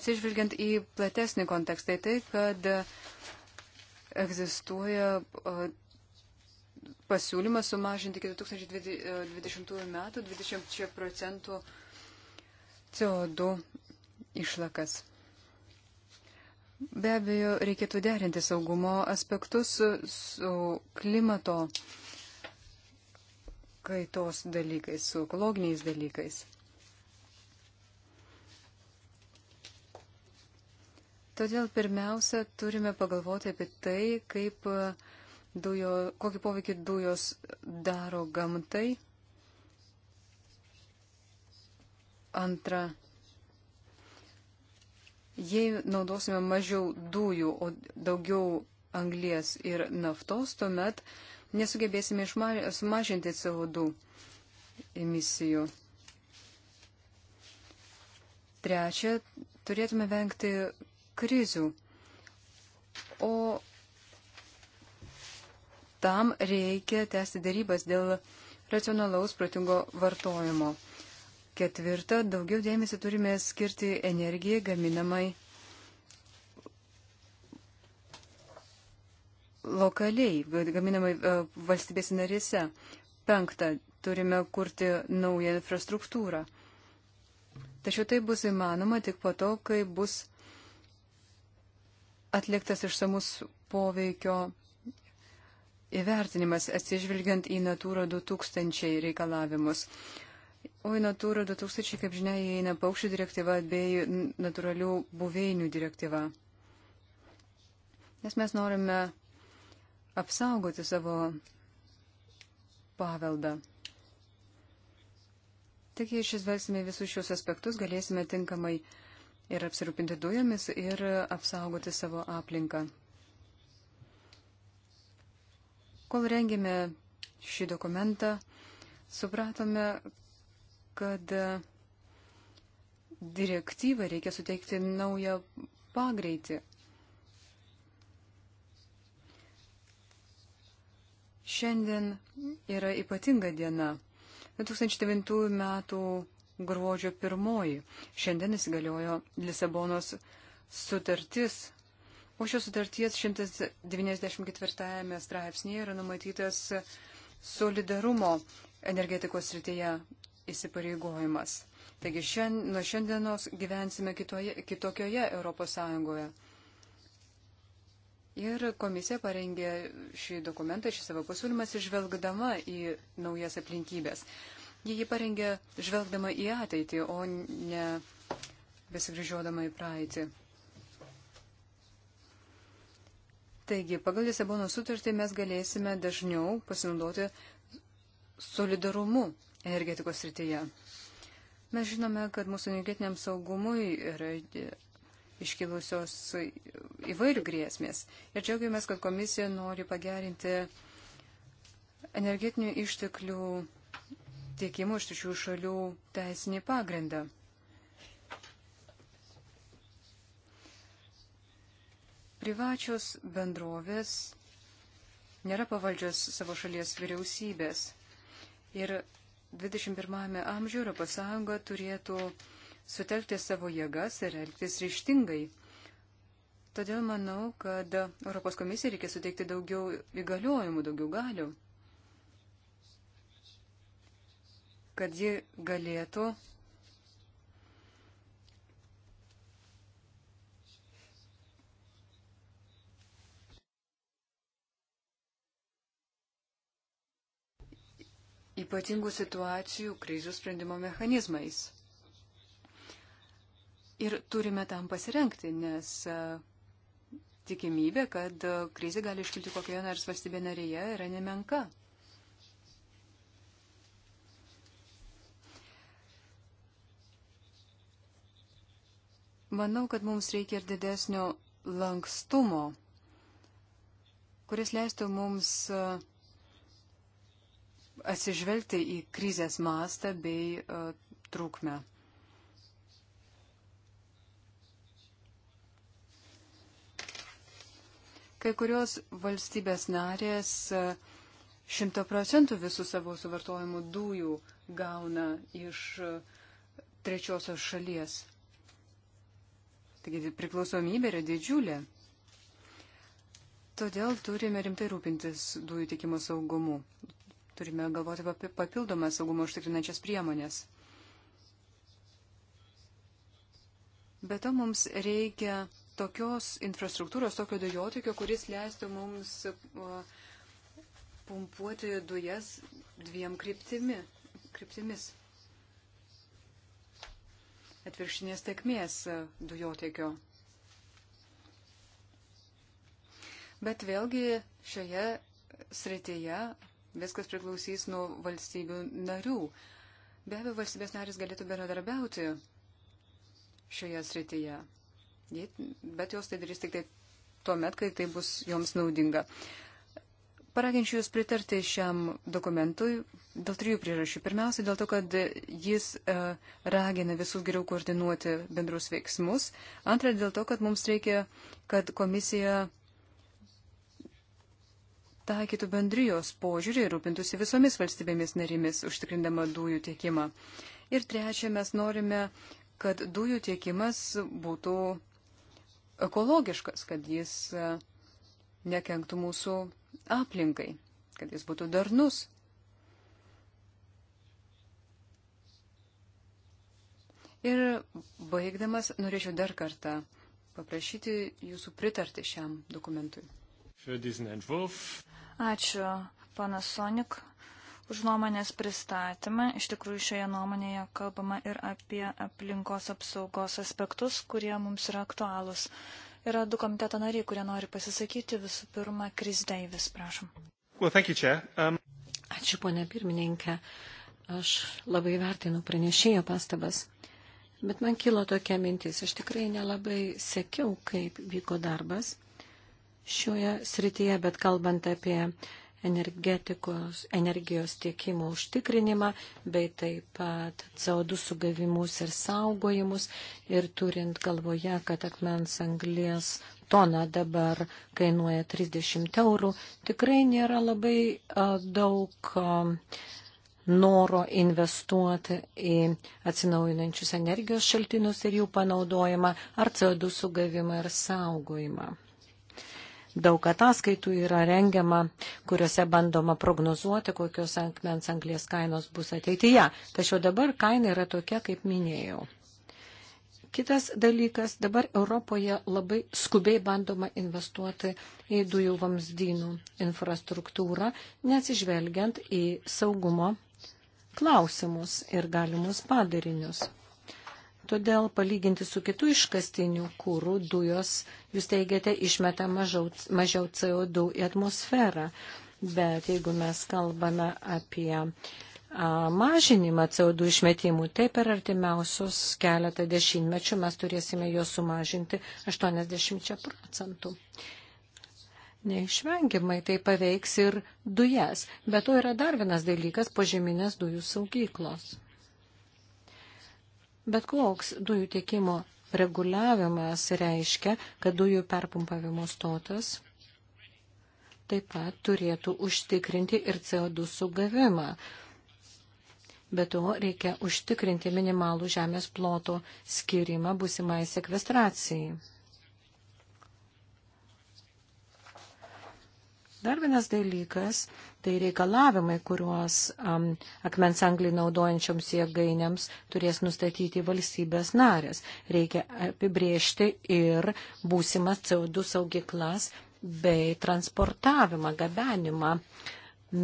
atsižvelgiant į platesnį kontekstą, tai kad egzistuoja pasiūlymas sumažinti iki 2020 e, metų 20 procentų CO2 išlakas. Be abejo, reikėtų derinti saugumo aspektus su klimato kaitos dalykais, su ekologiniais dalykais. Todėl pirmiausia, turime pagalvoti apie tai, kaip uh, dujo, kokį poveikį dujos daro gamtai. Antra, jei naudosime mažiau dujų, o daugiau anglies ir naftos, tuomet nesugebėsime išma, sumažinti CO2 emisijų. Trečia, turėtume vengti krizių. O tam reikia tęsti darybas dėl racionalaus protingo vartojimo. Ketvirta, daugiau dėmesio turime skirti energijai gaminamai lokaliai, gaminamai e, valstybės narėse. Penkta, turime kurti naują infrastruktūrą. Tačiau tai bus įmanoma tik po to, kai bus atliktas išsamus poveikio įvertinimas atsižvelgiant į Natūro 2000 reikalavimus. O į Natūro 2000, kaip žinia, įeina paukščių direktyva bei natūralių buveinių direktyva. Nes mes norime apsaugoti savo paveldą. Tik jei išvelgsime visus šios aspektus, galėsime tinkamai ir apsirūpinti dujomis ir apsaugoti savo aplinką. Kol rengėme šį dokumentą, supratome, kad direktyvą reikia suteikti naują pagreitį. Šiandien yra ypatinga diena. 2009 metų gruodžio pirmoji. Šiandien įsigaliojo Lisabonos sutartis O šios sutarties 194 straipsnėje yra numatytas solidarumo energetikos srityje įsipareigojimas. Taigi šiand, nuo šiandienos gyvensime kitoje, kitokioje Europos Sąjungoje. Ir komisija parengė šį dokumentą, šį savo pasiūlymą, išvelgdama į naujas aplinkybės. Jie jį parengė žvelgdama į ateitį, o ne besigrįžiodama į praeitį. Taigi, pagal Lisabono sutartį mes galėsime dažniau pasinaudoti solidarumu energetikos srityje. Mes žinome, kad mūsų energetiniam saugumui yra iškilusios įvairių grėsmės. Ir džiaugiamės, kad komisija nori pagerinti energetinių išteklių tiekimo iš trečių šalių teisinį pagrindą. Privačios bendrovės nėra pavaldžios savo šalies vyriausybės. Ir 21 amžiuje Europos Sąjunga turėtų sutelkti savo jėgas ir elgtis ryštingai. Todėl manau, kad Europos komisija reikia suteikti daugiau įgaliojimų, daugiau galių, kad ji galėtų ypatingų situacijų krizių sprendimo mechanizmais. Ir turime tam pasirenkti, nes e, tikimybė, kad e, krizė gali iškilti kokioje nors valstybė narėje, yra nemenka. Manau, kad mums reikia ir didesnio lankstumo, kuris leistų mums uh, atsižvelgti į krizės mastą bei uh, e, trūkmę. Kai kurios valstybės narės e, šimto procentų visų savo suvartojimų dujų gauna iš e, trečiosios šalies. Taigi priklausomybė yra didžiulė. Todėl turime rimtai rūpintis dujų tikimo saugumu. Turime galvoti apie papildomas saugumo užtikrinančias priemonės. Be to mums reikia tokios infrastruktūros, tokio dujotikio, kuris leistų mums pumpuoti dujas dviem kryptimi, kryptimis. Atvirkštinės tekmės dujotikio. Bet vėlgi šioje srityje Viskas priklausys nuo valstybių narių. Be abejo, valstybės narys galėtų bendradarbiauti šioje srityje. Bet jos tai darys tik tai tuo met, kai tai bus joms naudinga. Paraginčiau Jūs pritarti šiam dokumentui dėl trijų priežasčių. Pirmiausia, dėl to, kad jis e, ragina visus geriau koordinuoti bendrus veiksmus. Antra, dėl to, kad mums reikia, kad komisija taikytų bendrijos požiūrį ir rūpintųsi visomis valstybėmis narimis, užtikrindama dujų tiekimą. Ir trečia, mes norime, kad dujų tiekimas būtų ekologiškas, kad jis e, nekenktų mūsų aplinkai, kad jis būtų darnus. Ir baigdamas norėčiau dar kartą paprašyti jūsų pritarti šiam dokumentui. Ačiū, panas Sonik, už nuomonės pristatymą. Iš tikrųjų, šioje nuomonėje kalbama ir apie aplinkos apsaugos aspektus, kurie mums yra aktualūs. Yra du komiteto nariai, kurie nori pasisakyti. Visų pirma, Kris Deivis, prašom. Well, you, Chair. um... Ačiū, ponė pirmininkė. Aš labai vertinu pranešėjo pastabas. Bet man kilo tokia mintis, aš tikrai nelabai sekiau, kaip vyko darbas šioje srityje, bet kalbant apie energetikos, energijos tiekimo užtikrinimą, bei taip pat CO2 sugavimus ir saugojimus. Ir turint galvoje, kad akmens anglės tona dabar kainuoja 30 eurų, tikrai nėra labai a, daug a, noro investuoti į atsinaujinančius energijos šaltinius ir jų panaudojimą ar CO2 sugavimą ir saugojimą. Daug ataskaitų yra rengiama, kuriuose bandoma prognozuoti, kokios akmens anglės kainos bus ateityje. Tačiau dabar kaina yra tokia, kaip minėjau. Kitas dalykas, dabar Europoje labai skubiai bandoma investuoti į dujų vamzdynų infrastruktūrą, nesižvelgiant į saugumo klausimus ir galimus padarinius. Todėl palyginti su kitų iškastinių kūrų dujos, jūs teigiate, išmeta mažiau, mažiau CO2 į atmosferą. Bet jeigu mes kalbame apie a, mažinimą CO2 išmetimų, tai per artimiausius keletą dešimtmečių mes turėsime juos sumažinti 80 procentų. Neišvengiamai tai paveiks ir dujas. Bet to yra dar vienas dalykas - požeminės dujų saugyklos. Bet koks dujų tiekimo reguliavimas reiškia, kad dujų perpumpavimo stotas taip pat turėtų užtikrinti ir CO2 sugavimą. Be to reikia užtikrinti minimalų žemės ploto skirimą būsimai sekvestracijai. Dar vienas dalykas tai reikalavimai, kuriuos um, akmens anglį naudojančioms jėgainėms turės nustatyti valstybės narės. Reikia apibriežti ir būsimas CO2 saugiklas bei transportavimą, gabenimą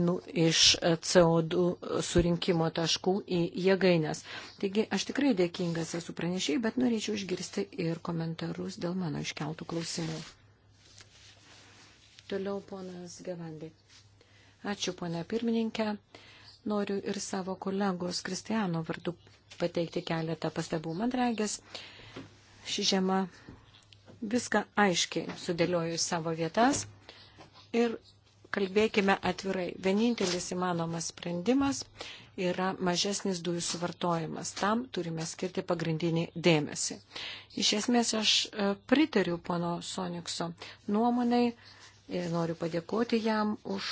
nu, iš CO2 surinkimo taškų į jėgainės. Taigi aš tikrai dėkingas esu pranešėjai, bet norėčiau išgirsti ir komentarus dėl mano iškeltų klausimų. Toliau ponas Gavandai. Ačiū, ponia pirmininkė. Noriu ir savo kolegos Kristiano vardu pateikti keletą pastabų. Man regės, ši žiema viską aiškiai sudėlioju į savo vietas ir kalbėkime atvirai. Vienintelis įmanomas sprendimas yra mažesnis dujų suvartojimas. Tam turime skirti pagrindinį dėmesį. Iš esmės aš e, pritariu pono Sonikso nuomonai ir noriu padėkoti jam už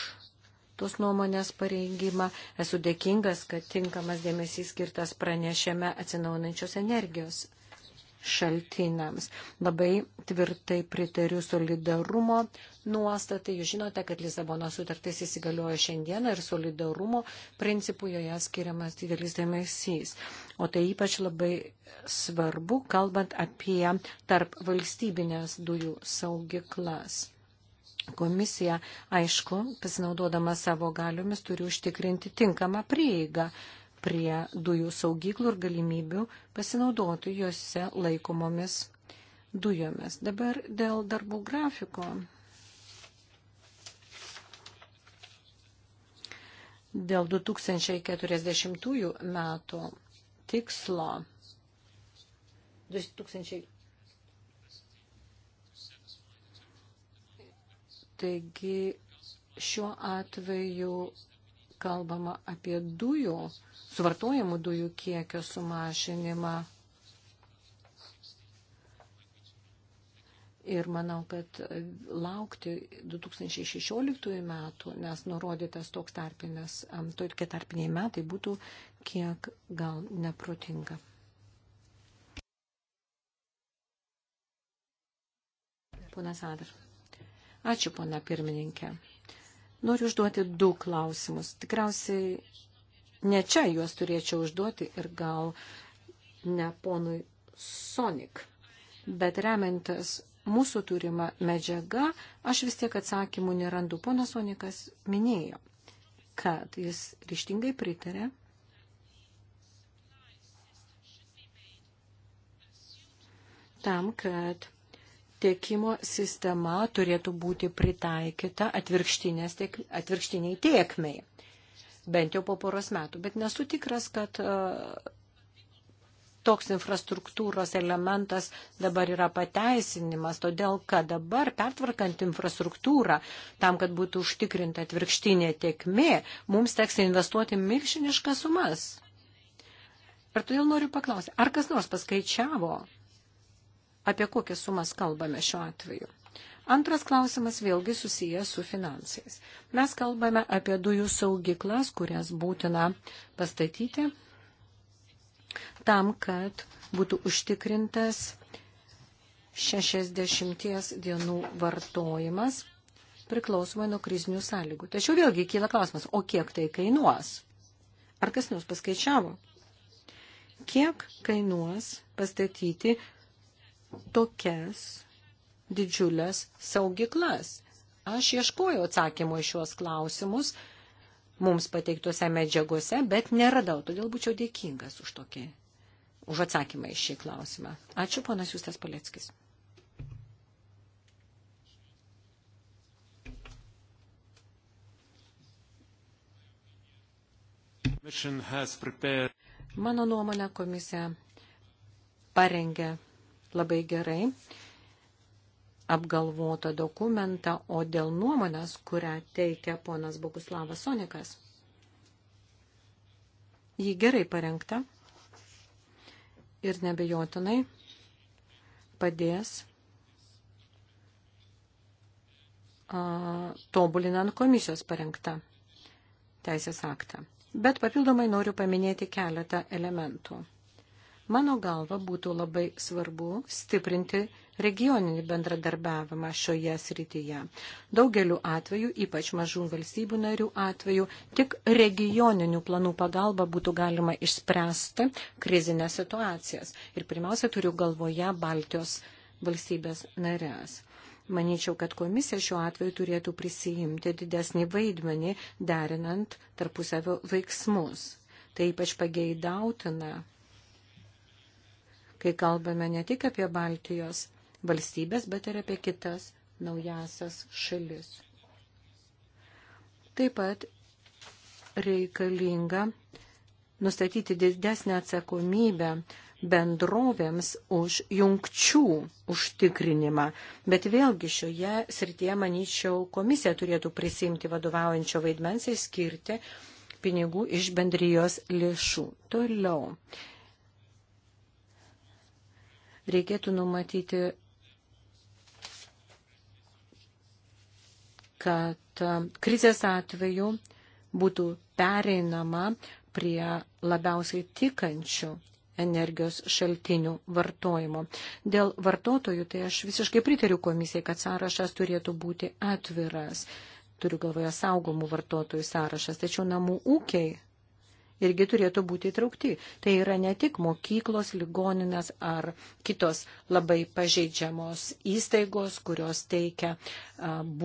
tos nuomonės pareigimą. Esu dėkingas, kad tinkamas dėmesys skirtas pranešėme atsinaunančios energijos šaltiniams. Labai tvirtai pritariu solidarumo nuostatai. Jūs žinote, kad Lisabono sutartis įsigaliojo šiandieną ir solidarumo principų joje skiriamas didelis dėmesys. O tai ypač labai svarbu, kalbant apie tarp valstybinės dujų saugiklas. Komisija, aišku, pasinaudodama savo galiomis, turi užtikrinti tinkamą prieigą prie dujų saugyklų ir galimybių pasinaudoti juose laikomomis dujomis. Dabar dėl darbų grafiko. Dėl 2040 metų tikslo 2000 Taigi šiuo atveju kalbama apie dujų, suvartojamų dujų kiekio sumažinimą. Ir manau, kad laukti 2016 metų, nes nurodytas toks tarpinės, tokie tarpiniai metai būtų kiek gal neprotinga. Ponas Adar. Ačiū, pona pirmininkė. Noriu užduoti du klausimus. Tikriausiai ne čia juos turėčiau užduoti ir gal ne ponui Sonik, bet remiantis mūsų turima medžiaga, aš vis tiek atsakymų nerandu. Ponas Sonikas minėjo, kad jis ryštingai pritarė tam, kad tiekimo sistema turėtų būti pritaikyta tiek, atvirkštiniai tiekmei, bent jau po poros metų. Bet nesu tikras, kad e, toks infrastruktūros elementas dabar yra pateisinimas, todėl kad dabar pertvarkant infrastruktūrą, tam, kad būtų užtikrinta atvirkštinė tiekmė, mums teks investuoti milžiniškas sumas. Ir todėl noriu paklausti, ar kas nors paskaičiavo, Apie kokias sumas kalbame šiuo atveju? Antras klausimas vėlgi susijęs su finansais. Mes kalbame apie dujų saugiklas, kurias būtina pastatyti tam, kad būtų užtikrintas 60 dienų vartojimas priklausomai nuo krizinių sąlygų. Tačiau vėlgi kyla klausimas, o kiek tai kainuos? Ar kas nors paskaičiavo? Kiek kainuos pastatyti tokias didžiulės saugiklas? Aš ieškojau atsakymų iš šios klausimus mums pateiktose medžiagose, bet neradau, todėl būčiau dėkingas už tokį, už atsakymą į šį klausimą. Ačiū, ponas Justas Paleckis. Mano nuomonė komisija parengė labai gerai apgalvotą dokumentą, o dėl nuomonės, kurią teikia ponas Boguslavas Sonikas. Jį gerai parengta ir nebejotinai padės a, tobulinant komisijos parengtą teisės aktą. Bet papildomai noriu paminėti keletą elementų. Mano galva būtų labai svarbu stiprinti regioninį bendradarbiavimą šioje srityje. Daugeliu atveju, ypač mažų valstybių narių atveju, tik regioninių planų pagalba būtų galima išspręsti krizinės situacijas. Ir pirmiausia, turiu galvoje Baltijos valstybės narės. Manyčiau, kad komisija šiuo atveju turėtų prisijimti didesnį vaidmenį, derinant tarpusavio veiksmus. Tai ypač pageidautina kai kalbame ne tik apie Baltijos valstybės, bet ir apie kitas naujasias šalis. Taip pat reikalinga nustatyti didesnę atsakomybę bendrovėms už jungčių užtikrinimą. Bet vėlgi šioje srityje, manyčiau, komisija turėtų prisimti vadovaujančio vaidmens ir skirti pinigų iš bendrijos lėšų. Toliau reikėtų numatyti, kad um, krizės atveju būtų pereinama prie labiausiai tikančių energijos šaltinių vartojimo. Dėl vartotojų, tai aš visiškai pritariu komisijai, kad sąrašas turėtų būti atviras. Turiu galvoje saugomų vartotojų sąrašas, tačiau namų ūkiai irgi turėtų būti įtraukti. Tai yra ne tik mokyklos, ligoninės ar kitos labai pažeidžiamos įstaigos, kurios teikia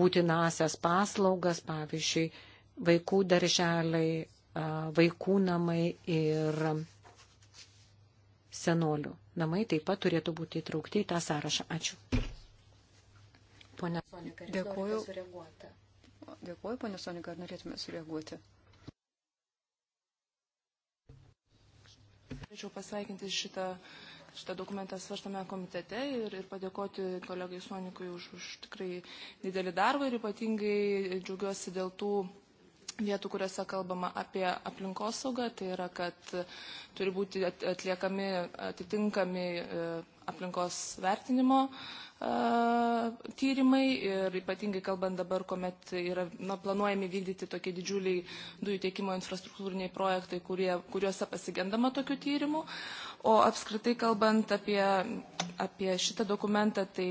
būtinasias paslaugas, pavyzdžiui, vaikų darželiai, vaikų namai ir senolių namai taip pat turėtų būti įtraukti į tą sąrašą. Ačiū. Pone Sonika, dėkuoju. Dėkuoju, ponė Sonika, ar norėtume sureaguoti? Norėčiau pasveikinti šitą, šitą dokumentą svarstame komitete ir, ir padėkoti kolegai Sonikui už, už tikrai didelį darbą ir ypatingai džiaugiuosi dėl tų vietų, kuriuose kalbama apie aplinkosaugą, tai yra, kad turi būti atliekami atitinkami e, aplinkos vertinimo e, tyrimai ir ypatingai kalbant dabar, kuomet yra na, planuojami vykdyti tokie didžiuliai dujų tiekimo infrastruktūriniai projektai, kurie, kuriuose pasigendama tokių tyrimų. O apskritai kalbant apie, apie šitą dokumentą, tai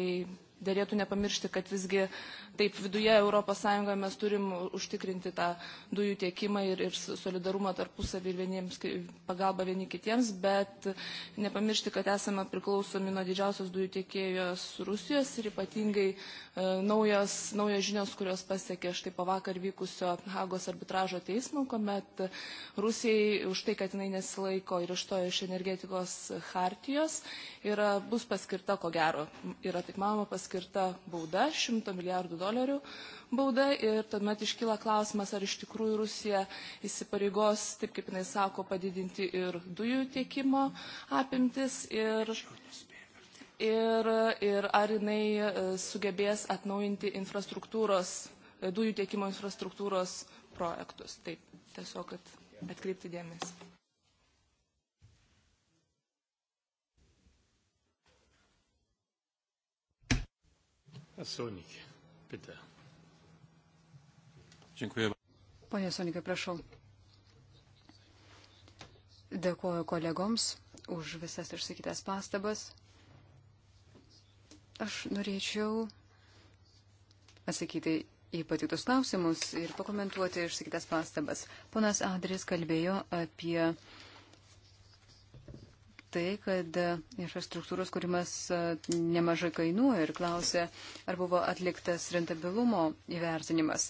dėlėtų nepamiršti, kad visgi Taip, viduje ES mes turim užtikrinti tą dujų tiekimą ir, ir solidarumą tarpusavį ir vieniems, pagalbą vieni kitiems, bet nepamiršti, kad esame priklausomi nuo didžiausios dujų tiekėjos Rusijos ir ypatingai e, naujos, naujos žinios, kurios pasiekė štai po vakar vykusio Hagos arbitražo teismo, kuomet Rusijai už tai, kad jinai nesilaiko ir ištojo iš energetikos hartijos, yra, bus paskirta, ko gero, yra taip manoma, paskirta bauda 100 milijardų dolerių dolerių bauda ir tuomet iškyla klausimas, ar iš tikrųjų Rusija įsipareigos, taip kaip jinai sako, padidinti ir dujų tiekimo apimtis ir, ir, ir ar jinai e, sugebės atnaujinti infrastruktūros, e, dujų tiekimo infrastruktūros projektus. Taip, tiesiog, kad atkreipti dėmesį. Sonik. Bitte. Dziękuję. Pone Sonika, prašau. Dėkuoju kolegoms už visas išsakytas pastabas. Aš norėčiau atsakyti į patiktus klausimus ir pakomentuoti išsakytas pastabas. Ponas Adris kalbėjo apie tai, kad e, infrastruktūros kūrimas e, nemažai kainuoja ir klausė, ar buvo atliktas rentabilumo įvertinimas.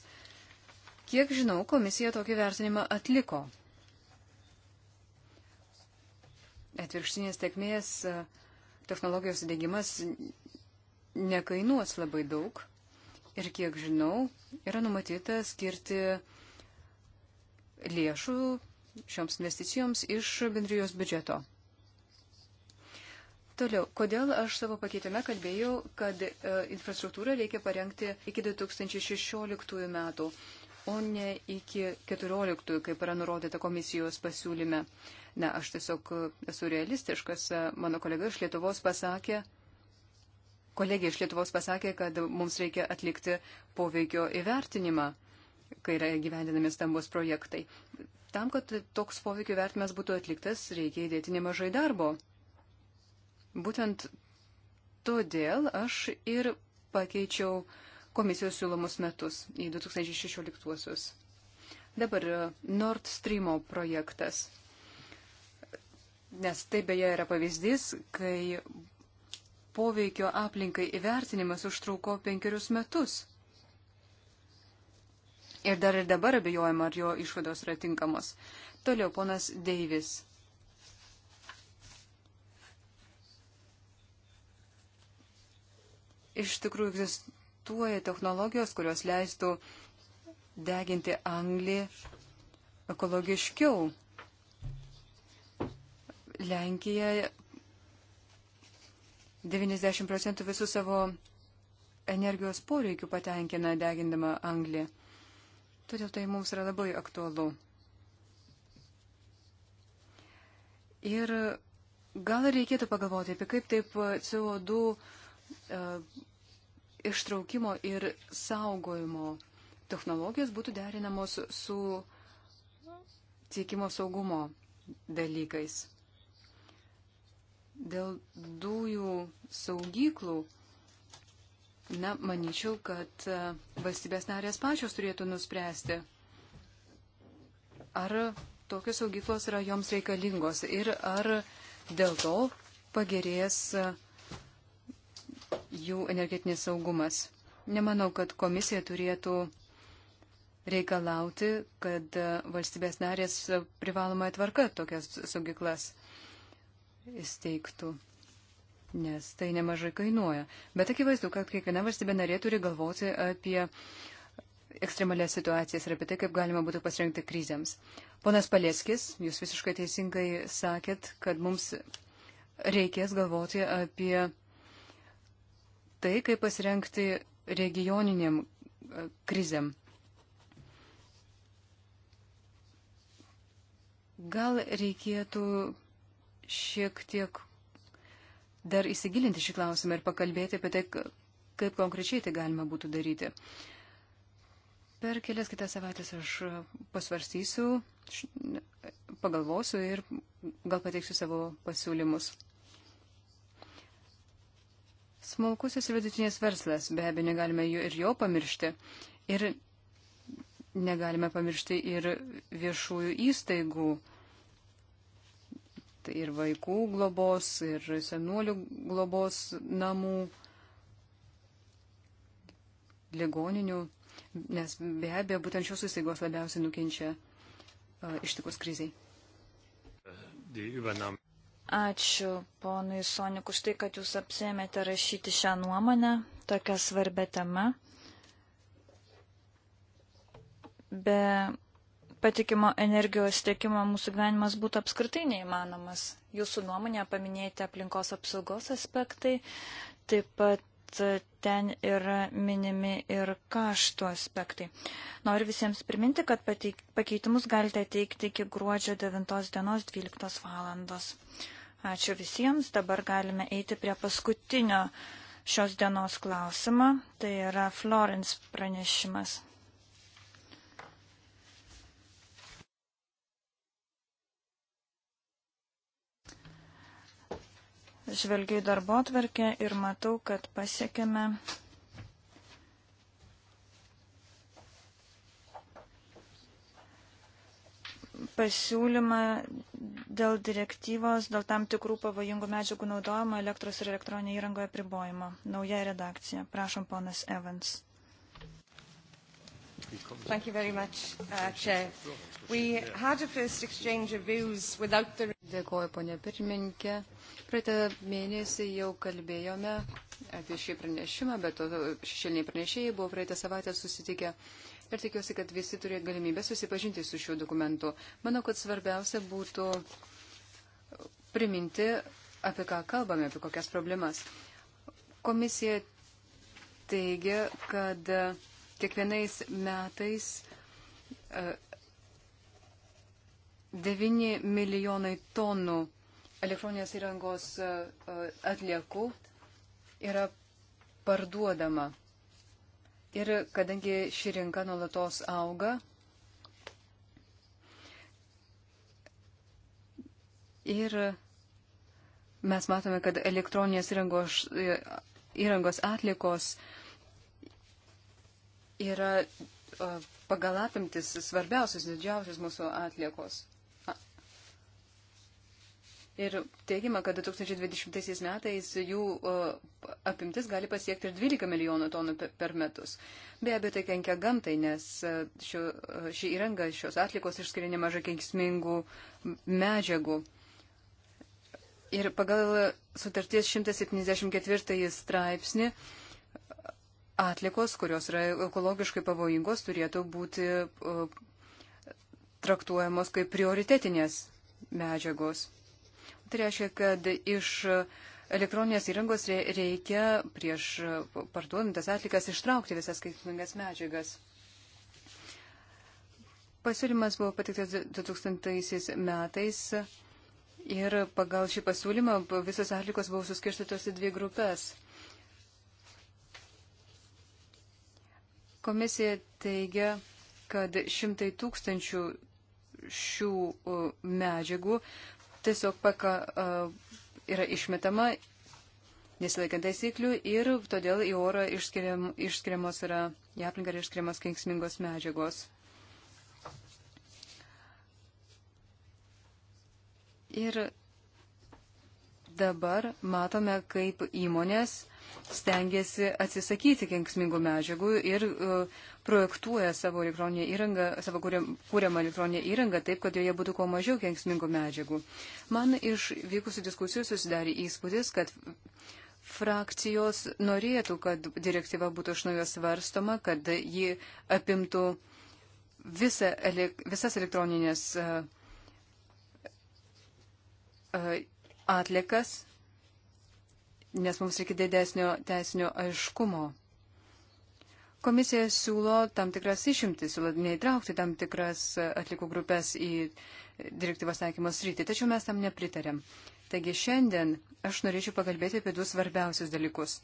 Kiek žinau, komisija tokį vertinimą atliko. Atvirkštinės tekmės e, technologijos įdėgymas nekainuos labai daug ir, kiek žinau, yra numatyta skirti lėšų šioms investicijoms iš bendrijos biudžeto. Toliau, kodėl aš savo pakeitime kalbėjau, kad e, infrastruktūrą reikia parengti iki 2016 metų, o ne iki 2014, kaip yra nurodyta komisijos pasiūlyme. Na, aš tiesiog e, esu realistiškas. E, mano kolega iš Lietuvos pasakė, kolegė iš Lietuvos pasakė, kad mums reikia atlikti poveikio įvertinimą, kai yra gyvendinami stambus projektai. Tam, kad toks poveikio vertimas būtų atliktas, reikia įdėti nemažai darbo. Būtent todėl aš ir pakeičiau komisijos siūlomus metus į 2016-uosius. Dabar e, Nord Streamo projektas. Nes tai beje yra pavyzdys, kai poveikio aplinkai įvertinimas užtruko penkerius metus. Ir dar ir dabar abejojama, ar jo išvados yra tinkamos. Toliau ponas Deivis iš tikrųjų egzistuoja technologijos, kurios leistų deginti anglį ekologiškiau. Lenkija 90 procentų visų savo energijos poreikių patenkina degindama anglį. Todėl tai mums yra labai aktualu. Ir gal reikėtų pagalvoti apie kaip taip CO2 E, ištraukimo ir saugojimo technologijos būtų derinamos su tiekimo saugumo dalykais. Dėl dujų saugyklų, na, manyčiau, kad e, valstybės narės pačios turėtų nuspręsti, ar tokios saugyklos yra joms reikalingos ir ar dėl to pagerės uh, jų energetinis saugumas. Nemanau, kad komisija turėtų reikalauti, kad e, valstybės narės privalomai tvarka tokias saugyklas įsteigtų, nes tai nemažai kainuoja. Bet akivaizdu, kad kiekviena valstybė narė turi galvoti apie ekstremalias situacijas ir apie tai, kaip galima būtų pasirengti krizėms. Ponas Palieskis, jūs visiškai teisingai sakėt, kad mums reikės galvoti apie tai, kaip pasirengti regioniniam e, krizėm. Gal reikėtų šiek tiek dar įsigilinti šį klausimą ir pakalbėti apie tai, kaip konkrečiai tai galima būtų daryti. Per kelias kitas savaitės aš pasvarstysiu, pagalvosiu ir gal pateiksiu savo pasiūlymus. Smulkusis ir vidutinės verslas, be abejo, negalime jų ir jo pamiršti. Ir negalime pamiršti ir viešųjų įstaigų, tai ir vaikų globos, ir senuolių globos namų, ligoninių, nes be abejo, būtent šios įstaigos labiausiai nukenčia uh, ištikus kriziai. Ačiū ponui Sonik už tai, kad jūs apsėmėte rašyti šią nuomonę tokią svarbę temą. Be patikimo energijos tiekimo mūsų gyvenimas būtų apskritai neįmanomas. Jūsų nuomonė paminėti aplinkos apsaugos aspektai, taip pat ten yra minimi ir kaštų aspektai. Noriu visiems priminti, kad pateik, pakeitimus galite teikti iki gruodžio 9 dienos 12 valandos. Ačiū visiems. Dabar galime eiti prie paskutinio šios dienos klausimo. Tai yra Florence pranešimas. Žvelgiu į darbo atvarkę ir matau, kad pasiekėme pasiūlymą dėl direktyvos, dėl tam tikrų pavojingų medžiagų naudojimo elektros ir elektroninėje įrangoje pribojimo. Nauja redakcija. Prašom, ponas Evans. Thank you very much, uh, Chair. We had a first exchange of views without the... Dėkuoju, ponė pirmininkė. Praeitą mėnesį jau kalbėjome apie šį pranešimą, bet šešėliniai pranešėjai buvo praeitą savaitę susitikę. Uh, ir tikiuosi, kad visi turėt galimybę susipažinti su šiuo dokumentu. Manau, kad svarbiausia būtų priminti, apie ką kalbame, apie kokias problemas. Komisija teigia, kad kiekvienais metais 9 e, milijonai tonų elektroninės įrangos e, atliekų yra parduodama Ir kadangi ši rinka nuolatos auga, ir mes matome, kad elektroninės įrangos, įrangos atlikos yra pagal apimtis svarbiausios, didžiausios mūsų atlikos. Ir teigiama, kad 2020 metais jų apimtis gali pasiekti ir 12 milijonų tonų per metus. Be abejo, tai kenkia gamtai, nes e, šio, e, ši įranga, šios atlikos išskiria nemažai kenksmingų medžiagų. Ir pagal sutarties 174 straipsnį atlikos, kurios yra ekologiškai pavojingos, turėtų būti traktuojamos kaip prioritetinės medžiagos. Tai reiškia, kad iš elektroninės įrangos reikia prieš parduodantas atlikas ištraukti visas skaitmingas medžiagas. Pasiūlymas buvo patiktas 2000 metais ir pagal šį pasiūlymą visas atlikos buvo suskirstytos į dvi grupės. Komisija teigia, kad šimtai tūkstančių šių medžiagų tiesiog paka, yra išmetama nesilaikant taisyklių ir todėl į orą išskiriam, išskiriamos yra, į aplinką yra išskiriamas kenksmingos medžiagos. Ir dabar matome, kaip įmonės stengiasi atsisakyti kenksmingų medžiagų ir uh, projektuoja savo elektroninę įrangą, savo kūriamą elektroninę įrangą taip, kad joje būtų kuo mažiau kenksmingų medžiagų. Man iš vykusių diskusijų susidarė įspūdis, kad frakcijos norėtų, kad direktyva būtų iš naujo svarstoma, kad ji apimtų visa, visas elektroninės uh, e, uh, e, atlikas nes mums reikia didesnio teisinio aiškumo. Komisija siūlo tam tikras išimtis, siūlo neįtraukti tam tikras atlikų grupės į direktyvos taikymos rytį, tačiau mes tam nepritarėm. Taigi šiandien aš norėčiau pakalbėti apie du svarbiausius dalykus.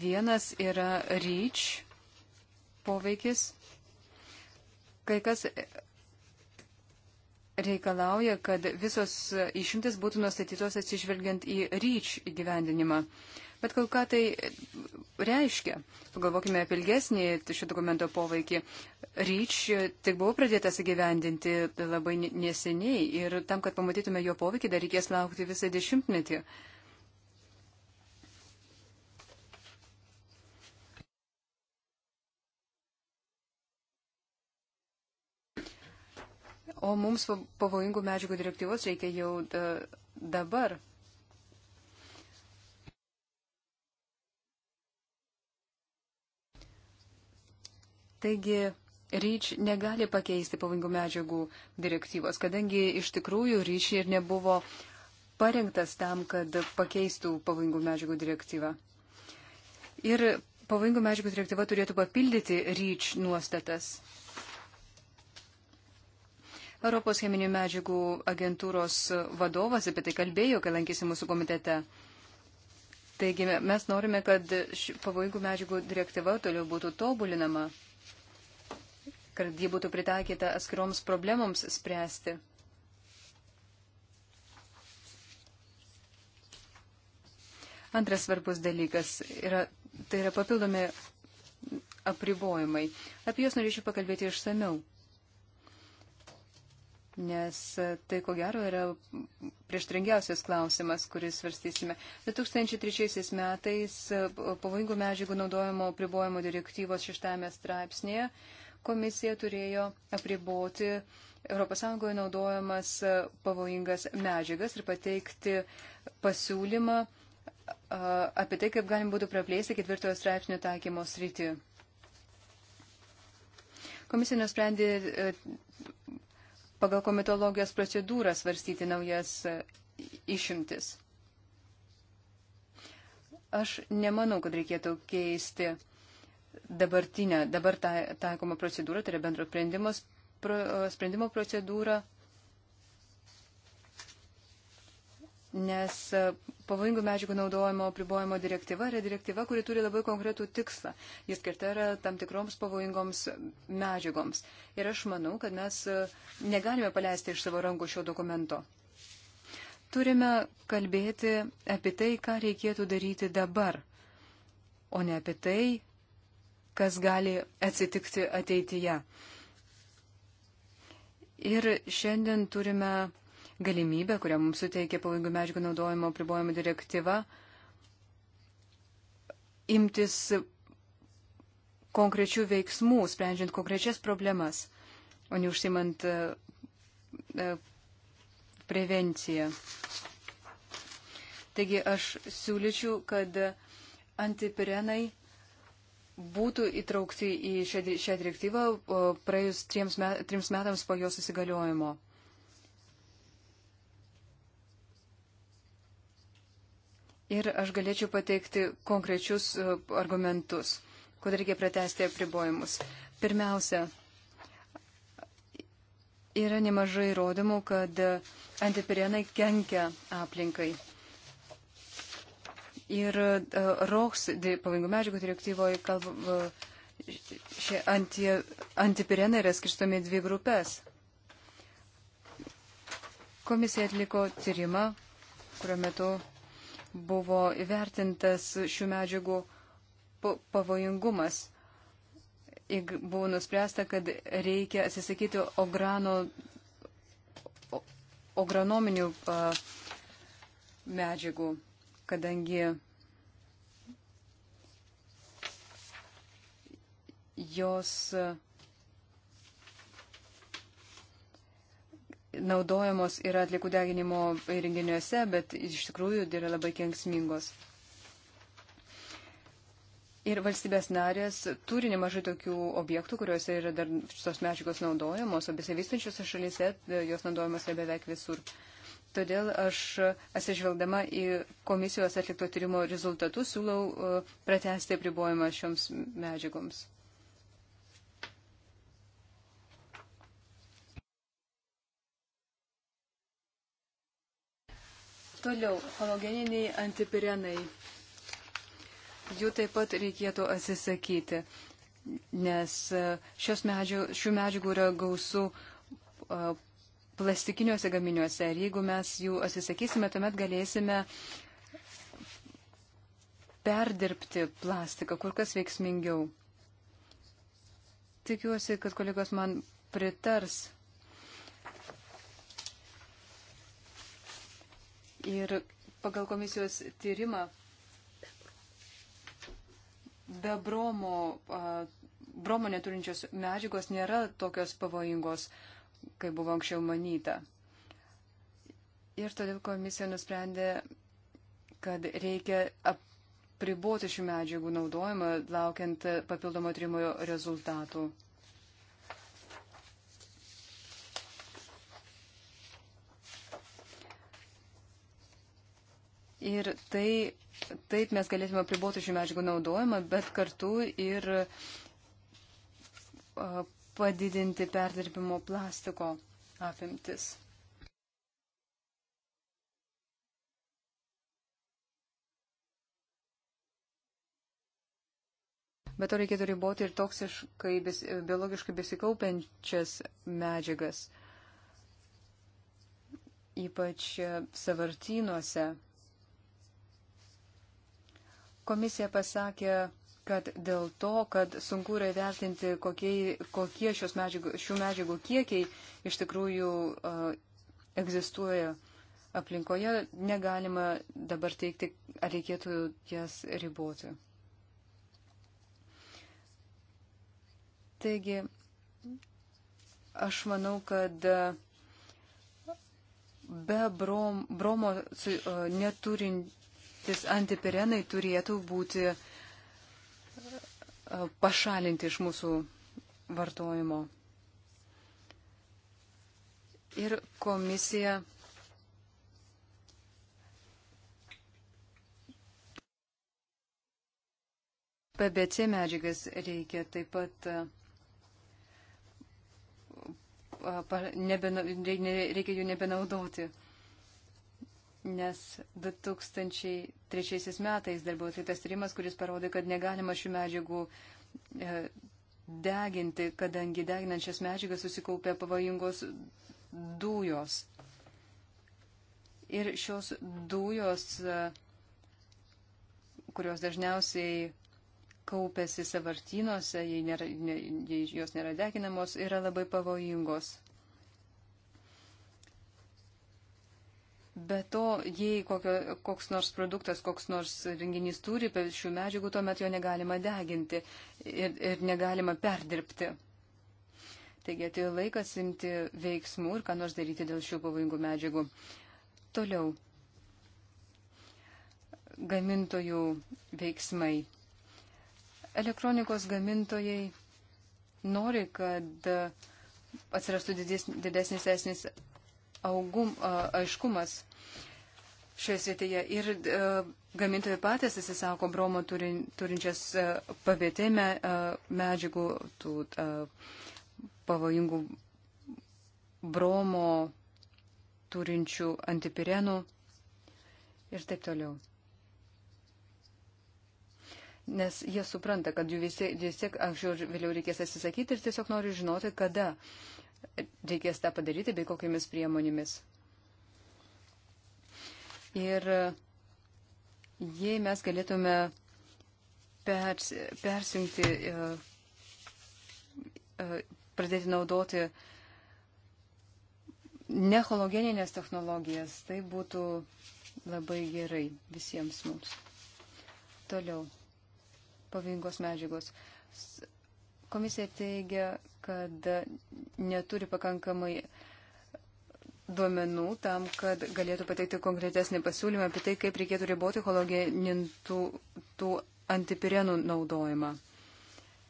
Vienas yra ryč poveikis. Kai kas reikalauja, kad visos išimtis būtų nustatytos atsižvelgiant į ryč įgyvendinimą. Bet kol ką tai reiškia, pagalvokime apie ilgesnį šio dokumento poveikį. Ryč tik buvo pradėtas įgyvendinti labai neseniai ir tam, kad pamatytume jo poveikį, dar reikės laukti visą dešimtmetį. Uh, o mums pavojingų medžiagų direktyvos reikia jau dabar. Taigi, ryč negali pakeisti pavojingų medžiagų direktyvos, kadangi iš tikrųjų ryč ir nebuvo parengtas tam, kad pakeistų pavojingų medžiagų direktyvą. Ir pavojingų medžiagų direktyva turėtų papildyti ryč nuostatas. Europos cheminių medžiagų agentūros vadovas apie tai kalbėjo, kai lankėsi mūsų komitete. Taigi mes norime, kad pavojingų medžiagų direktyva toliau būtų tobulinama, kad ji būtų pritaikyta atskiroms problemoms spręsti. Antras svarbus dalykas yra, tai yra papildomi apribojimai. Apie juos norėčiau pakalbėti išsameu nes tai ko gero yra prieštringiausias klausimas, kuris svarstysime. 2003 metais pavojingų medžiagų naudojimo pribojimo direktyvos šeštame straipsnėje komisija turėjo apriboti ES naudojamas pavojingas medžiagas ir pateikti pasiūlymą apie tai, kaip galim būtų praplėsti ketvirtojo straipsnio taikymo sritį. Komisija nusprendė pagal komitologijos procedūrą svarstyti naujas išimtis. Aš nemanau, kad reikėtų keisti dabartinę, dabar taikomą procedūrą, tai yra bendro sprendimo procedūrą nes e, pavojingų medžiagų naudojimo pribojimo direktyva yra direktyva, kuri turi labai konkretų tikslą. Jis skirta yra tam tikroms pavojingoms medžiagoms. Ir aš manau, kad mes e, negalime paleisti iš savo rankų šio dokumento. Turime kalbėti apie tai, ką reikėtų daryti dabar, o ne apie tai, kas gali atsitikti ateityje. Ir šiandien turime galimybę, kurią mums suteikia pavojingų medžiagų naudojimo pribojimo direktyva, imtis konkrečių veiksmų, sprendžiant konkrečias problemas, o ne užsimant e, e, prevenciją. Taigi aš siūlyčiau, kad antipirenai būtų įtraukti į šią, šią direktyvą praėjus trims, met, trims metams po jos įsigaliojimo. Ir aš galėčiau pateikti konkrečius e, argumentus, kodėl reikia pratesti apribojimus. Pirmiausia, yra nemažai įrodymų, kad antipirienai kenkia aplinkai. Ir uh, e, ROX pavojingų medžiagų direktyvoje kalba, uh, šie anti, antipirenai yra skirstomi dvi grupės. Komisija atliko tyrimą, kurio metu buvo įvertintas šių medžiagų pavojingumas. Buvo nuspręsta, kad reikia atsisakyti ograno, ogranominių medžiagų, kadangi jos uh, naudojamos yra atlikų deginimo įrenginiuose, bet iš tikrųjų tai yra labai kenksmingos. Ir valstybės narės turi nemažai tokių objektų, kuriuose yra dar šios medžiagos naudojamos, o besivystančiose šalyse e, jos naudojamos yra beveik visur. Todėl aš, atsižvelgdama į komisijos atlikto tyrimo rezultatus, siūlau e, pratesti apribojimą šioms medžiagoms. Toliau, halogeniniai antipirenai. Jų taip pat reikėtų atsisakyti, nes e, medžių, šių medžiagų yra gausu e, plastikiniuose gaminiuose ir jeigu mes jų atsisakysime, tuomet galėsime perdirbti plastiką kur kas veiksmingiau. Tikiuosi, kad kolegos man pritars Ir pagal komisijos tyrimą be bromo, bromo neturinčios medžiagos nėra tokios pavojingos, kaip buvo anksčiau manyta. Ir todėl komisija nusprendė, kad reikia apriboti šių medžiagų naudojimą, laukiant papildomo trimo rezultatų. Ir tai, taip mes galėtume priboti šių medžiagų naudojimą, bet kartu ir padidinti perdirbimo plastiko apimtis. Bet to reikėtų riboti ir toksiškai, biologiškai besikaupiančias medžiagas, ypač e, savartynuose. Komisija pasakė, kad dėl to, kad sunku yra įvertinti, kokie, kokie šios medžiagų, šių medžiagų kiekiai iš tikrųjų uh, egzistuoja aplinkoje, negalima dabar teikti, ar reikėtų jas riboti. Taigi, aš manau, kad be brom, bromo uh, neturint patys antipirenai turėtų būti e, pašalinti iš mūsų vartojimo. Ir komisija PBC medžiagas reikia taip pat e, nebe, reikia jų nebenaudoti nes 2003 metais dar buvo atliktas tyrimas, kuris parodė, kad negalima šių medžiagų e, deginti, kadangi deginančias medžiagas susikaupė pavojingos dujos. Ir šios dujos, e, kurios dažniausiai kaupėsi savartynuose, jei, nėra, jei jos nėra deginamos, yra labai pavojingos. Be to, jei kokio, koks nors produktas, koks nors renginys turi šių medžiagų, tuomet jo negalima deginti ir, ir negalima perdirbti. Taigi atėjo laikas imti veiksmų ir ką nors daryti dėl šių pavojingų medžiagų. Toliau. Gamintojų veiksmai. Elektronikos gamintojai nori, kad atsirastų didesnis, didesnis augum, aiškumas šioje srityje. Ir gamintojai patys įsisako bromo turin, turinčias pavėtėme medžiagų, tų pavojingų bromo turinčių antipirenų ir taip toliau nes jie supranta, kad jų vis tiek, vis tiek anksčiau ir vėliau reikės atsisakyti ir tiesiog nori žinoti, kada reikės tą padaryti, bei kokiamis priemonėmis. Ir e, jei mes galėtume pers, persijungti, e, e, pradėti naudoti nehologeninės technologijas, tai būtų labai gerai visiems mums. Toliau. Pavingos medžiagos. Komisija teigia, kad neturi pakankamai duomenų tam, kad galėtų pateikti konkretesnį pasiūlymą apie tai, kaip reikėtų riboti hologenintų tų antipirenų naudojimą.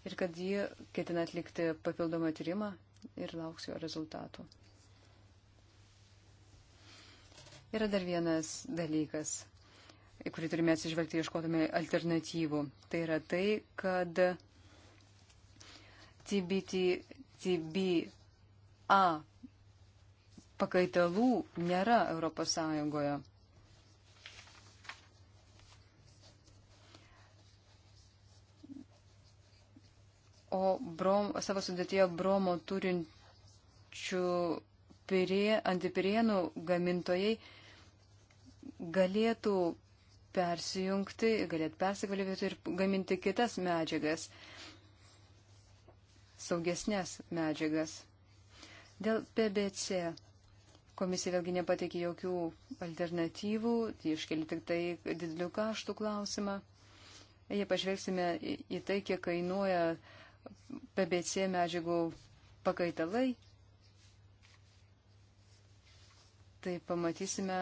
Ir kad ji ketina atlikti papildomą tyrimą ir lauks jo rezultatų. Yra dar vienas dalykas, į kurį turime atsižvelgti ieškodami alternatyvų. Tai yra tai, kad TBTBA pakaitalų nėra Europos Sąjungoje. O brom, savo sudėtėje bromo turinčių pirė, antipirienų gamintojai galėtų persijungti, galėtų persikvalifikuoti ir gaminti kitas medžiagas. Uh, saugesnės medžiagas. Dėl PBC komisija vėlgi nepateikė jokių alternatyvų, tai iškeli tik tai didelių kaštų klausimą. Jei pažvelgsime į tai, kiek kainuoja PBC medžiagų pakaitalai, tai pamatysime,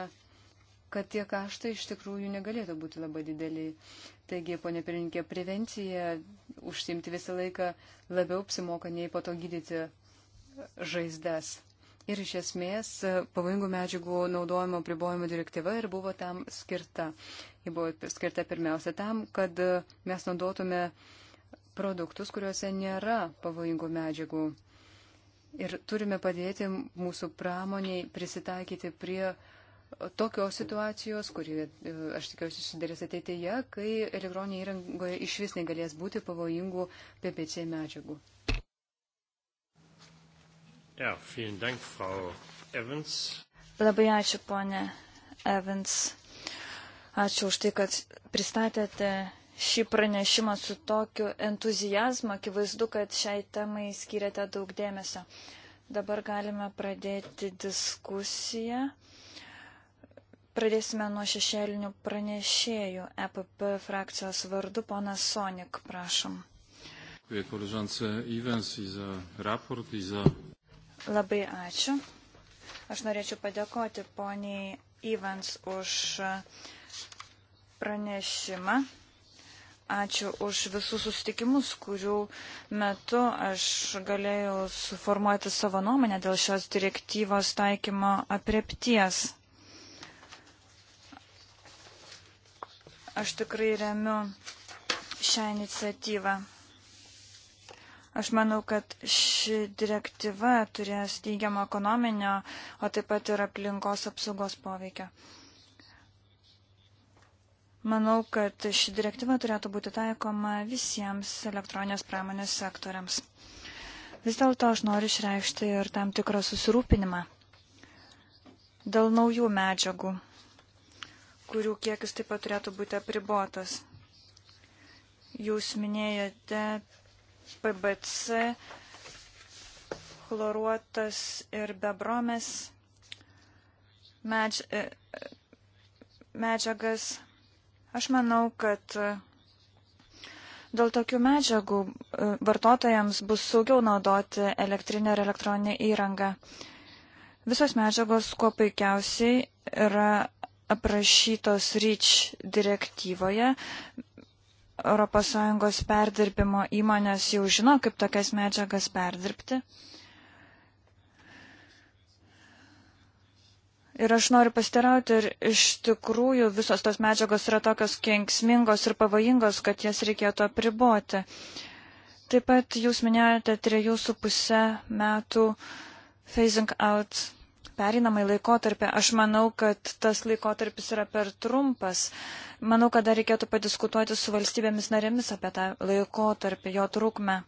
kad tie kaštai iš tikrųjų negalėtų būti labai dideli. Taigi, ponė pirininkė, prevencija užsimti visą laiką labiau apsimoka nei po to gydyti žaizdas. Ir iš esmės pavojingų medžiagų naudojimo pribojimo direktyva ir buvo tam skirta. Ji buvo skirta pirmiausia tam, kad mes naudotume produktus, kuriuose nėra pavojingų medžiagų. Ir turime padėti mūsų pramoniai prisitaikyti prie uh, tokios situacijos, kuri, e, aš tikiuosi, susidarės ateityje, kai elektroninėje įrangoje iš vis negalės būti pavojingų PPC medžiagų. Ja, Dank, Frau Evans. Labai ačiū, ponė Evans. Ačiū už tai, kad pristatėte šį pranešimą su tokiu entuzijazmu. Akivaizdu, kad šiai temai skiriate daug dėmesio. Dabar galime pradėti diskusiją. Pradėsime nuo šešėlinių pranešėjų. EPP frakcijos vardu ponas Sonik, prašom. Labai ačiū. Aš norėčiau padėkoti poniai Ivans už pranešimą. Ačiū už visus susitikimus, kurių metu aš galėjau suformuoti savo nuomonę dėl šios direktyvos taikymo apriepties. Aš tikrai remiu šią iniciatyvą. Aš manau, kad ši direktyva turės teigiamą ekonominio, o taip pat ir aplinkos apsaugos poveikio. Manau, kad ši direktyva turėtų būti taikoma visiems elektroninės pramonės sektoriams. Vis dėlto aš noriu išreikšti ir tam tikrą susirūpinimą dėl naujų medžiagų kurių kiekis taip pat turėtų būti apribotas. Jūs minėjote PBC, chloruotas ir bebromės medž e, e, medžiagas. Aš manau, kad Dėl tokių medžiagų e, vartotojams bus saugiau naudoti elektrinę ir elektroninę įrangą. Visos medžiagos kuo puikiausiai yra aprašytos REACH direktyvoje. ES perdirbimo įmonės jau žino, kaip tokias medžiagas perdirbti. Ir aš noriu pastirauti, ar iš tikrųjų visos tos medžiagos yra tokios kenksmingos ir pavojingos, kad jas reikėtų apriboti. Taip pat jūs minėjote 3,5 metų phasing out perinamai laikotarpį. Aš manau, kad tas laikotarpis yra per trumpas. Manau, kad dar reikėtų padiskutuoti su valstybėmis narėmis apie tą laikotarpį, jo trukmę.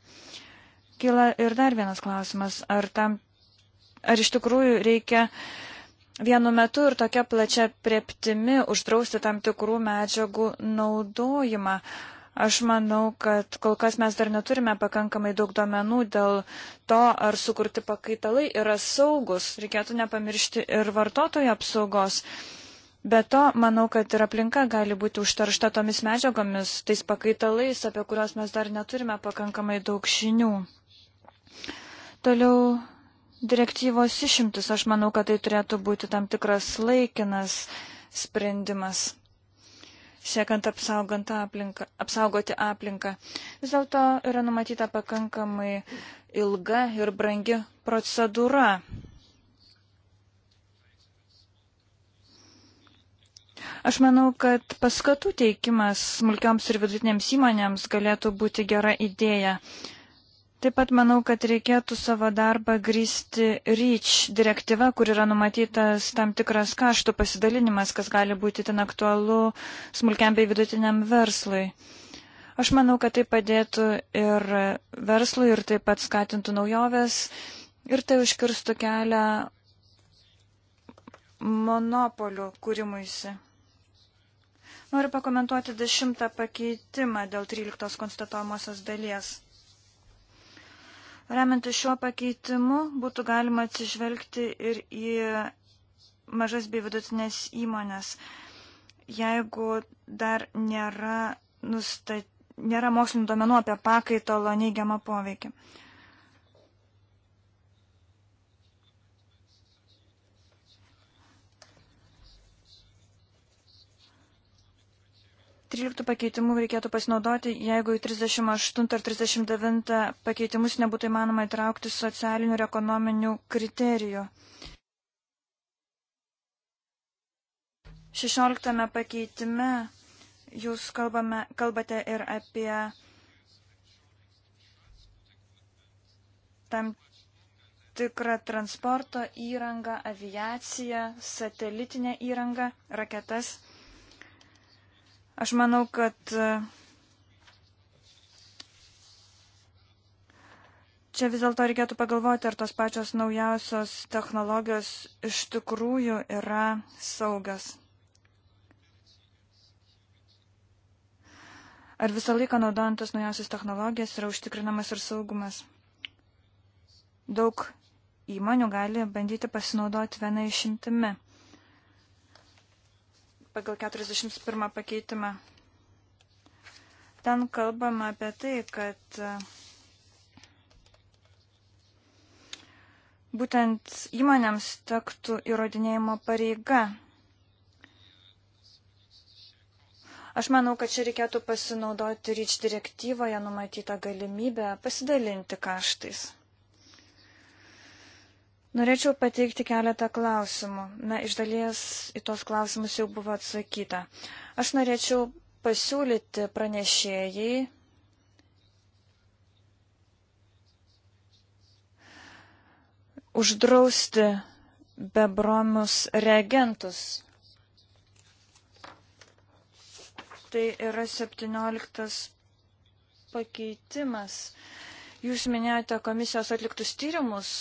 Kila ir dar vienas klausimas. Ar, tam, ar iš tikrųjų reikia vienu metu ir tokia plačia prieptimi uždrausti tam tikrų medžiagų naudojimą? Aš manau, kad kol kas mes dar neturime pakankamai daug duomenų dėl to, ar sukurti pakaitalai yra saugus. Reikėtų nepamiršti ir vartotojo apsaugos. Be to, manau, kad ir aplinka gali būti užteršta tomis medžiagomis, tais pakaitalais, apie kuriuos mes dar neturime pakankamai daug žinių. Toliau direktyvos išimtis, aš manau, kad tai turėtų būti tam tikras laikinas sprendimas siekant aplinką, apsaugoti aplinką. Vis dėlto yra numatyta pakankamai ilga ir brangi procedūra. Aš manau, kad paskatų teikimas smulkioms ir vidutinėms įmonėms galėtų būti gera idėja. Uh, Taip pat manau, kad reikėtų savo darbą grįsti REACH direktyva, kur yra numatytas tam tikras kaštų pasidalinimas, kas gali būti ten aktualu smulkiam bei vidutiniam verslui. Aš manau, kad tai padėtų ir verslui, ir taip pat skatintų naujoves, ir tai užkirstų kelią monopolių kūrimuisi. Noriu pakomentuoti dešimtą pakeitimą dėl 13 konstatuomosios dalies. Remiantis šiuo pakeitimu būtų galima atsižvelgti ir į mažas bei vidutinės įmonės. Jeigu dar nėra, nustat... nėra mokslinių duomenų apie pakaitalo neigiamą poveikį. 13 pakeitimų reikėtų pasinaudoti, jeigu į 38 ar 39 pakeitimus nebūtų įmanoma įtraukti socialinių ir ekonominių kriterijų. 16 pakeitime jūs kalbame, kalbate ir apie tam tikrą transporto įrangą, aviaciją, satelitinę įrangą, raketas. Aš manau, kad e, čia vis dėlto reikėtų pagalvoti, ar tos pačios naujausios technologijos iš tikrųjų yra saugas. Ar visą laiką naudojant tas naujausias technologijas yra užtikrinamas ir saugumas? Daug įmonių gali bandyti pasinaudoti vieną išimtimi pagal 41 pakeitimą. Ten kalbama apie tai, kad e, būtent įmonėms tektų įrodinėjimo pareiga. Aš manau, kad čia reikėtų pasinaudoti ryč direktyvoje numatytą galimybę pasidalinti kaštais. Norėčiau pateikti keletą klausimų. Na, iš dalies į tos klausimus jau buvo atsakyta. Aš norėčiau pasiūlyti pranešėjai uždrausti bebromius reagentus. Tai yra 17 pakeitimas. Jūs minėjote komisijos atliktus tyrimus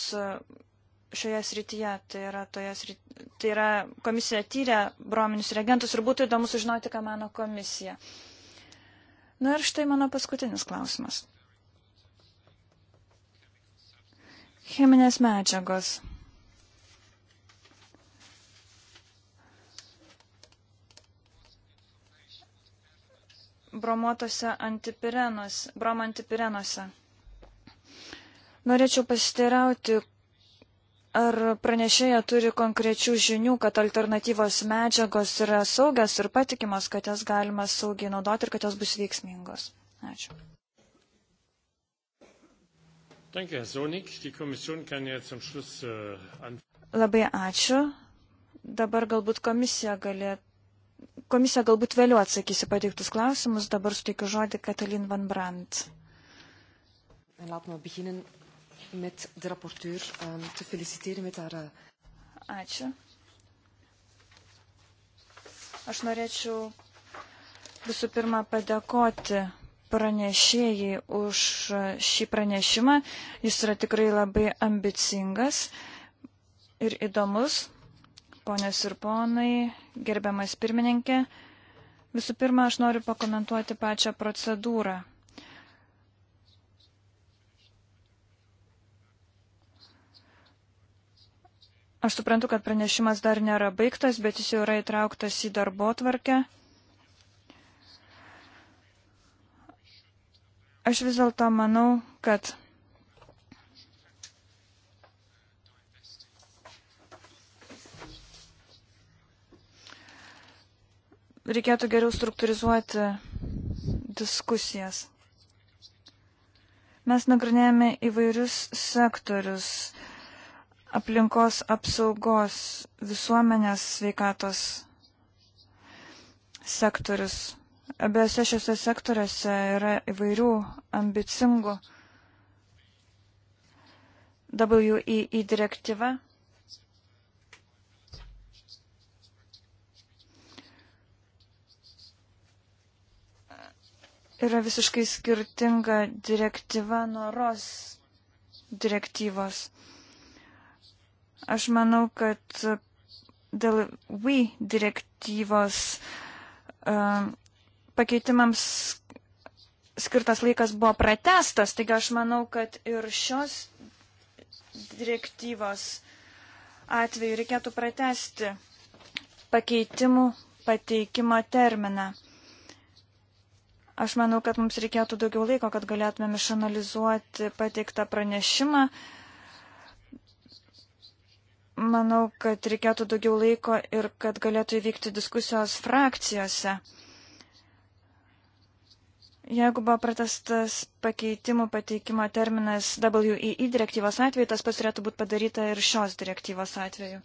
šioje srityje. Tai yra, srity... tai yra komisija tyrė brominius reagentus ir būtų įdomu sužinoti, ką mano komisija. Na nu ir štai mano paskutinis klausimas. Cheminės medžiagos. bromuotose antipirenuose, bromantipirenuose. Norėčiau pasiteirauti, Ar pranešėja turi konkrečių žinių, kad alternatyvos medžiagos yra saugios ir patikimos, kad jas galima saugiai naudoti ir kad jos bus veiksmingos? Ačiū. Äh, Labai ačiū. Dabar galbūt komisija galėtų. Komisija galbūt vėliau atsakysi pateiktus klausimus. Dabar suteikiu žodį Katalin Van Brandt. Laat me beginnen met de rapporteur um, te feliciteren met haar. Uh... Ačiū. Aš norėčiau visų pirma padėkoti pranešėjai už šį pranešimą. Jis yra tikrai labai ambicingas ir įdomus. Ponios ir ponai, gerbiamas pirmininkė, visų pirma, aš noriu pakomentuoti pačią procedūrą. Aš suprantu, kad pranešimas dar nėra baigtas, bet jis jau yra įtrauktas į darbo tvarkę. Aš vis dėlto manau, kad reikėtų geriau struktūrizuoti diskusijas. Mes nagrinėjame įvairius sektorius aplinkos apsaugos, visuomenės sveikatos sektorius. Abiejose šiuose sektoriuose yra įvairių ambicingų WEI direktyva. Yra visiškai skirtinga direktyva nuo ROS direktyvos. Aš manau, kad dėl WE direktyvos uh, pakeitimams skirtas laikas buvo pratestas, taigi aš manau, kad ir šios direktyvos atveju reikėtų pratesti pakeitimų pateikimo terminą. Aš manau, kad mums reikėtų daugiau laiko, kad galėtumėm išanalizuoti pateiktą pranešimą, uh, Manau, kad reikėtų daugiau laiko ir kad galėtų įvykti diskusijos frakcijose. Jeigu buvo pratestas pakeitimų pateikimo terminas WEI direktyvos atveju, tas pas turėtų būti padaryta ir šios direktyvos atveju.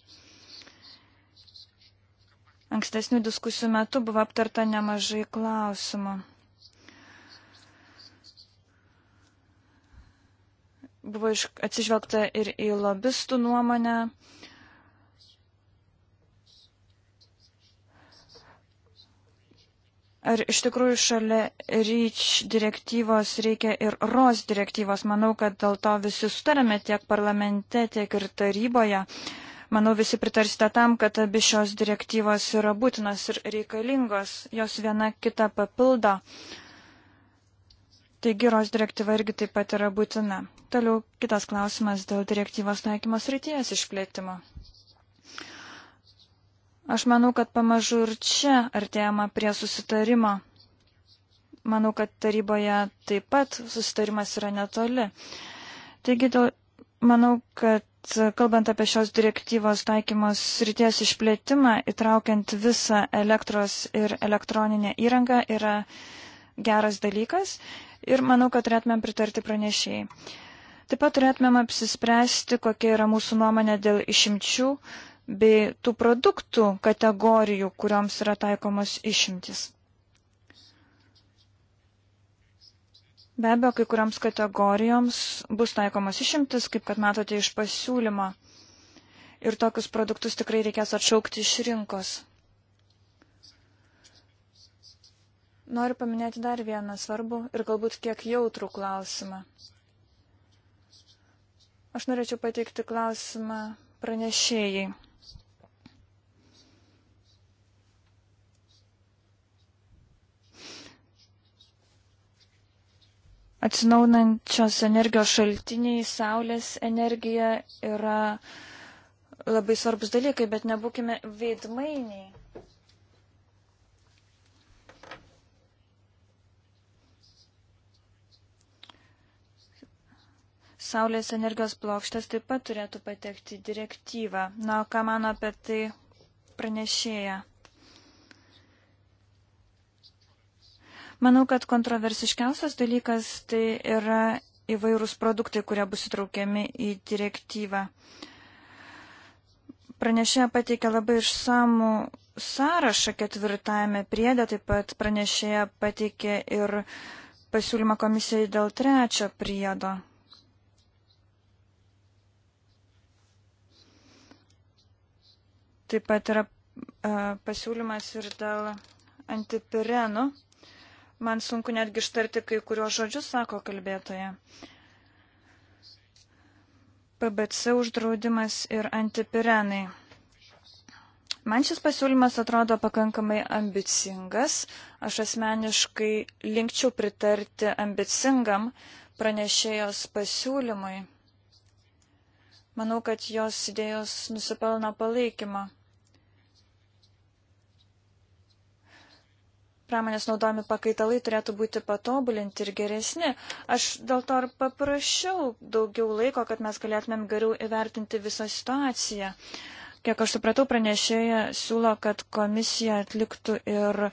Ankstesnių diskusijų metu buvo aptarta nemažai klausimų. Buvo atsižvelgta ir į lobistų nuomonę, Ar iš tikrųjų šalia REACH direktyvos reikia ir ROS direktyvos? Manau, kad dėl to visi sutarėme tiek parlamente, tiek ir taryboje. Manau, visi pritarsite tam, kad abi šios direktyvos yra būtinos ir reikalingos, jos viena kitą papildo. Taigi ROS direktyva irgi taip pat yra būtina. Toliau kitas klausimas dėl direktyvos taikymos ryties išplėtimo. Aš manau, kad pamažu ir čia artėjama prie susitarimo. Manau, kad taryboje taip pat susitarimas yra netoli. Taigi, dėl, manau, kad kalbant apie šios direktyvos taikymos ryties išplėtimą, įtraukiant visą elektros ir elektroninę įrangą, yra geras dalykas ir manau, kad turėtumėm pritarti pranešėjai. Taip pat turėtumėm apsispręsti, kokia yra mūsų nuomonė dėl išimčių, bei tų produktų kategorijų, kurioms yra taikomos išimtis. Be abejo, kai kuriams kategorijoms bus taikomas išimtis, kaip kad matote iš pasiūlymo. Ir tokius produktus tikrai reikės atšaukti iš rinkos. Noriu paminėti dar vieną svarbų ir galbūt kiek jautrų klausimą. Aš norėčiau pateikti klausimą pranešėjai. Atsinaunančios energijos šaltiniai, saulės energija yra labai svarbus dalykai, bet nebūkime veidmainiai. Saulės energijos plokštės taip pat turėtų patekti direktyvą. Na, ką mano apie tai pranešėja? Manau, kad kontroversiškiausias dalykas tai yra įvairūs produktai, kurie bus įtraukiami į direktyvą. Pranešėja pateikė labai išsamų sąrašą ketvirtajame priedė, taip pat pranešėja pateikė ir pasiūlymą komisijai dėl trečio priedo. Taip pat yra pasiūlymas ir dėl antipirenų. Man sunku netgi ištarti kai kuriuos žodžius, sako kalbėtoja. PBC uždraudimas ir antipirenai. Man šis pasiūlymas atrodo pakankamai ambicingas. Aš asmeniškai linkčiau pritarti ambicingam pranešėjos pasiūlymui. Manau, kad jos idėjos nusipelno palaikymą. pramonės naudojami pakaitalai turėtų būti patobulinti ir geresni. Aš dėl to ir paprašiau daugiau laiko, kad mes galėtumėm geriau įvertinti visą situaciją. Kiek aš supratau, pranešėja siūlo, kad komisija atliktų ir e,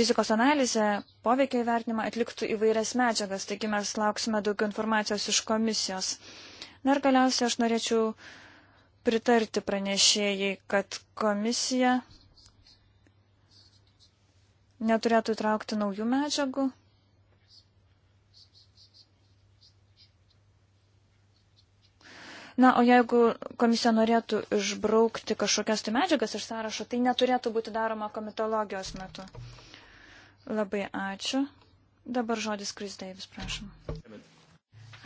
rizikos analizę, poveikio įvertinimą, atliktų įvairias medžiagas, taigi mes lauksime daugiau informacijos iš komisijos. Na ir galiausiai aš norėčiau pritarti pranešėjai, kad komisija neturėtų įtraukti naujų medžiagų. Na, o jeigu komisija norėtų išbraukti kažkokias tai medžiagas iš sąrašo, tai neturėtų būti daroma komitologijos metu. Labai ačiū. Dabar žodis Kris Deivis, prašom.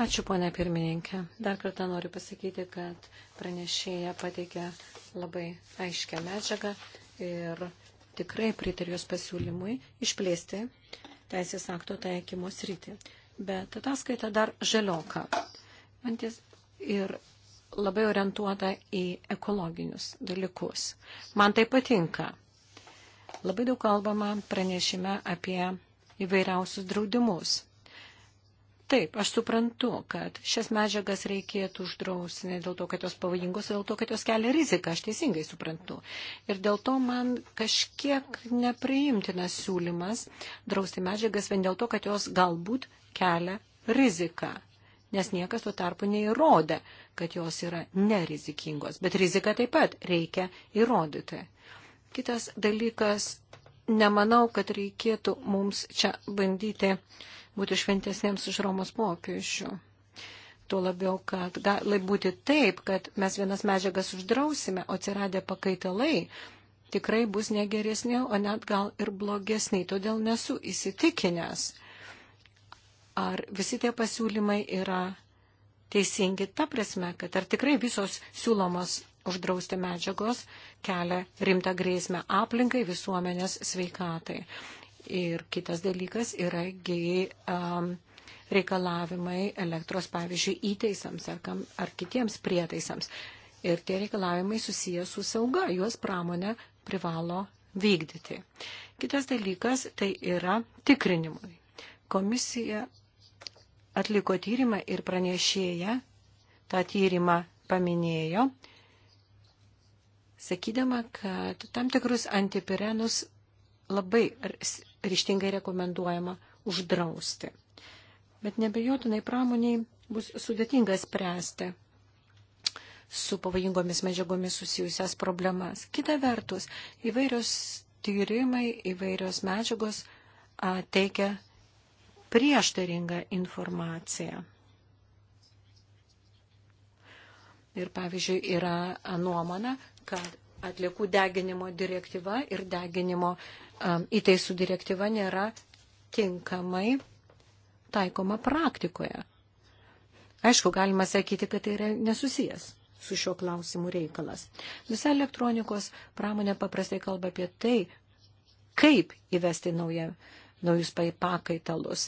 Ačiū, ponia pirmininkė. Dar kartą noriu pasakyti, kad pranešėja pateikė labai aiškę medžiagą ir tikrai pritariu jos pasiūlymui išplėsti teisės akto taikymo sritį. Bet ataskaita dar žalioka. Man ties ir labai orientuota į ekologinius dalykus. Man tai patinka. Labai daug kalbama pranešime apie įvairiausius draudimus. Taip, aš suprantu, kad šias medžiagas reikėtų uždrausti ne dėl to, kad jos pavojingos, o dėl to, kad jos kelia riziką, aš teisingai suprantu. Ir dėl to man kažkiek nepriimtinas siūlymas drausti medžiagas vien dėl to, kad jos galbūt kelia riziką. Nes niekas tuo tarpu neįrodė, kad jos yra nerizikingos. Bet riziką taip pat reikia įrodyti. Kitas dalykas, nemanau, kad reikėtų mums čia bandyti uh, būti šventesniems už Romos mokesčių. Tuo labiau, kad gali būti taip, kad mes vienas medžiagas uždrausime, o atsiradę pakaitalai tikrai bus negeresni, o net gal ir blogesni. Todėl nesu įsitikinęs, ar visi tie pasiūlymai yra teisingi ta prasme, kad ar tikrai visos siūlomos uždrausti medžiagos kelia rimtą grėsmę aplinkai visuomenės sveikatai. Ir kitas dalykas yra gy, um, reikalavimai elektros, pavyzdžiui, įteisams ar, kam, ar kitiems prietaisams. Ir tie reikalavimai susiję su sauga, juos pramonė privalo vykdyti. Kitas dalykas tai yra tikrinimui. Komisija atliko tyrimą ir pranešėja tą tyrimą paminėjo, sakydama, kad tam tikrus antipirenus labai ryštingai rekomenduojama uždrausti. Bet nebejotinai pramoniai bus sudėtinga spręsti su pavojingomis medžiagomis susijusias problemas. Kita vertus, įvairios tyrimai, įvairios medžiagos a, teikia prieštaringą informaciją. Ir pavyzdžiui, yra nuomona, kad atliekų deginimo direktyva ir deginimo um, įteisų direktyva nėra tinkamai taikoma praktikoje. Aišku, galima sakyti, kad tai yra nesusijęs su šio klausimu reikalas. Visa elektronikos pramonė paprastai kalba apie tai, kaip įvesti naują, naujus pakaitalus.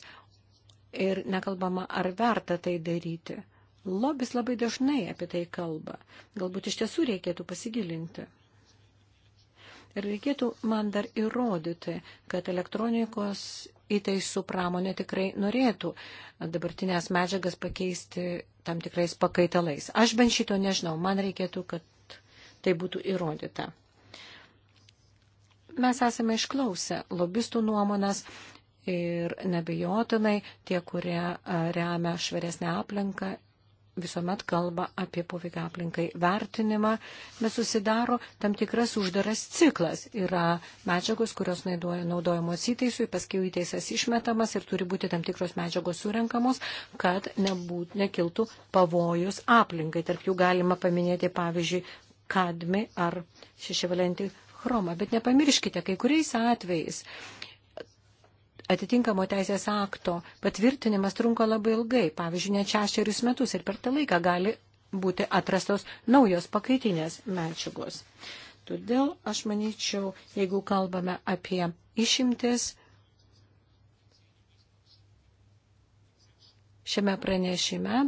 Ir nekalbama, ar verta tai daryti. Lobis labai dažnai apie tai kalba. Galbūt iš tiesų reikėtų pasigilinti. Ir reikėtų man dar įrodyti, kad elektronikos įtaisų pramonė tikrai norėtų dabartinės medžiagas pakeisti tam tikrais pakaitalais. Aš bent šito nežinau, man reikėtų, kad tai būtų įrodyta. Mes esame išklausę lobistų nuomonas ir nebejotinai tie, kurie remia švaresnę aplinką visuomet kalba apie poveikio aplinkai vertinimą, bet susidaro tam tikras uždaras ciklas. Yra medžiagos, kurios naudojamos įteisui, paskui įteisas išmetamas ir turi būti tam tikros medžiagos surenkamos, kad nebūt, nekiltų pavojus aplinkai. Tarp jų galima paminėti, pavyzdžiui, kadmi ar šešivalentį chromą. Bet nepamirškite, kai kuriais atvejais atitinkamo teisės akto patvirtinimas trunka labai ilgai, pavyzdžiui, ne šešerius metus ir per tą laiką gali būti atrastos naujos pakaitinės medžiagos. Todėl aš manyčiau, jeigu kalbame apie išimtis, šiame pranešime,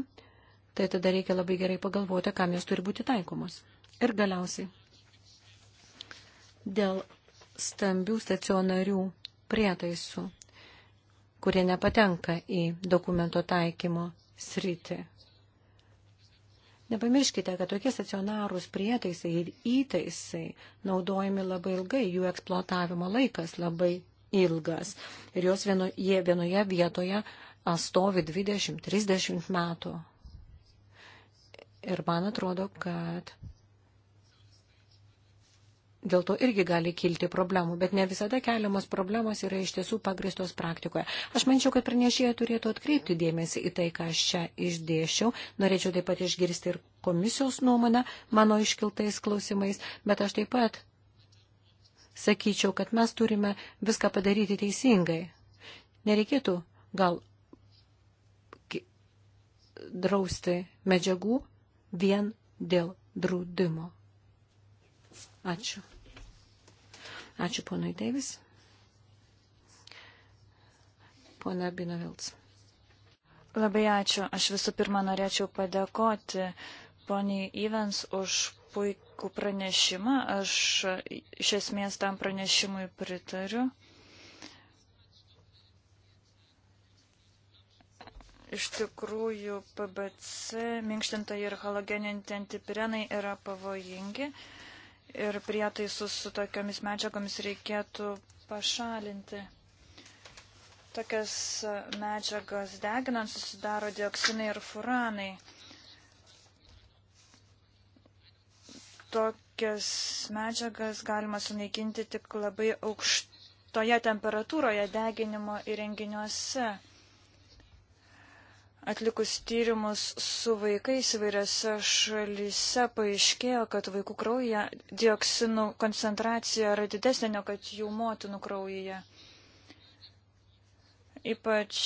tai tada reikia labai gerai pagalvoti, kam jos turi būti taikomos. Ir galiausiai dėl stambių stacionarių prietaisų kurie nepatenka į dokumento taikymo sritį. Nepamirškite, kad tokie stacionarūs prietaisai ir įtaisai naudojami labai ilgai, jų eksploatavimo laikas labai ilgas ir jos vieno, jie vienoje vietoje stovi 20-30 metų. Ir man atrodo, kad dėl to irgi gali kilti problemų, bet ne visada keliamos problemos yra iš tiesų pagristos praktikoje. Aš mančiau, kad pranešėja turėtų atkreipti dėmesį į tai, ką aš čia išdėšiau. Norėčiau taip pat išgirsti ir komisijos nuomonę mano iškiltais klausimais, bet aš taip pat sakyčiau, kad mes turime viską padaryti teisingai. Nereikėtų gal drausti medžiagų vien dėl draudimo. Ačiū. Ačiū ponui Deivis. Pone Binovilts. Labai ačiū. Aš visų pirma norėčiau padėkoti poniai Ivens už puikų pranešimą. Aš iš esmės tam pranešimui pritariu. Iš tikrųjų, PBC, minkštintai ir halogeninti antipirenai yra pavojingi. Uh, ir prietaisus su tokiamis medžiagomis reikėtų pašalinti. Tokias medžiagas deginant susidaro dioksinai ir furanai. Tokias medžiagas galima sunaikinti tik labai aukštoje temperatūroje deginimo įrenginiuose. Atlikus tyrimus su vaikais įvairiose šalyse paaiškėjo, kad vaikų kraujyje dioksinų koncentracija yra didesnė negu kad jų motinų kraujyje. Ypač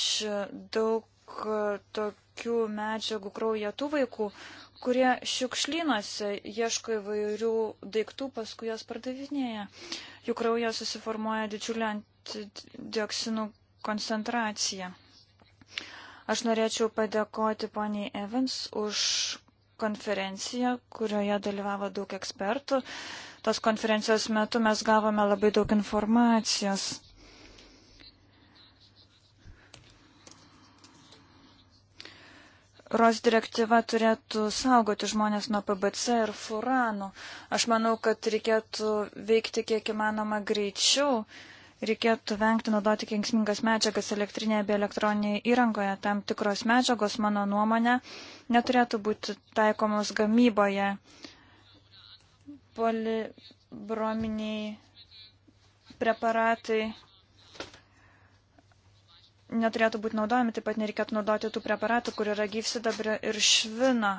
daug tokių medžiagų kraujyje tų vaikų, kurie šiukšlynuose ieško įvairių daiktų, paskui jas pardavinėja. Jų kraujyje susiformuoja didžiulė dioksinų koncentracija. Aš norėčiau padėkoti poniai Evans už konferenciją, kurioje dalyvavo daug ekspertų. Tos konferencijos metu mes gavome labai daug informacijos. ROS direktyva turėtų saugoti žmonės nuo PBC ir furanų. Aš manau, kad reikėtų veikti kiek įmanoma greičiau, reikėtų vengti naudoti kenksmingas medžiagas elektrinėje bei elektroninėje įrangoje. Tam tikros medžiagos, mano nuomonė, neturėtų būti taikomos gamyboje. Polibrominiai preparatai neturėtų būti naudojami, taip pat nereikėtų naudoti tų preparatų, kur yra gyvsidabrio ir švino.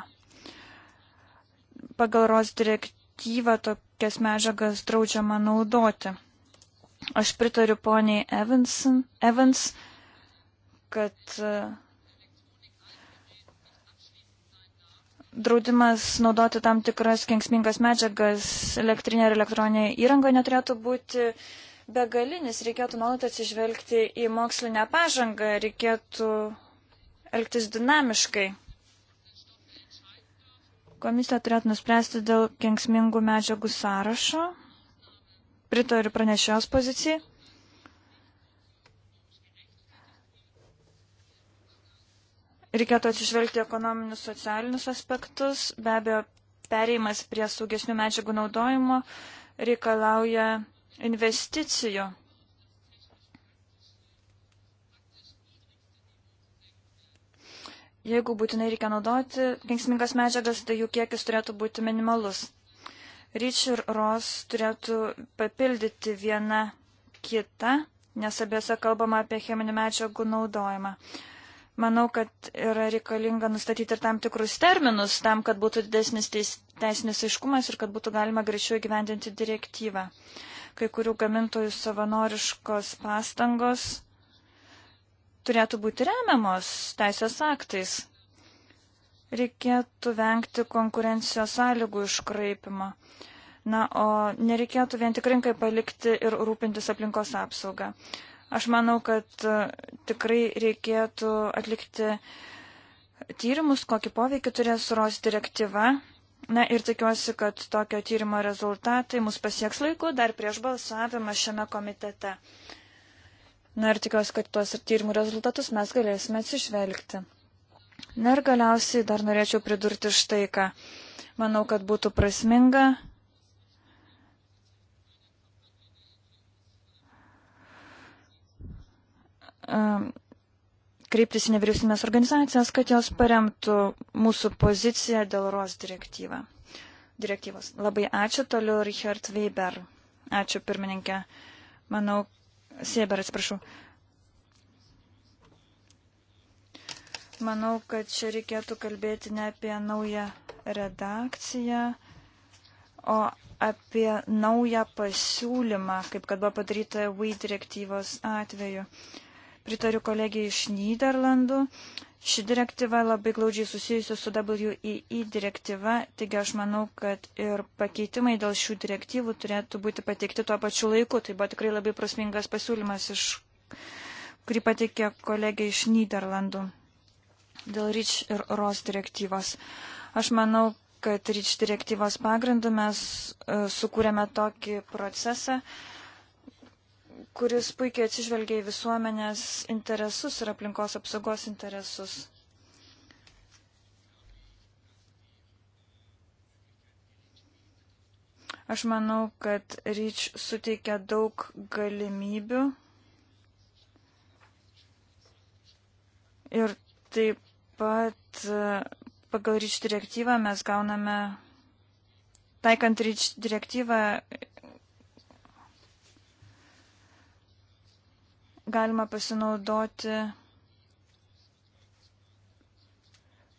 Pagal ROS direktyvą tokias medžiagas draudžiama naudoti. Aš pritariu poniai Evanson, Evans, kad e, draudimas naudoti tam tikras kenksmingas medžiagas elektrinė ir elektroninė įranga neturėtų būti begalinis. Reikėtų nuolat atsižvelgti į mokslinę pažangą, reikėtų elgtis dinamiškai. Komisija turėtų nuspręsti dėl kenksmingų medžiagų sąrašo. Pritariu pranešėjos pozicijai. Reikėtų atsižvelgti ekonominius, socialinius aspektus. Be abejo, pereimas prie saugesnių medžiagų naudojimo reikalauja investicijų. Jeigu būtinai reikia naudoti kenksmingas medžiagas, tai jų kiekis turėtų būti minimalus. Ryč ir Ros turėtų papildyti vieną kitą, nes abiejose kalbama apie cheminių medžiagų naudojimą. Manau, kad yra reikalinga nustatyti ir tam tikrus terminus, tam, kad būtų didesnis teis, teisinis aiškumas ir kad būtų galima greičiau įgyvendinti direktyvą. Kai kurių gamintojų savanoriškos pastangos turėtų būti remiamos teisės aktais reikėtų vengti konkurencijos sąlygų iškraipimo. Na, o nereikėtų vien tik rinkai palikti ir rūpintis aplinkos apsaugą. Aš manau, kad e, tikrai reikėtų atlikti tyrimus, kokį poveikį turės suros direktyva. Na ir tikiuosi, kad tokio tyrimo rezultatai mus pasieks laiku dar prieš balsavimą šiame komitete. Na ir tikiuosi, kad tuos tyrimų rezultatus mes galėsime atsižvelgti. Na ir galiausiai dar norėčiau pridurti štai ką. Manau, kad būtų prasminga ehm, kreiptis į nevyriausybės organizacijas, kad jos paremtų mūsų poziciją dėl ROS direktyvą. direktyvos. Labai ačiū toliau Richard Weber. Ačiū pirmininkė. Manau, Sieber, atsiprašau. Manau, kad čia reikėtų kalbėti ne apie naują redakciją, o apie naują pasiūlymą, kaip kad buvo padaryta WE direktyvos atveju. Pritariu kolegijai iš Niderlandų. Ši direktyva labai glaudžiai susijusi su WEI direktyva, taigi aš manau, kad ir pakeitimai dėl šių direktyvų turėtų būti pateikti tuo pačiu laiku. Tai buvo tikrai labai prasmingas pasiūlymas, iš, kurį pateikė kolegija iš Niderlandų dėl REACH ir ROS direktyvos. Aš manau, kad REACH direktyvos pagrindu mes e, sukūrėme tokį procesą, kuris puikiai atsižvelgia į visuomenės interesus ir aplinkos apsaugos interesus. Aš manau, kad REACH suteikia daug galimybių ir taip pat e, pagal ryč direktyvą mes gauname, taikant ryč direktyvą, galima pasinaudoti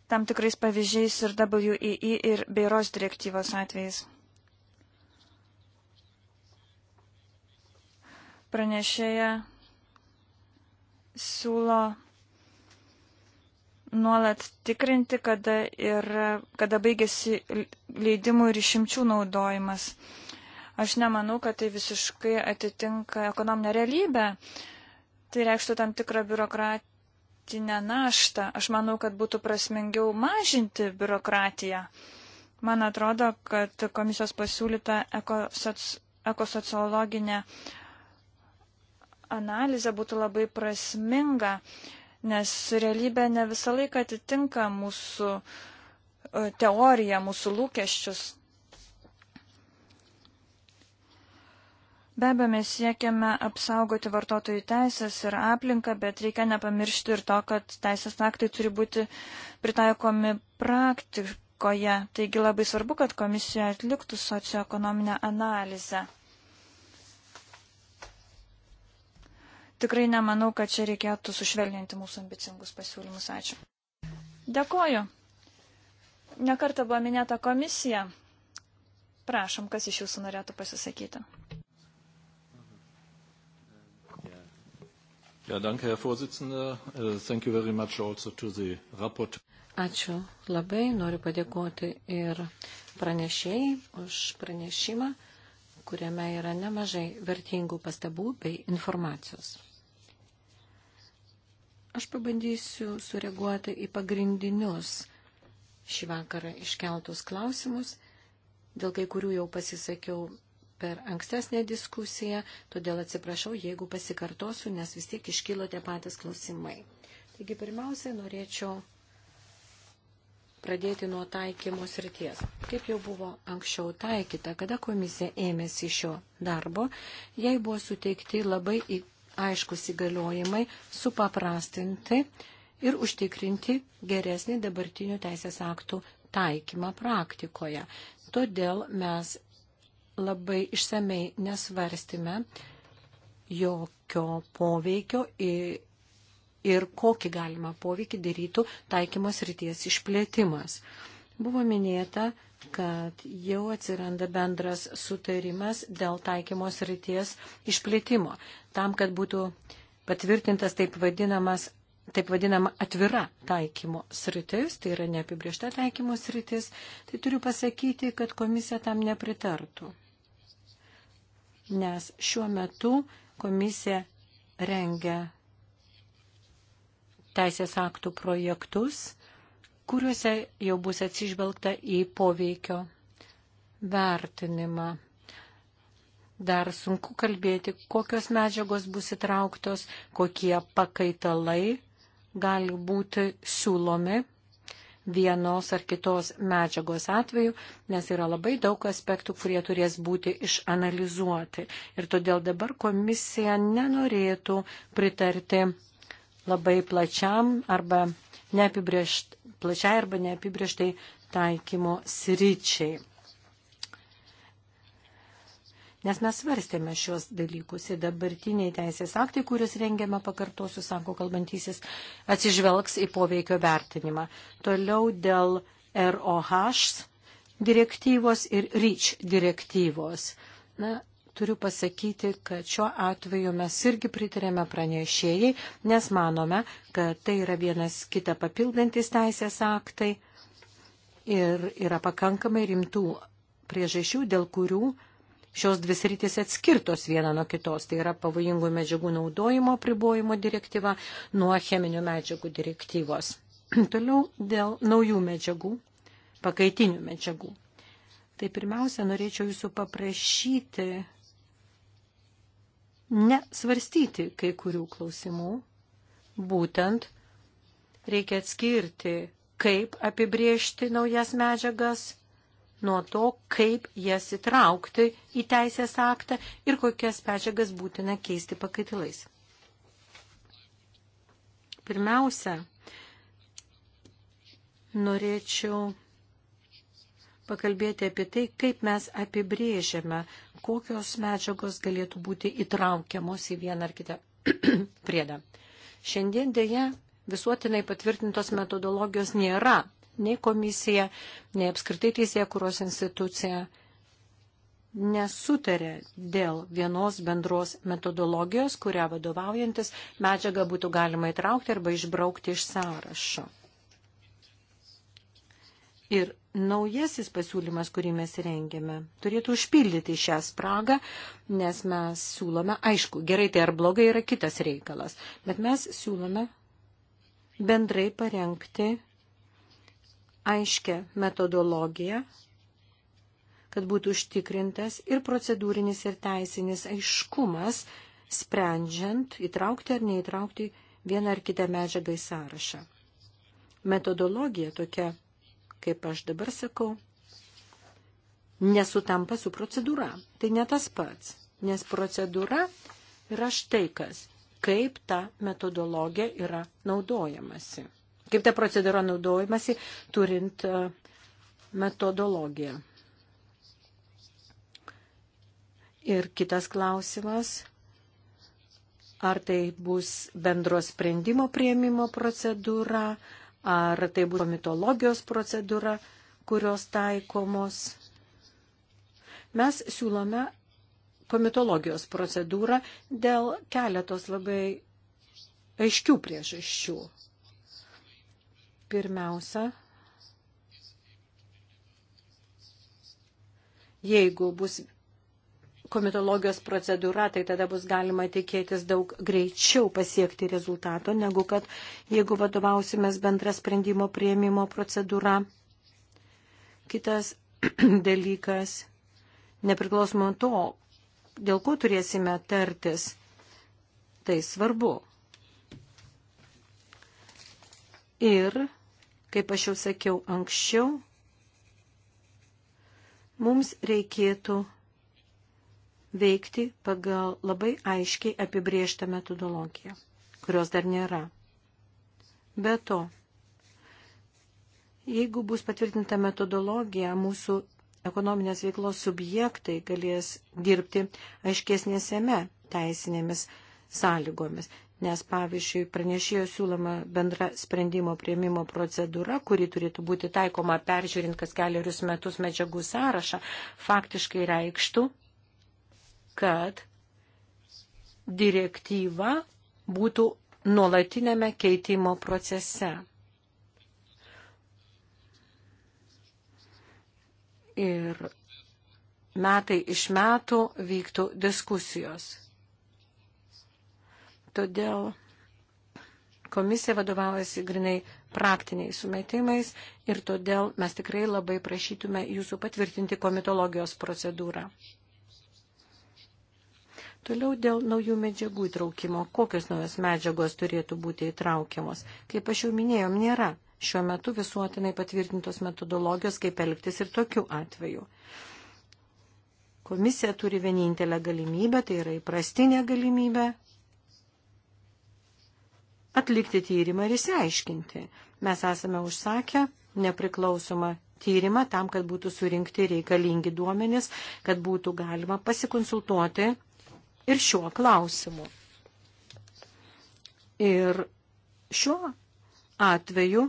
tam tikrais pavyzdžiais ir WEI e ir Beiros direktyvos atvejais. Pranešėja siūlo nuolat tikrinti, kada, ir, kada baigėsi leidimų ir išimčių naudojimas. Aš nemanau, kad tai visiškai atitinka ekonominę realybę. Tai reikštų tam tikrą biurokratinę naštą. Aš manau, kad būtų prasmingiau mažinti biurokratiją. Man atrodo, kad komisijos pasiūlyta ekosoci... ekosociologinė analizė būtų labai prasminga nes realybė ne visą laiką atitinka mūsų e, teoriją, mūsų lūkesčius. Be abejo, mes siekiame apsaugoti vartotojų teisės ir aplinką, bet reikia nepamiršti ir to, kad teisės aktai turi būti pritaikomi praktikoje. Taigi labai svarbu, kad komisija atliktų socioekonominę analizę. tikrai nemanau, kad čia reikėtų sušvelninti mūsų ambicingus pasiūlymus. Ačiū. Dėkoju. Nekarta buvo minėta komisija. Prašom, kas iš jūsų norėtų pasisakyti. Ja, danke, Herr Vorsitzender. Äh, thank you very much also to the rapport. Ačiū labai, noriu padėkoti ir pranešėjai už pranešimą, kuriame yra nemažai vertingų pastabų bei informacijos. Aš pabandysiu sureaguoti į pagrindinius šį vakarą iškeltus klausimus, dėl kai kurių jau pasisakiau per ankstesnę diskusiją, todėl atsiprašau, jeigu pasikartosiu, nes vis tiek iškilo tie patys klausimai. Taigi pirmiausia, norėčiau pradėti nuo taikymo srities. Kaip jau buvo anksčiau taikyta, kada komisija ėmėsi šio darbo, jai buvo suteikti labai aiškus įgaliojimai, supaprastinti ir užtikrinti geresnį dabartinių teisės aktų taikymą praktikoje. Todėl mes labai išsamei nesvarstime jokio poveikio ir, ir kokį galima poveikį darytų taikymos ryties išplėtimas. Buvo minėta, kad jau atsiranda bendras sutarimas dėl taikymos ryties išplėtimo, tam, kad būtų patvirtintas taip vadinamas taip vadinama atvira taikymo sritis, tai yra neapibriešta taikymo sritis, tai turiu pasakyti, kad komisija tam nepritartų. Nes šiuo metu komisija rengia teisės aktų projektus kuriuose jau bus atsižvelgta į poveikio vertinimą. Dar sunku kalbėti, kokios medžiagos bus įtrauktos, kokie pakaitalai gali būti siūlomi vienos ar kitos medžiagos atveju, nes yra labai daug aspektų, kurie turės būti išanalizuoti. Ir todėl dabar komisija nenorėtų pritarti labai plačiam arba neapibriešt, plačiai arba neapibrieštai taikymo sričiai. Nes mes svarstėme šios dalykus ir dabartiniai teisės aktai, kuris rengiame pakartosiu, sako kalbantysis, atsižvelgs į poveikio vertinimą. Toliau dėl ROH direktyvos ir REACH direktyvos. Na, turiu pasakyti, kad šiuo atveju mes irgi pritarėme pranešėjai, nes manome, kad tai yra vienas kitą papildantis teisės aktai ir yra pakankamai rimtų priežasčių, dėl kurių šios dvi sritis atskirtos viena nuo kitos. Tai yra pavojingų medžiagų naudojimo pribojimo direktyva nuo cheminių medžiagų direktyvos. Toliau dėl naujų medžiagų, pakaitinių medžiagų. Tai pirmiausia, norėčiau jūsų paprašyti nesvarstyti kai kurių klausimų. Būtent reikia atskirti, kaip apibriežti naujas medžiagas nuo to, kaip jas įtraukti į teisės aktą ir kokias medžiagas būtina keisti pakaitilais. Pirmiausia, norėčiau pakalbėti apie tai, kaip mes apibrėžiame kokios medžiagos galėtų būti įtraukiamos į vieną ar kitą priedą. Šiandien dėja visuotinai patvirtintos metodologijos nėra nei komisija, nei apskritai teisėje, kurios institucija nesutarė dėl vienos bendros metodologijos, kurią vadovaujantis medžiagą būtų galima įtraukti arba išbraukti iš sąrašo. Ir naujasis pasiūlymas, kurį mes rengiame, turėtų užpildyti šią spragą, nes mes siūlome, aišku, gerai tai ar blogai yra kitas reikalas, bet mes siūlome bendrai parengti aiškę metodologiją, kad būtų užtikrintas ir procedūrinis ir teisinis aiškumas, sprendžiant įtraukti ar neįtraukti vieną ar kitą medžiagą į sąrašą. Metodologija tokia kaip aš dabar sakau, nesutampa su procedūra. Tai ne tas pats, nes procedūra yra štai kas, kaip ta metodologija yra naudojamasi. Kaip ta procedūra naudojamasi, turint e, metodologiją. Ir kitas klausimas, ar tai bus bendro sprendimo prieimimo procedūra, ar tai bus komitologijos procedūra, kurios taikomos. Mes siūlome komitologijos procedūrą dėl keletos labai aiškių priežasčių. Pirmiausia, jeigu bus komitologijos procedūra, tai tada bus galima tikėtis daug greičiau pasiekti rezultato, negu kad jeigu vadovausimės bendra sprendimo prieimimo procedūra. Kitas dalykas, nepriklausomai to, dėl ko turėsime tartis, tai svarbu. Ir, kaip aš jau sakiau anksčiau, mums reikėtų veikti pagal labai aiškiai apibriežtą metodologiją, kurios dar nėra. Be to, jeigu bus patvirtinta metodologija, mūsų ekonominės veiklos subjektai galės dirbti aiškesnėsėme teisinėmis sąlygomis. Nes, pavyzdžiui, pranešėjo siūloma bendra sprendimo prieimimo procedūra, kuri turėtų būti taikoma peržiūrint kas keliarius metus medžiagų sąrašą, faktiškai reikštų, kad direktyva būtų nuolatinėme keitimo procese. Ir metai iš metų vyktų diskusijos. Todėl komisija vadovaujasi grinai praktiniais sumetimais ir todėl mes tikrai labai prašytume jūsų patvirtinti komitologijos procedūrą. Toliau dėl naujų medžiagų įtraukimo. Kokios naujos medžiagos turėtų būti įtraukiamos? Kaip aš jau minėjom, nėra šiuo metu visuotinai patvirtintos metodologijos, kaip elgtis ir tokiu atveju. Komisija turi vienintelę galimybę, tai yra įprastinė galimybė atlikti tyrimą ir įsiaiškinti. Mes esame užsakę nepriklausomą tyrimą tam, kad būtų surinkti reikalingi duomenys, kad būtų galima pasikonsultuoti ir šiuo klausimu. Ir šiuo atveju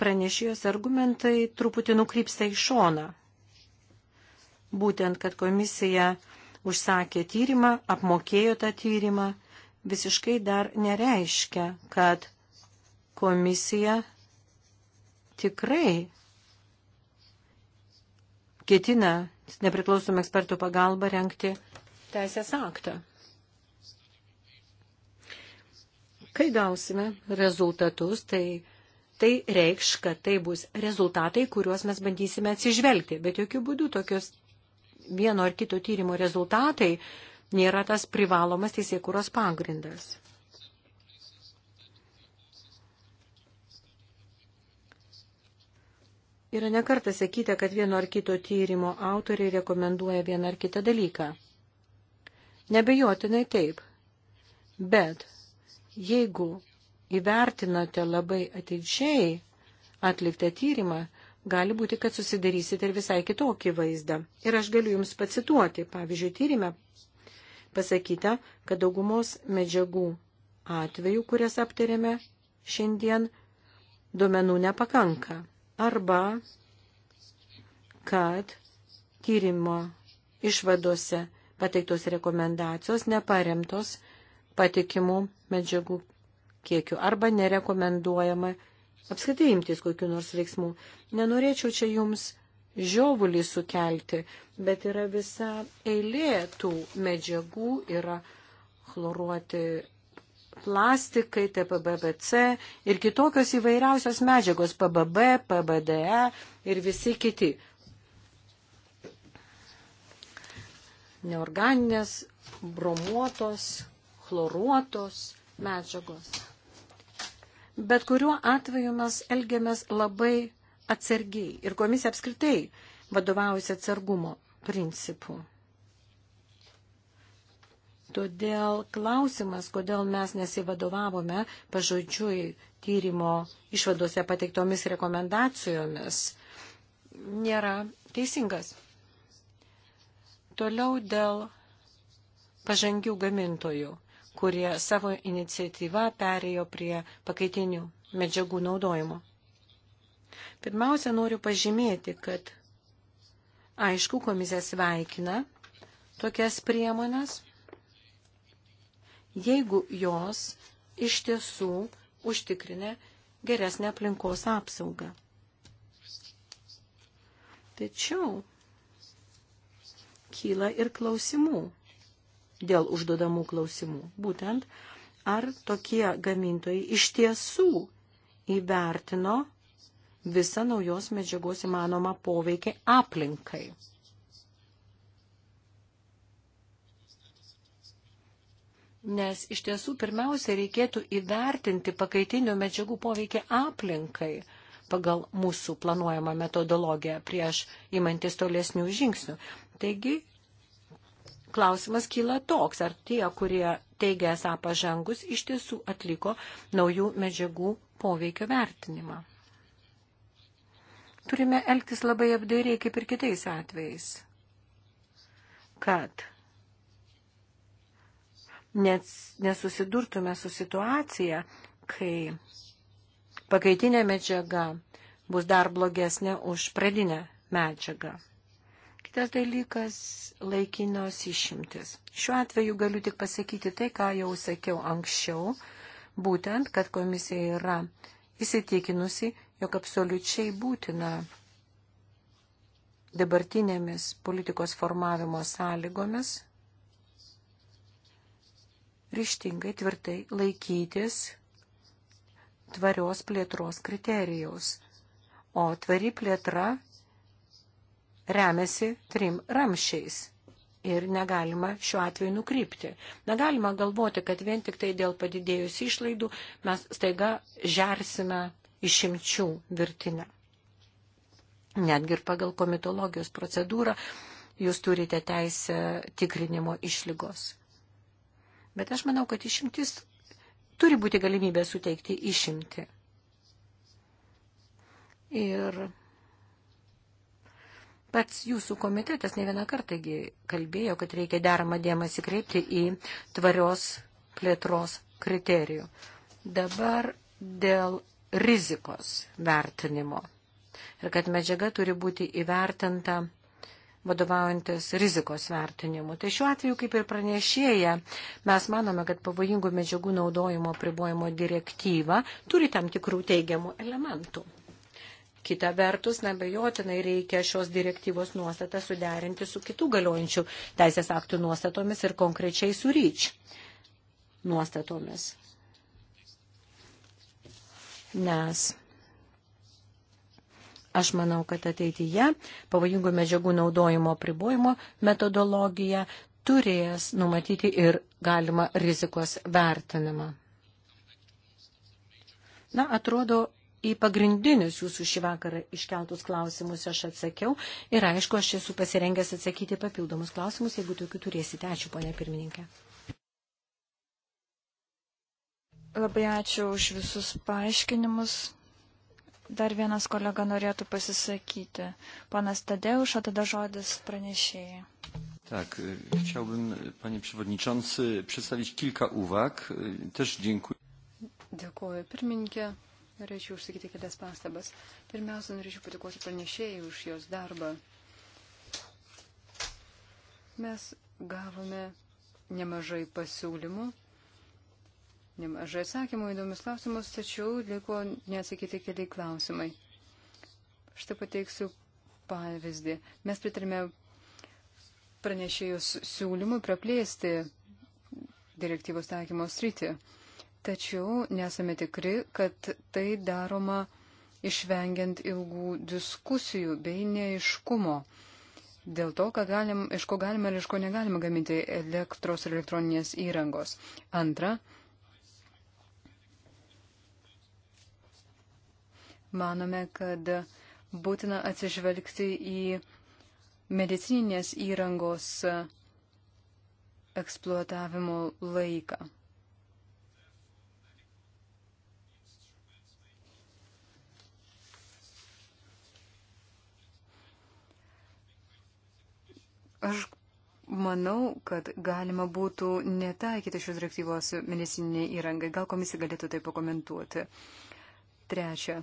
pranešėjos argumentai truputį nukrypsta į šoną. Būtent, kad komisija užsakė tyrimą, apmokėjo tą tyrimą, visiškai dar nereiškia, kad komisija tikrai ketina nepriklausomų ekspertų pagalba renkti teisės aktą. Kai gausime rezultatus, tai tai reikš, kad tai bus rezultatai, kuriuos mes bandysime atsižvelgti. Bet jokių būdų tokios vieno ar kito tyrimo rezultatai nėra tas privalomas teisėkūros pagrindas. Yra nekarta sakyti, kad vieno ar kito tyrimo autoriai rekomenduoja vieną ar kitą dalyką. Nebejotinai taip. Bet jeigu įvertinate labai atidžiai atliktą tyrimą, gali būti, kad susidarysite ir visai kitokį vaizdą. Ir aš galiu Jums pacituoti. Pavyzdžiui, tyrime pasakyta, kad daugumos medžiagų atvejų, kurias aptarėme šiandien, duomenų nepakanka. Arba, kad tyrimo išvadose pateiktos rekomendacijos neparemtos patikimų medžiagų kiekiu arba nerekomenduojama apskritai imtis kokiu nors veiksmu. Nenorėčiau čia jums žiovulį sukelti, bet yra visa eilė tų medžiagų, yra chloruoti plastikai, TPBBC ir kitokios įvairiausios medžiagos PBB, PBDE ir visi kiti. neorganinės, bromuotos, chloruotos medžiagos. Bet kuriuo atveju mes elgiamės labai atsargiai ir komisija apskritai vadovaujasi atsargumo principu. Todėl klausimas, kodėl mes nesivadovavome pažodžiui tyrimo išvadose pateiktomis rekomendacijomis, nėra teisingas. Toliau dėl pažangių gamintojų, kurie savo iniciatyvą perėjo prie pakaitinių medžiagų naudojimo. Pirmiausia, noriu pažymėti, kad aišku, komisija sveikina tokias priemonės, jeigu jos iš tiesų užtikrinė geresnę aplinkos apsaugą. Tačiau kyla ir klausimų dėl užduodamų klausimų. Būtent, ar tokie gamintojai iš tiesų įvertino visą naujos medžiagos įmanomą poveikį aplinkai. Nes iš tiesų pirmiausia reikėtų įvertinti pakaitinių medžiagų poveikį aplinkai pagal mūsų planuojamą metodologiją prieš įmantis tolesnių žingsnių. Taigi, klausimas kyla toks, ar tie, kurie teigia esą pažangus, iš tiesų atliko naujų medžiagų poveikio vertinimą. Turime elgtis labai apdairiai kaip ir kitais atvejais, kad nesusidurtume su situacija, kai pakaitinė medžiaga bus dar blogesnė už pradinę medžiagą. Kitas dalykas - laikinos išimtis. Šiuo atveju galiu tik pasakyti tai, ką jau sakiau anksčiau, būtent, kad komisija yra įsitikinusi, jog absoliučiai būtina dabartinėmis politikos formavimo sąlygomis ryštingai tvirtai laikytis tvarios plėtros kriterijaus. O tvari plėtra remiasi trim ramšiais ir negalima šiuo atveju nukrypti. Negalima galvoti, kad vien tik tai dėl padidėjusių išlaidų mes staiga žersime išimčių virtinę. Netgi ir pagal komitologijos procedūrą jūs turite teisę tikrinimo išlygos. Bet aš manau, kad išimtis turi būti galimybė suteikti išimti. Ir Pats jūsų komitetas ne vieną kartą kalbėjo, kad reikia deramą dėmesį kreipti į tvarios plėtros kriterijų. Dabar dėl rizikos vertinimo ir kad medžiaga turi būti įvertinta vadovaujantis rizikos vertinimu. Tai šiuo atveju, kaip ir pranešėja, mes manome, kad pavojingų medžiagų naudojimo pribojimo direktyva turi tam tikrų teigiamų elementų. Kita vertus, nebejotinai reikia šios direktyvos nuostatą suderinti su kitų galiojančių teisės aktų nuostatomis ir konkrečiai su ryč nuostatomis. Nes Aš manau, kad ateityje pavojingų medžiagų naudojimo pribojimo metodologija turės numatyti ir galima rizikos vertinimą. Na, atrodo, į pagrindinius jūsų šį vakarą iškeltus klausimus aš atsakiau ir aišku, aš esu pasirengęs atsakyti papildomus klausimus, jeigu tokių turėsite. Ačiū, ponia pirmininkė. Labai ačiū už visus paaiškinimus. Dar vienas kolega norėtų pasisakyti. Panas Tadeusz, a tada žodis pranešėjai. Tak, e, chciałbym, panie przewodniczący, przedstawić kilka uwag. E, też dziękuję. Dziękuję, pirmininkė norėčiau užsakyti kelias pastabas. Pirmiausia, norėčiau patikoti pranešėjai už jos darbą. Mes gavome nemažai pasiūlymų, nemažai atsakymų įdomius klausimus, tačiau liko neatsakyti keliai klausimai. Štai pateiksiu pavyzdį. Mes pritarėme pranešėjus siūlymų praplėsti direktyvos taikymo sritį tačiau nesame tikri, kad tai daroma išvengiant ilgų diskusijų bei neiškumo. Dėl to, kad galim, iš ko galima ir iš ko negalima gaminti elektros ir elektroninės įrangos. Antra, manome, kad būtina atsižvelgti į medicininės įrangos eksploatavimo laiką. Aš manau, kad galima būtų netaikyti šios direktyvos medicininiai įrangai. Gal komisija galėtų tai pakomentuoti. Trečia.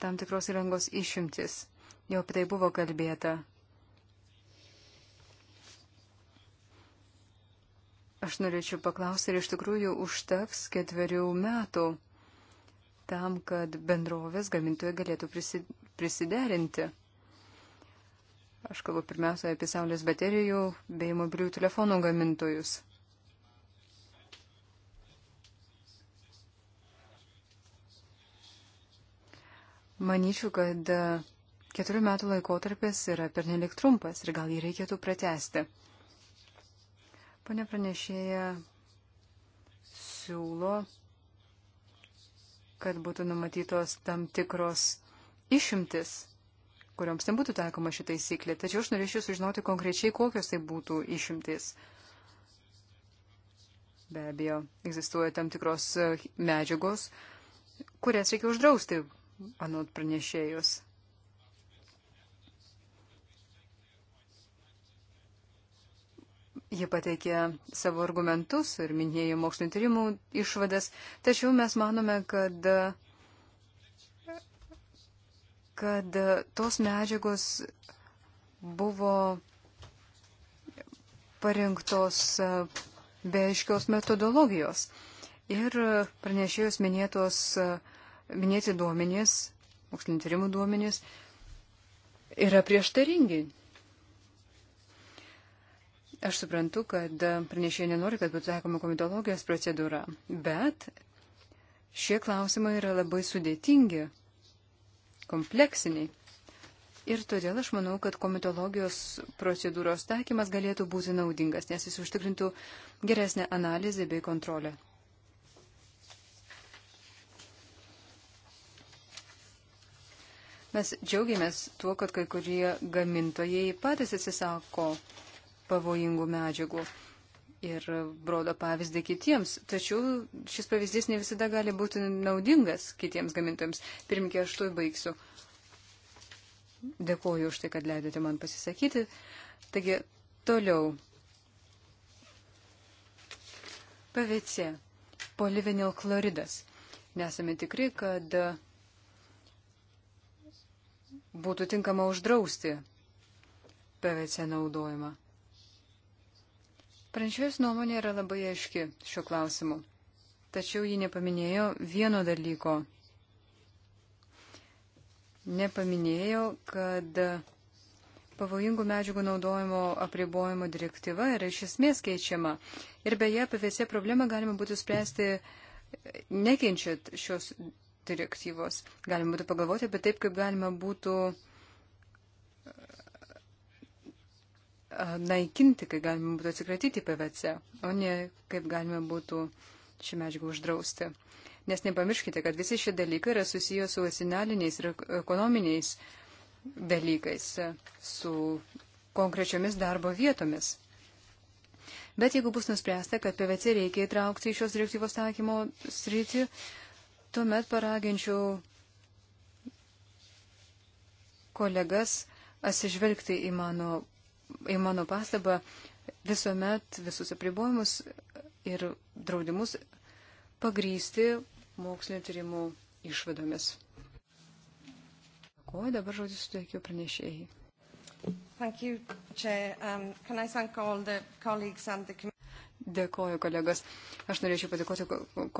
Tam tikros įrangos išimtis. Jau apie tai buvo kalbėta. Aš norėčiau paklausti, ar iš tikrųjų užteks ketverių metų tam, kad bendrovės gamintojai galėtų prisiderinti. Aš kalbu pirmiausia apie saulės baterijų bei mobiliųjų telefonų gamintojus. Manyčiau, kad keturių metų laikotarpis yra pernelik trumpas ir gal jį reikėtų pratesti. Pane pranešėja siūlo, kad būtų numatytos tam tikros išimtis kurioms nebūtų taikoma ši taisyklė. Tačiau aš norėčiau sužinoti konkrečiai, kokios tai būtų išimtis. Be abejo, egzistuoja tam tikros e, medžiagos, kurias reikia uždrausti, anot pranešėjus. Jie pateikė savo argumentus ir minėjo mokslinio tyrimų išvadas, tačiau mes manome, kad kad tos medžiagos buvo parinktos e, be aiškios metodologijos. Ir pranešėjus minėtos, e, minėti duomenys, mokslinio tyrimų duomenys, yra prieštaringi. Aš suprantu, kad pranešėjai nenori, kad būtų taikoma komitologijos procedūra, bet šie klausimai yra labai sudėtingi kompleksiniai. Ir todėl aš manau, kad komitologijos procedūros taikymas galėtų būti naudingas, nes jis užtikrintų geresnę analizę bei kontrolę. Mes džiaugiamės tuo, kad kai kurie gamintojai patys atsisako pavojingų medžiagų ir brodo pavyzdį kitiems. Tačiau šis pavyzdys ne visada gali būti naudingas kitiems gamintojams. Pirmkė, aš tuoj baigsiu. Dėkuoju už tai, kad leidote man pasisakyti. Taigi, toliau. PVC. Polivinilkloridas. Nesame tikri, kad būtų tinkama uždrausti PVC naudojimą. Pranešėjos nuomonė yra labai aiški šiuo klausimu, tačiau ji nepaminėjo vieno dalyko. Nepaminėjo, kad pavojingų medžiagų naudojimo apribojimo direktyva yra iš esmės keičiama. Ir beje, PVC problemą galima būtų spręsti nekenčiant šios direktyvos. Galima būtų pagalvoti apie taip, kaip galima būtų uh, naikinti, kai galima būtų atsikratyti PVC, o ne kaip galima būtų šį medžiagą uždrausti. Nes nepamirškite, kad visi šie dalykai yra susijęs su sinaliniais ir ekonominiais dalykais, su konkrečiomis darbo vietomis. Bet jeigu bus nuspręsta, kad PVC reikia įtraukti į šios direktyvos taikymo sritį, tuomet paraginčiau kolegas atsižvelgti į mano į mano pastabą visuomet visus apribojimus ir draudimus pagrysti mokslinio tyrimų išvadomis. Dėkuoju, dabar žodį suteikiu pranešėjai. Um, Dėkuoju, kolegos. Aš norėčiau padėkoti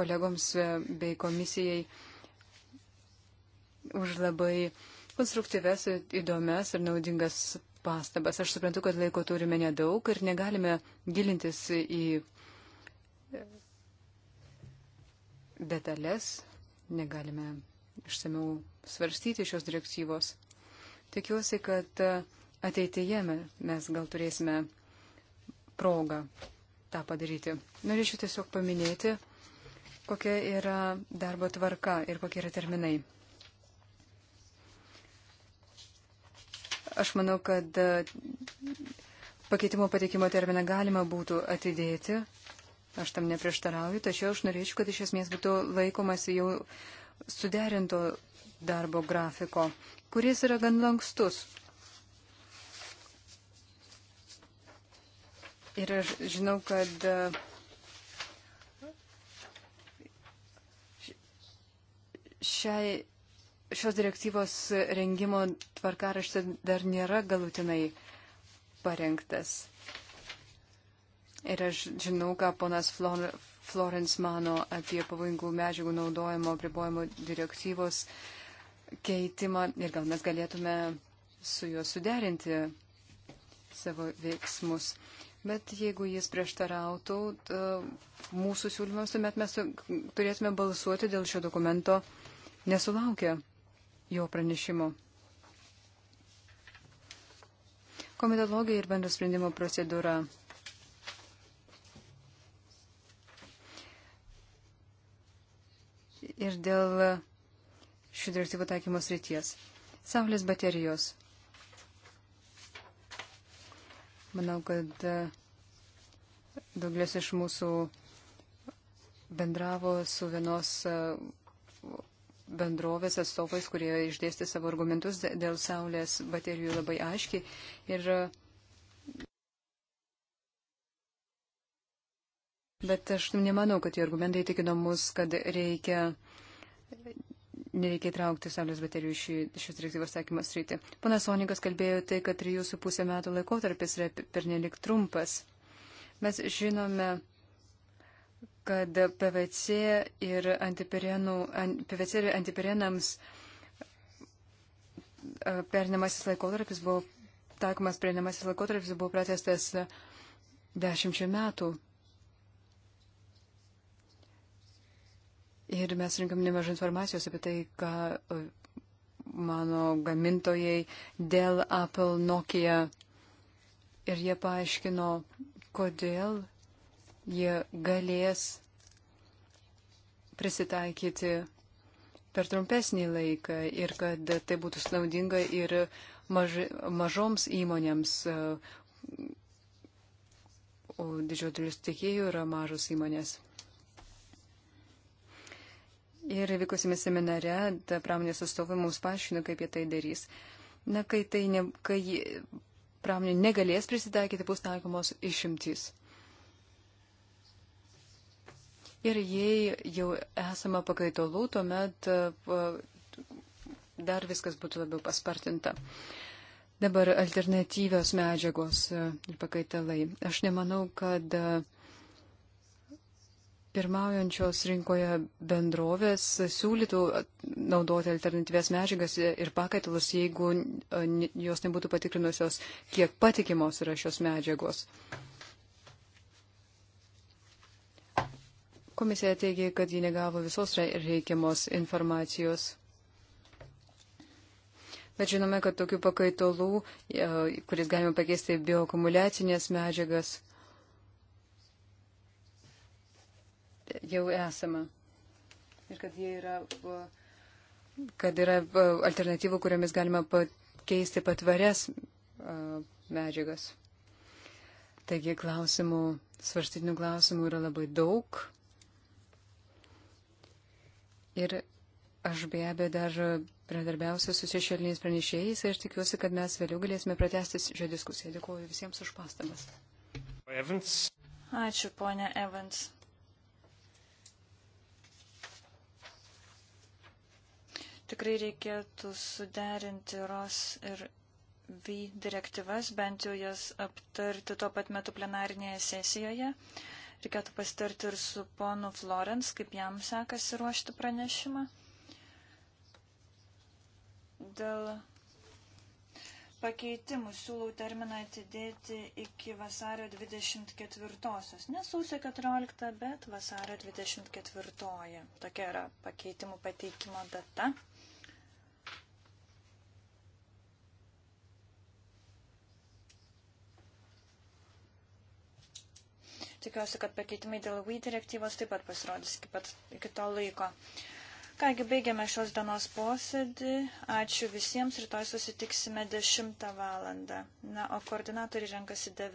kolegoms e, bei komisijai už labai konstruktyves, įdomias ir naudingas pastabas. Aš suprantu, kad laiko turime nedaug ir negalime gilintis į detalės, negalime išsamiau svarstyti šios direktyvos. Tikiuosi, kad ateityje mes gal turėsime progą tą padaryti. Norėčiau tiesiog paminėti, kokia yra darbo tvarka ir kokie yra terminai. Aš manau, kad e, pakeitimo pateikimo terminą galima būtų atidėti. Aš tam neprieštarauju, tačiau aš norėčiau, kad iš esmės būtų laikomasi jau suderinto darbo grafiko, kuris yra gan lankstus. Ir aš žinau, kad e, šiai šios direktyvos rengimo tvarkaraštis dar nėra galutinai parengtas. Ir aš žinau, ką ponas Florence mano apie pavojingų medžiagų naudojimo apribojimo direktyvos keitimą ir gal mes galėtume su juo suderinti savo veiksmus. Bet jeigu jis prieštarautų mūsų siūlymams, tuomet mes turėtume balsuoti dėl šio dokumento nesulaukę jo pranešimu. Komitologija ir bendro sprendimo procedūra. Ir dėl šių direktyvų taikymos ryties. Saulės baterijos. Manau, kad e, daugelis iš mūsų bendravo su vienos e, bendrovės atstovais, kurie išdėstė savo argumentus dėl saulės baterijų labai aiškiai. Ir, bet aš nemanau, kad tie argumentai įtikino mus, kad reikia, nereikia įtraukti saulės baterijų šį, šios direktyvos taikymas rytį. Panas Sonikas kalbėjo tai, kad 3,5 metų laikotarpis yra pernelik trumpas. Mes žinome, kad PVC ir, PVC ir antipirenams e, perinamasis laikotarpis buvo taikomas perinamasis laikotarpis buvo pratestas dešimčių metų. Ir mes rinkam nemažai informacijos apie tai, ką e, mano gamintojai dėl Apple Nokia. Ir jie paaiškino, kodėl jie galės prisitaikyti per trumpesnį laiką ir kad tai būtų naudinga ir maž, mažoms įmonėms. O didžioji dalis tiekėjų yra mažos įmonės. Ir vykusime seminare, ta pramonės atstovai mums paaiškino, kaip jie tai darys. Na, kai, tai ne, kai pramonė negalės prisitaikyti, bus taikomos išimtys. Ir jei jau esama pakaitalų, tuomet e, e, dar viskas būtų labiau paspartinta. Dabar alternatyvios medžiagos e, ir pakaitalai. Aš nemanau, kad pirmaujančios rinkoje bendrovės siūlytų naudoti alternatyvės medžiagas ir pakaitalus, jeigu jos nebūtų patikrinusios, kiek patikimos yra šios medžiagos. Uh, Komisija teigia, kad ji negavo visos reikiamos informacijos. Bet žinome, kad tokių pakaitalų, e, kuris galima pakeisti bioakumuliacinės medžiagas, jau esama. Ir kad jie yra, e, kad yra e, alternatyvų, kuriamis galima pakeisti patvarias medžiagas. Taigi klausimų, svarstytinių klausimų yra labai daug. Ir aš be abejo dar pradarbiausiu su šešėliniais pranešėjais ir tikiuosi, kad mes vėliau galėsime pratesti šią diskusiją. Dėkuoju visiems už pastabas. Evans. Ačiū, ponė Evans. Tikrai reikėtų suderinti ROS ir V direktyvas, bent jau jas aptarti tuo pat metu plenarinėje sesijoje. Uh, Reikėtų pasitarti ir su ponu Florence, kaip jam sekasi ruošti pranešimą. Dėl pakeitimų siūlau terminą atidėti iki vasario 24-osios. Ne sausio 14, bet vasario 24. -oje. Tokia yra pakeitimų pateikimo data. Tikiuosi, kad pakeitimai dėl VAI direktyvos taip pat pasirodys iki, pat, iki to laiko. Kągi, baigiame šios dienos posėdį. Ačiū visiems, rytoj susitiksime 10 valandą. Na, o koordinatoriai renkasi 9.